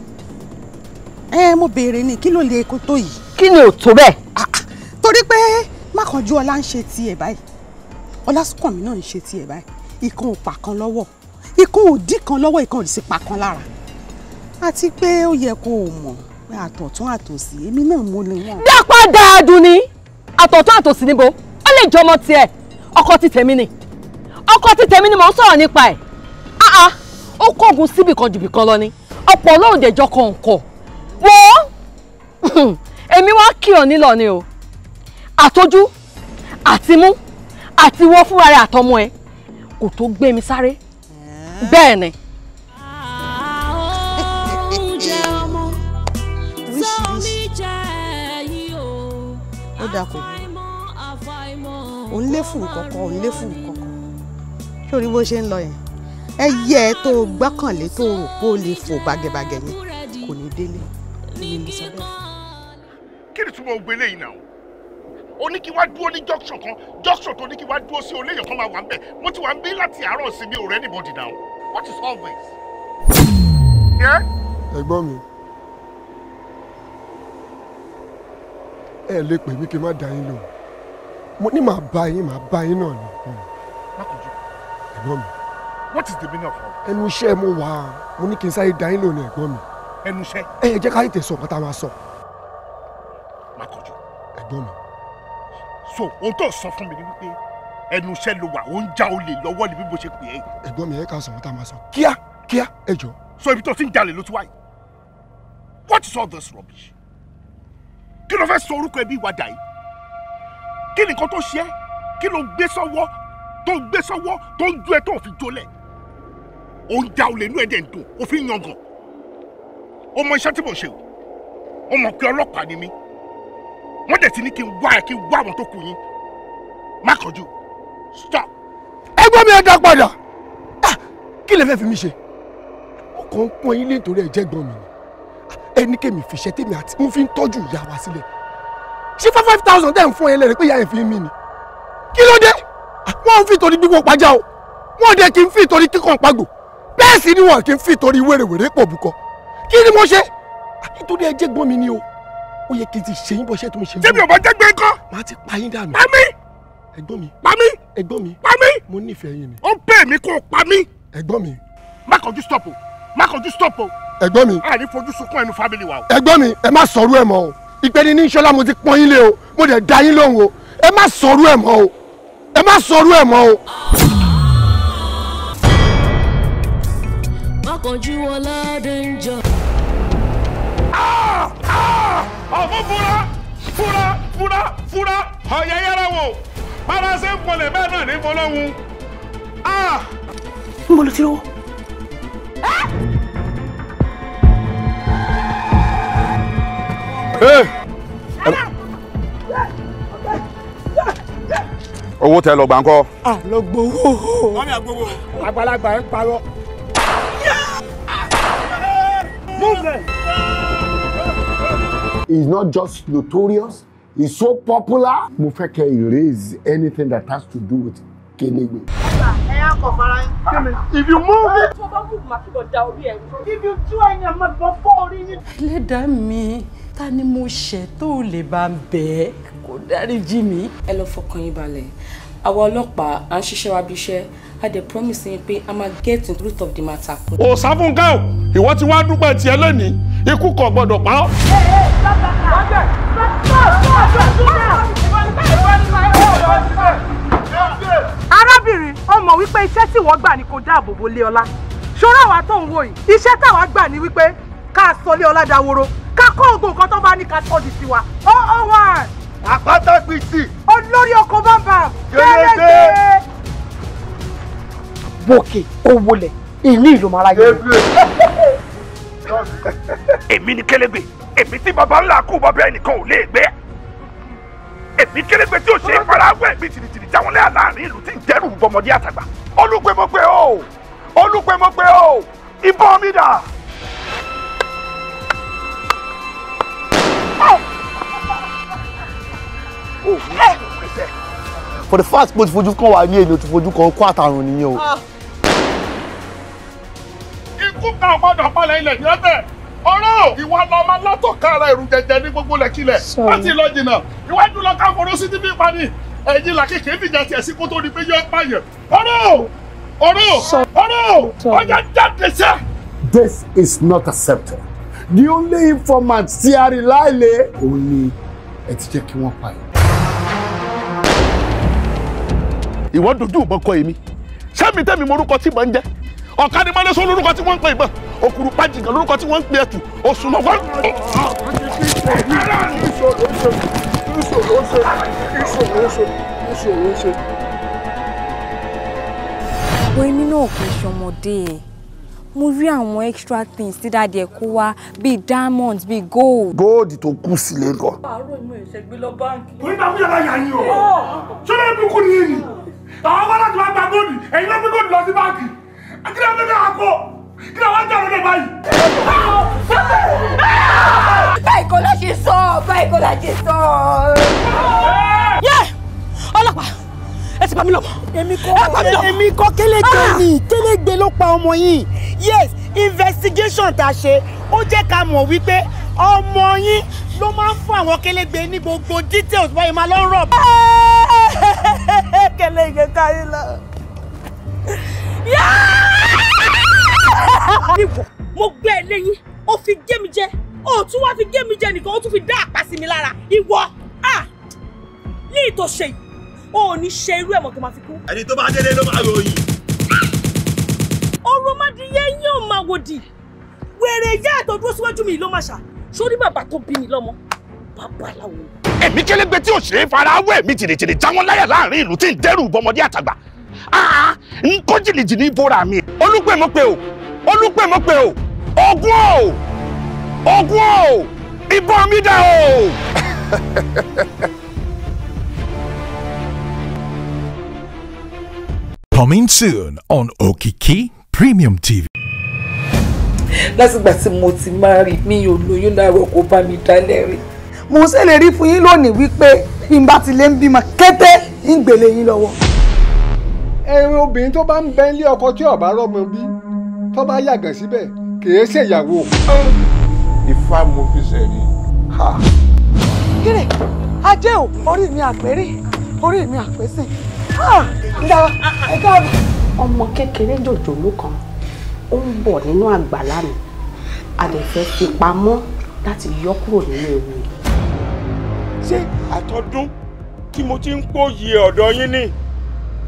ẹ mo béèrè ni kí ló lè kó tó yìí. kí ni ò tó bẹ́ẹ̀. Ah, ah, torí pé mákànjú ọlá ń ṣe tiẹ̀ báyìí ọlásùnkànmí náà ń ṣe tiẹ̀ báyìí ikán ò pa kan lọ́wọ́ ikán ò dí kan lọ́wọ́ ikán ò sì pa kan lára àti pé ó yẹ kó o mọ̀ pé àtọ̀tún àtòsí èmi náà mo lè wọ́n. dápá dáadùn ni àtọ̀tún àtòsí níbo ó lè jọmọ tiẹ̀ ọkọ ti tèmi ni ọkọ ti tèmi ni mò ń sọ̀rọ̀ nípa ẹ̀ ó kógun síbì kan jùbì kan lọ ni ọ̀pọ̀ ọlọ́run dẹ̀jọ́ kan kọ̀ wọ́n èmi wá kí ọ nílọ ni o àtọ́jú àtimú àti fúnra rẹ̀ àtọmọ ẹ kò tó gbé mi sáré bẹ́ẹ̀ ni. ó dáa kò òun lé fùrù kọ̀ọ̀kan òun lé fùrù kọ̀ọ̀kan ṣé orí bó ṣe ń lọ yẹn ẹyẹ tó o gbọ́kànlé tó o rò pé o lè fò bàgẹ̀bàgẹ̀ yẹn kò ní délé ní mi sọ bẹ́ẹ̀. kí ni túbọ̀ gbélé yìí náà o ní kí wá dúró ní junction kan junction tó ní kí wá dúró sí oléyàn kan máa wà ń bẹ̀ mo ti wà ń bí láti àárọ̀ sí mi ò rẹ́ anybody now what is all this. ẹ̀gbọ́n mi ẹ lè pè mí kí n má dá yín lò mo ní màá bá yín màá bá yín náà ni. ẹ̀gbọ́n mi what is the meaning of all. ẹnu iṣẹ́ mo wà mo ní kí n sáré dá yín lónìí ẹ̀gbọ́n mi. ẹnu iṣẹ́. ẹ ẹ jẹ́ ká tètè sọ pátá máa sọ. má kọjú. ẹ̀gbọ́n mi. so ohun tó sọ fún mi ni wípé ẹnu iṣẹ́ ló wà ó ń já olè lọ́wọ́ ni bí mo ṣe pè é. ẹ̀gbọ́n mi ẹ ká sọ pátá máa sọ kíá kíá ẹ jọ. so ibi tó ti ń jalè ló ti wáyé what is all this rubbish kí ló fẹ́ sọ orúkọ ẹbí wa dà yìí kí nìkan tó ṣe é kí ló gbé sọ́wọ́ tó gbé sọ́wọ́ tó ń ju ẹ tó fi jólẹ̀ ó ń já olè inú ẹ̀dẹ̀ ń dùn ó yangàn ó mọ iṣẹ́ tí mò ń ṣe o ó mọ̀ pé ọlọ́pàá ni mí wọ́n dẹ̀ ti ní kí n wá ẹ kí n wá àwọn tó kù yín má kọjú stop. ẹgbẹ́ mi ẹ dá padà ah, kí lè fẹ́ fi mi ṣe mo kàn ń pọ́n yín nítorí ẹ jẹ́gbọ́n mi ni ah, ẹni kẹ́mi fìṣẹ́ tèmi àti mo fi ń tọ́jú ìyá wa sílẹ̀ ṣé five five thousand dẹ́n fún ẹ lẹ́rìí pé ìyá yẹn fi mí ni kí ló dé ah, wọ́n ń fi ìtòrí gbígbó pàjá o wọ́n dẹ̀ kí n fi ìtòrí kíkàn pàgbò bẹ́ẹ̀ sì ni wọn kì í fi torí wèrèwèrè pọ̀ bùkọ́ kí ni mo ṣe nítorí ẹjẹ́ gbọ́n mi ni o ó yẹ kí n ti ṣe yín bọ́ṣẹ́ tó ń ṣe. jẹ́mi ọ̀bọ̀ jẹ́gbẹ́ nǹkan. màá ti pa yín dànù. pa mí. ẹ̀gbọ́n mi. pa mí. ẹ̀gbọ́n mi. pa mí. mo nífẹ̀ẹ́ yín ni. ó bẹ̀ mí kó o pa mí. ẹ̀gbọ́n mi. má kọjú stop o má kọjú stop o. ẹ̀gbọ́n mi. a ní fojú sunkún ẹnu family wa o. ẹ̀gbọ́n mi ẹ má sọ̀rọ̀ ẹ̀ mọ́ o ìpẹ́ni ní sọ́lá mo ti pọ́n yín lé o mo dẹ̀ da yín lóhùn o ẹ má sọ̀rọ̀ ẹ̀ mọ́ o ẹ má sọ̀rọ̀ ẹ̀ mọ́ o. Àkànjú ọlọ́dẹ ń jọ. Ah! Ah! ọ̀fun fura fura fura fura ọ̀yà yára wò bára ṣe ń pọlẹ̀ bẹ́ẹ̀ náà ní fọlọ́hun. ń bolo tí ó. owó tẹ lọ gbà ń kọ. a ah, lọ gbowó. wọ́n mi àgbowó. àgbàlagbà ń parọ́. He's not just notorious, he's so popular. Mo erase anything that has to do with Kenegbe. If you move it. If you join ẹni ọmọ ìbọn fọ́ orí me. Ẹlẹ́dàá mi, ta ni mo ṣẹ̀ tó lè bá ń bẹ̀ ẹ́? Kò dáríjì mi. Ẹ lọ fọkàn yín balẹ̀. Àwa ọlọ́pàá wa bí iṣẹ́ a dẹ̀ promise yín pé a máa get to the root of the matter. o sáfúnká o ìwọ ti wá dúpẹ́ tiẹ̀ lónìí ikú kò gbọdọ̀ pa ọ́. arábìnrin ó mọ̀ wípé iṣẹ́ tí wọ́n gbà ni kò dáàbò bo léọlá ṣòro àwa tó ń wò yìí iṣẹ́ táwa gbà ni wípé ká sọ léọlá dáworo ká kó oògùn kan tó bá ní ká tọ́ di tiwa ó ó wà. àpáta gbìtì. olórí ọkọ̀ bàbà. gẹ́gẹ́ bókè kó wọlẹ̀ ìní ìlú mara yẹn. èmi ni kélégbé èmi tí baba ńlá kú bàbá ẹnìkan ò lè gbé èmi kélégbé tí ò ṣe é fara wẹ̀ mi tìrìtìrì jáwọn lẹ́yà láàrin ìlú tí ń dẹ́rù bọmọdé àtàgbà olùgbẹ́mọgbẹ́ o olùgbẹ́mọgbẹ́ o ìbọn mi dà. for the first mo ti fojú kan wà ní èyí o ti fojú kan kó àtàrùn nìyẹn o. Ah kúkà ọgbọ́dọ̀ palẹ̀ ilẹ̀ yẹn tẹ̀ ọ̀rọ̀ ìwà lọ́mọ látọ̀ká ara ẹ̀rù jẹjẹ ní gbogbo lẹ́kílẹ̀ láti lọ jìnnà iwájú lọ ká foró sí tíbi ìpani ẹ̀yìn là kékeré fìjà tiẹ̀ sí kó tó di pé yọ pààyàn ọ̀rọ̀ ọ̀rọ̀ ọ̀rọ̀ ọjà jáde sẹ́. This is not accepted. The only informant tí a rí láìlé òun ni ẹ ti jẹ́ kí wọ́n pa yìí. ìwọ dojú ìbọn kọ èmi ṣé mi morúkọ tí mò ń jẹ́ ọ̀kadìmọ́lé sọ lórúkọ tí wọ́n ń pè ìbọn òkùrù pàjìgàn lórúkọ tí wọ́n ń pè ẹ̀tù òṣùnà wọn. wọ́n ní náà kò ṣọmọdé mo rí àwọn extra things tí dáadé ẹ kó wá bíi diamond bíi gold. góòdì tó kù sílẹ̀ lọ. àárọ̀ inú ẹ̀ṣẹ̀ gbé lọ báńkì. kò ní bàbá yàrá yà yín o ṣọlá ìbùkún ni yìí ni àwọn bá láti máa gba góòdì ẹ̀yin lọ́gbẹ́gòdì lọ sí báńkì kí ló ń èmi kọ́ kélégbé ni kélégbé ló pa ọmọ yìí yes investigation tá ṣe ó jẹ́ ká mọ̀ wípé ọmọ yín ló máa ń fún àwọn kélégbé ní gbogbo details báyìí máa lọ rọ̀. kélégbé káyé lọ. yáá níwọ̀ mo gbé ẹ lẹ́yìn ó fi gé mi jẹ ó tún wá fi gé mi jẹ nìkan ó tún fi dá àpá sí mi lára ìwọ ah! ní ìtòṣe yìí o ò ní ṣe irú ẹ̀mọ́ tó máa fi kú. ẹni tó bá délé ló máa ròyìn. ọ̀rọ̀ ọmọdéyẹ yóò máa wòdì wèrè ìyá àtọ̀ dúró síwájú mi ló máa ṣà sórí bàbá tó bí mi lọ́mọ bàbá làwọn. ẹ̀mí kélégbé tí ò ṣe é fara wọ ẹ̀mí tìrìtìrì jáwọn láyà láàrin ìlú tí ń dẹ́rù bọmọdé àtàgbà ah, n kó jìnnìjìnnì bóra mi olúgbẹ̀mọ́ pé o olùpèmọ́pè o ogun o ogun o ìbọn mi dà o. Coming soon on Okiki Premium TV. lásìgbà tí mo ti máa rí mi ò lóyún láàárọ̀ kó bá mi dálẹ̀ rí. mo ṣèlérí fún yín lónìí wípé bí n bá ti lè ń bímọ kété ń gbèlè yín lọ́wọ́. ẹ̀rín obìnrin tó bá ń bẹ ọkọ tí ọ̀bá rọ́mọ bí tó bá yàgàn síbẹ̀ kìí ṣe ìyàwó. ifá mo fi sẹ̀rí. kíni ajé o orí mi àpérí orí mi àpésìn ọmọ kékeré jòjòló kan ó ń bọ̀ nínú àgbàlá mi a lè fẹ́ fi pamọ́ láti yọ kúrò nínú ewu yìí. ṣé àtọ́dún tí mo ti ń pòyì ọ̀dọ̀ yín ni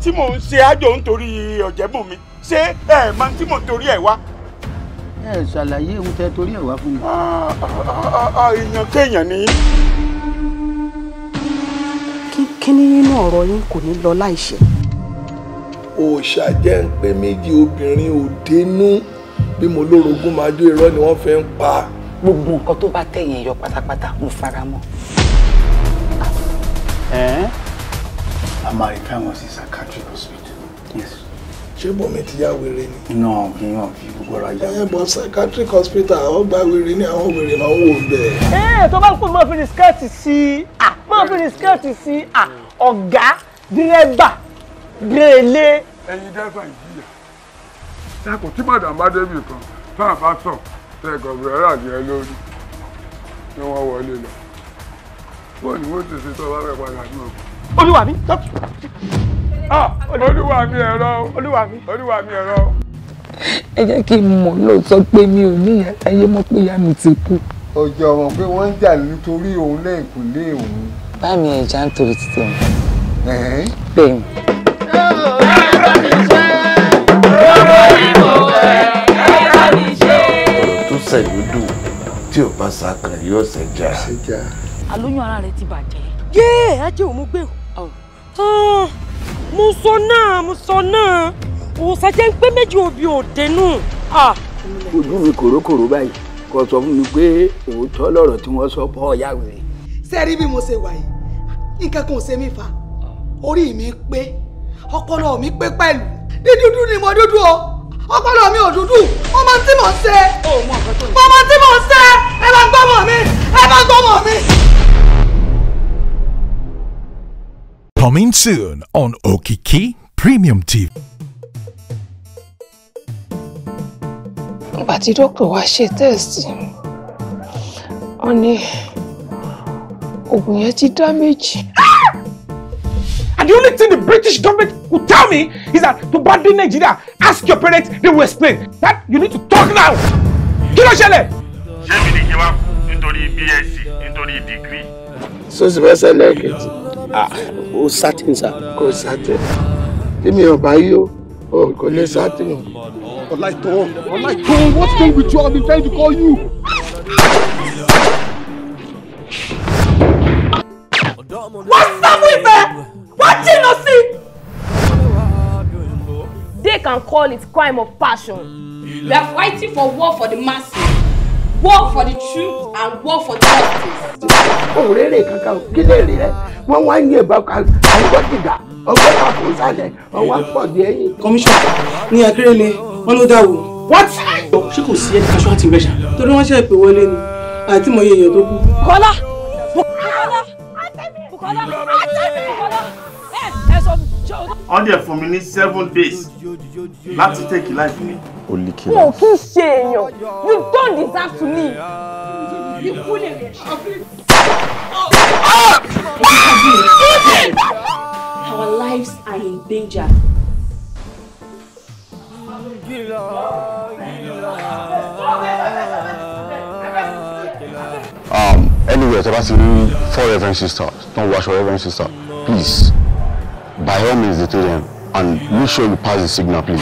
tí mò ń ṣe àjò nítorí ọ̀jẹ̀bùn mi ṣé ẹ máa tí mo torí ẹ wá. ẹ ṣàlàyé ohun tẹ torí ẹ wá fún mi. Ah, èèyàn kéèyàn ni. kíní nínú ọ̀rọ̀ yín kò ní lọ láìṣẹ. òòṣà jẹ́ ń pé méjì obìnrin ò dénú bí mo lórogún máa jó irọ́ ni wọ́n fi ń pa. gbogbo nǹkan tó bá tẹ̀yìn yọ pátápátá mo fara mọ́. ẹ a máa rí káwọn sí psychiatric hospital ṣé bọ̀mí ti yá wèrè ni. iná kì í hàn gbogbo ara yá. ẹ bọ psychiatric hospital àwọn gba wèrè ní àwọn wèrè máa ń wò bẹ́ẹ̀. ẹ tó bá kú máa fi ní skẹ́ẹ̀tì sí i à máa fi ní skẹ́ẹ̀tì sí i à ọ̀gá dírẹ́bà gbélé. ẹ̀yin dẹ́gbà ìjìyà ẹ kò tí màdàm bá débi kan tá a bá sọ tẹ gọbìrì ẹrà jẹ lórí ni wọn wọlé lọ wọn ni ti ṣe tó bá fẹ́ padà ní òkú. olúwa mi. Ah, olúwa mi ẹ̀rọ olúwa mi olúwa mi ẹ̀rọ. ẹ jẹ́ kí n mọ̀ lóòótọ́ pé mi ò ní ìyá láyé mọ́ pé ìyá mi ti kú. ọjọ́ wọn pé wọ́n ń jà nítorí òun lẹ́ẹ̀kùn lé òun. bá mi ẹja ń torí títí wọn. bẹ́ẹ̀ ni. tó ṣàyẹ̀dù tí ò bá sá kan yóò ṣẹjà. àlóyún ara rẹ ti bàjẹ́. yéé ajé òun gbé o mo sọ náà mo sọ náà òòsà jẹ́ ń pé méjì òbí ò dénú. ojú mi kòrókòró báyìí kò sọ fún mi pé òótọ́ lọ̀rọ̀ tí wọ́n sọ bọ́ ọ̀yá rẹ̀. ṣé rí bí mo ṣe wà yìí nǹkan kan ò ṣe mí fa orí mi pé ọpọlọ mi pé pẹ̀lú ní dúdú ni mo dúdú o ọpọlọ mi ò dúdú mo máa tí mò ń ṣe mo máa tí mò ṣe ẹ bá gbọ́mọ̀ mi ẹ bá gbọ́mọ̀ mi. Coming soon on Okiki Premium TV. Nígbà tí dókítà wa ṣe test, wọ́n ní oògùn yẹn ti damage. Ah! And the only thing the British government could tell me is that to bá dé Nigeria, ask your parents, they will explain. That you need to talk now. Kí ló ṣẹlẹ̀? Ṣé mi ní ṣe wá nítorí BSc nítorí degree? Sọ́sì fẹ́ sẹ́lẹ̀ kejì. Ah, satin. sátìn sá. kò sátìn tèmi ọba yìí ó kò lè sátìn o. like to? What thing with you I've been trying to call you. What's sá with ìfẹ́ What jìnnà sí i. They can call it crime of passion. We are fighting for war for the masses. Work for the truth and work for the justice. Òrèrè kankan kí lè rí rẹ̀, wọ́n wá ń yẹ̀bọn kan àìgbọ́ dìgbà, ọgbẹ́ kan kò sálẹ̀, ọwọ́ pọ̀ dé ẹ̀yìn. Kọ́míṣọ́nà ní Akérèlé, wọ́n ló dáwò. What? Ṣé kò sí ẹni kaṣọ́ àti ìrẹsà? Torí wọ́n ṣe pè wọlé ni, àti mọ̀ iye èèyàn tó kú. Kọ́lá! Bùkọ́lá! Àtẹ̀mí! Bùkọ́lá! Àtẹ̀mí! Bùkọ́lá! wọ́n dẹ̀ fún mi ní seven days láti take life mi. o lè kí n. mo kì í ṣe èèyàn you don't deserve to live. ikú lè rẹ̀ ṣe. Our lives are in danger. Um, anyway, tẹ́ bá ti rí four reverend sisters, don't watch four reverend sisters, please. By all means, detain them and make sure you pass the signal, please.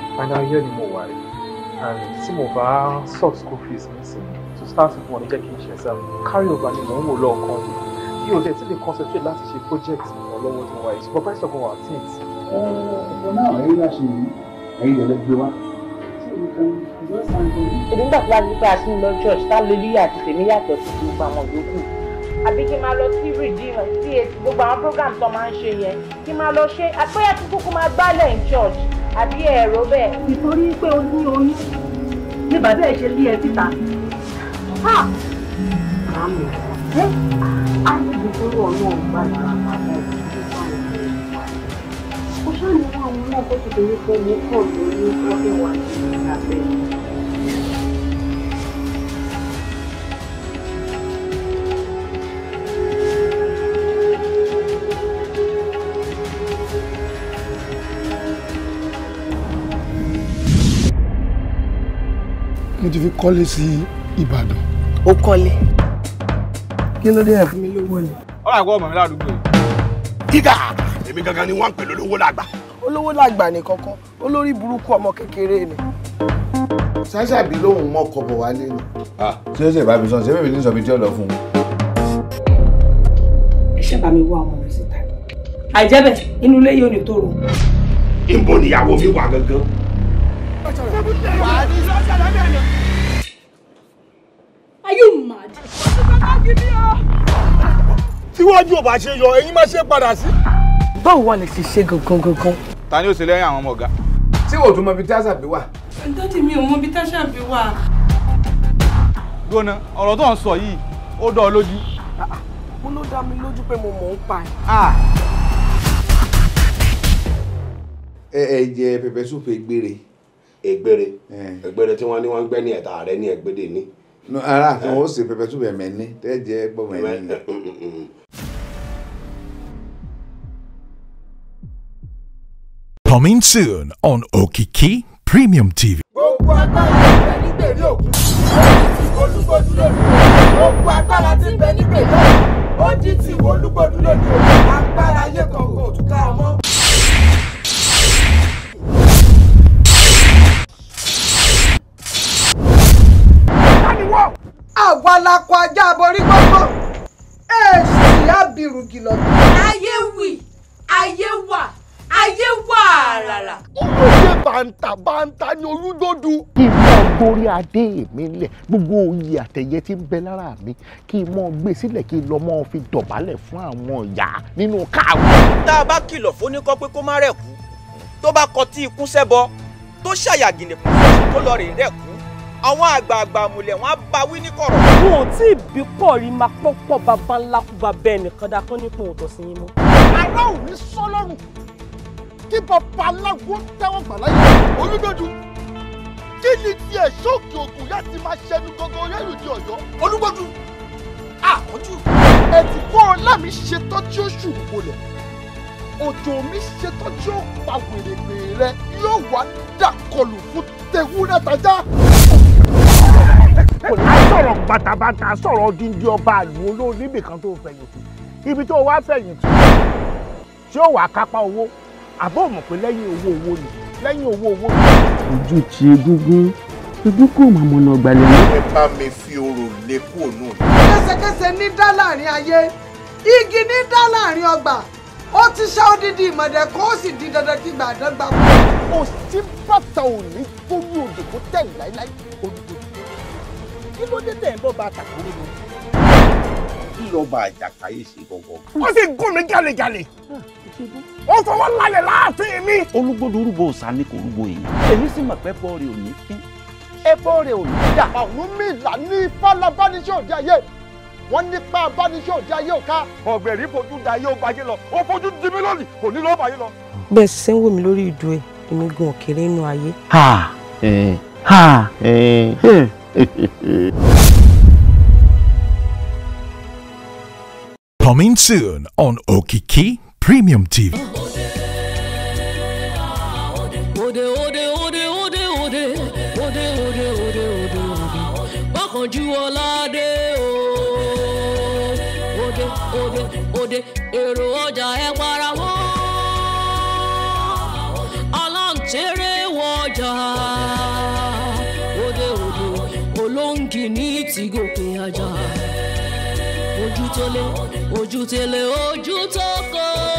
final year ni mo wà yìí and tí mo bá sub school fees mi sí to start with wọn jẹ́ kí n ṣe exam carry over ni mò ń wò lọ́ọ̀kan yìí bí o dẹ̀ ti lè concentrate láti ṣe project ọlọ́wọ́ tí mo wà yìí supervisor kan wà tí ì. ọ̀pọ̀ náà ẹ̀yin náà ṣe yìí ẹ̀yin lè lẹ́gbẹ̀ẹ́ wá. èdè nígbà tí wàá di pé a ti ń lọ church tá lórí àti tèmi yàtọ̀ sí gbogbo àwọn yòókù àbí kí n máa lọ sí redeemer sí gbogbo àwọn program tó máa ń ṣe yẹn kí n máa lọ ṣe àpéyà tí kúkú máa gbálẹ̀ in church àbí ẹ̀rọ bẹ́ẹ̀. ìtorí pé o ní oyún ní bàbá ẹ̀ ṣe lé ẹ síta. àmì ẹ́ àyẹ̀dẹ̀ tó rọ̀ náà gbàgbà àwọn ọ̀ṣun ìwọ̀n àwọn náà kó ti torí pé mo kọ̀ lórí ọdẹ wà ní abẹ́. mo ti fi kọ́lé sí Ìbàdàn. ó kọ́lé. kí ló dé ẹ̀ fún mi lówó ni. ọ̀rọ̀ àgọ́ ọmọ mi ládùúgbò yìí. kíkà èmi gangan ni wọ́n ń pè lólówó làgbà. olówó làgbà ní kọ́kọ́ olórí burúkú ọmọ kékeré ni. ṣáṣà bí lóun mọ kọbọ wálé ni. Ah, ṣé ṣe bá mi sọ ṣé bèbè ní sọ mi tí ó lọ fún un. ẹ ṣe bá mi wá ọmọ mi síta àìjẹ́ bẹ́ẹ̀ inú ilé yóò ní tòrò. ìbò Are you mad? tíwájú ò bá ṣe yọ ẹ̀yin máa ṣe padà sí. báwo wà lè ṣe ṣe gangan gangan. ta ni ó ṣe lẹ́yìn àwọn ọmọ ọ̀gá. tí wò ó tún mọ ibi tí àṣàbí wà. dádì mi ò mọ ibi tí àṣàbí wà. gbóná ọ̀rọ̀ tó ń sọ yìí ó dán ọ lójú. mo ah, ló dá mi lójú pé mo mọ̀ ń pa ẹ̀. Ah. ẹ ẹ jẹ pẹpẹ súpe gbére ègbére ègbére eh. tí wọ́n ní wọ́n ń ní ẹ̀ta rẹ̀ ní ẹ̀gbédè ní. ara àfihàn eh. ó sì pẹpẹ túbẹ̀ mẹ́ni tẹ́ jẹ́ gbọ́mọ ẹ̀yìn. Eh, mm, mm, mm. Coming soon on Okiki Premium TV. gbogbo agbára ti bẹ ní gbèrè òkun ó di ti olúgbòdú lónìí gbogbo agbára ti bẹ ní gbèrè òkun ó di ti olúgbòdú lónìí agbára ayé kan kò tún ká mọ́. àwa la kọ ajá aborí gbọ́ngbọ́ èsì ìyá bìrùgì lọ́dún. ayé wì ayé wà ayé wà rárá. olóyè bàǹtà bàǹtà ni olúdódú. kí n mọ gorí adé mi lẹ gbogbo oyè àtẹ̀yẹ tí ń bẹ lára mi kí n mọ gbé sílẹ̀ kí n lọ mọ fi dọ̀bálẹ̀ fún àwọn ìyá nínú káàwọ̀. tá a bá kìlọ̀ fóníkọ́ pé kó má rẹ̀ kú tó bá kọtí ikú sẹ́bọ tó ṣàyàgìnì kó lọ rè rẹ̀ kú àwọn àgbààgbà mùlẹ̀ wọ́n á bá wí ní kọ̀rọ̀. wọn ò tí ì bí pọ̀ rí máa pọ́pọ̀ bàbá ńlá kú bàbá ẹnìkan dá kán nípò òtọ̀ sí yín mọ́. ará ò ní sọ́lọ́run kí bàbá aláwo tẹ́wọ̀n gbà láyé olúdójú kí ni tiẹ̀ ṣóòkè ògùn láti máa ṣẹnu gangan orílẹ̀ èdè ọ̀yọ́ olúgbọ́dún àkọ́jú. ẹ̀dínkọ́ ọlá mi ṣetán tí ó ṣùkò lẹ̀ òjò mi ṣetán tí ó pa wèrèwèrè rẹ yóò wá dàkọlù fún tewúrẹ́ tajá kò ní sọ̀rọ̀ bàtàbàtà sọ̀rọ̀ díndín ọba àlù olóò níbìkan tó fẹ̀yìntì ibi tó wá fẹ̀yìntì tí ó wà kápá owó àbọ̀ mọ̀ pé lẹ́yìn owó owó ni lẹ́yìn owó owó ni. ojú ti egúngún egún kò máa mọ ọ̀nà ọ̀gbàlẹ̀ mọ́. ẹ bá mi fi orò lé kúrò náà. kẹsẹkẹsẹ ní dá láàrin ayé igi ní dá láàrin ọgbà ó ti ṣá odidi ìmọ̀dẹ̀ kó o sì di dandan kí gbàdán gbà kú. òsì bàtà ò ní gbórí odò tó tẹ̀ láíláí odò kí ló dé tẹ̀ ń bọ́ bàtà kúrò lọ. kí lọ́ba àjàkà yìí ṣe gbọ̀ngàn. wọ́n sì gún mi jálejàle. Ah, ó fọwọ́ lálẹ́ láàfin mi. olúgbòdo orúbọ òsà ni kò rúbọ èyí. èmi sì mọ̀ pé bọ́ọ̀rẹ̀ ò ní ẹ bọ́ọ̀rẹ̀ ò dà. àwọn mí ìlànà ìfọlábánisẹ́ òde ayé wọ́n nípa abániṣẹ́ òde ayé òká ọ̀gbẹ̀rì fojú da ayé ọba yé lọ ó fojú di mí lónìí kò ní lọ́ọ́ bá lọ. bẹ́ẹ̀ ṣe ń wò mí lórí ìdú ẹ̀ èmi gun òkèrè inú ayé. Coming soon on Okiki Premium TV. Ọ̀kànjú ọ̀làdé èrò ọjà ẹ para wọn aláǹtẹ̀rẹ̀ wọ ọjà òde òde olóńgì ní tìgòkè ajá ojú tó lé ojú tẹlẹ ojú tó kọ́.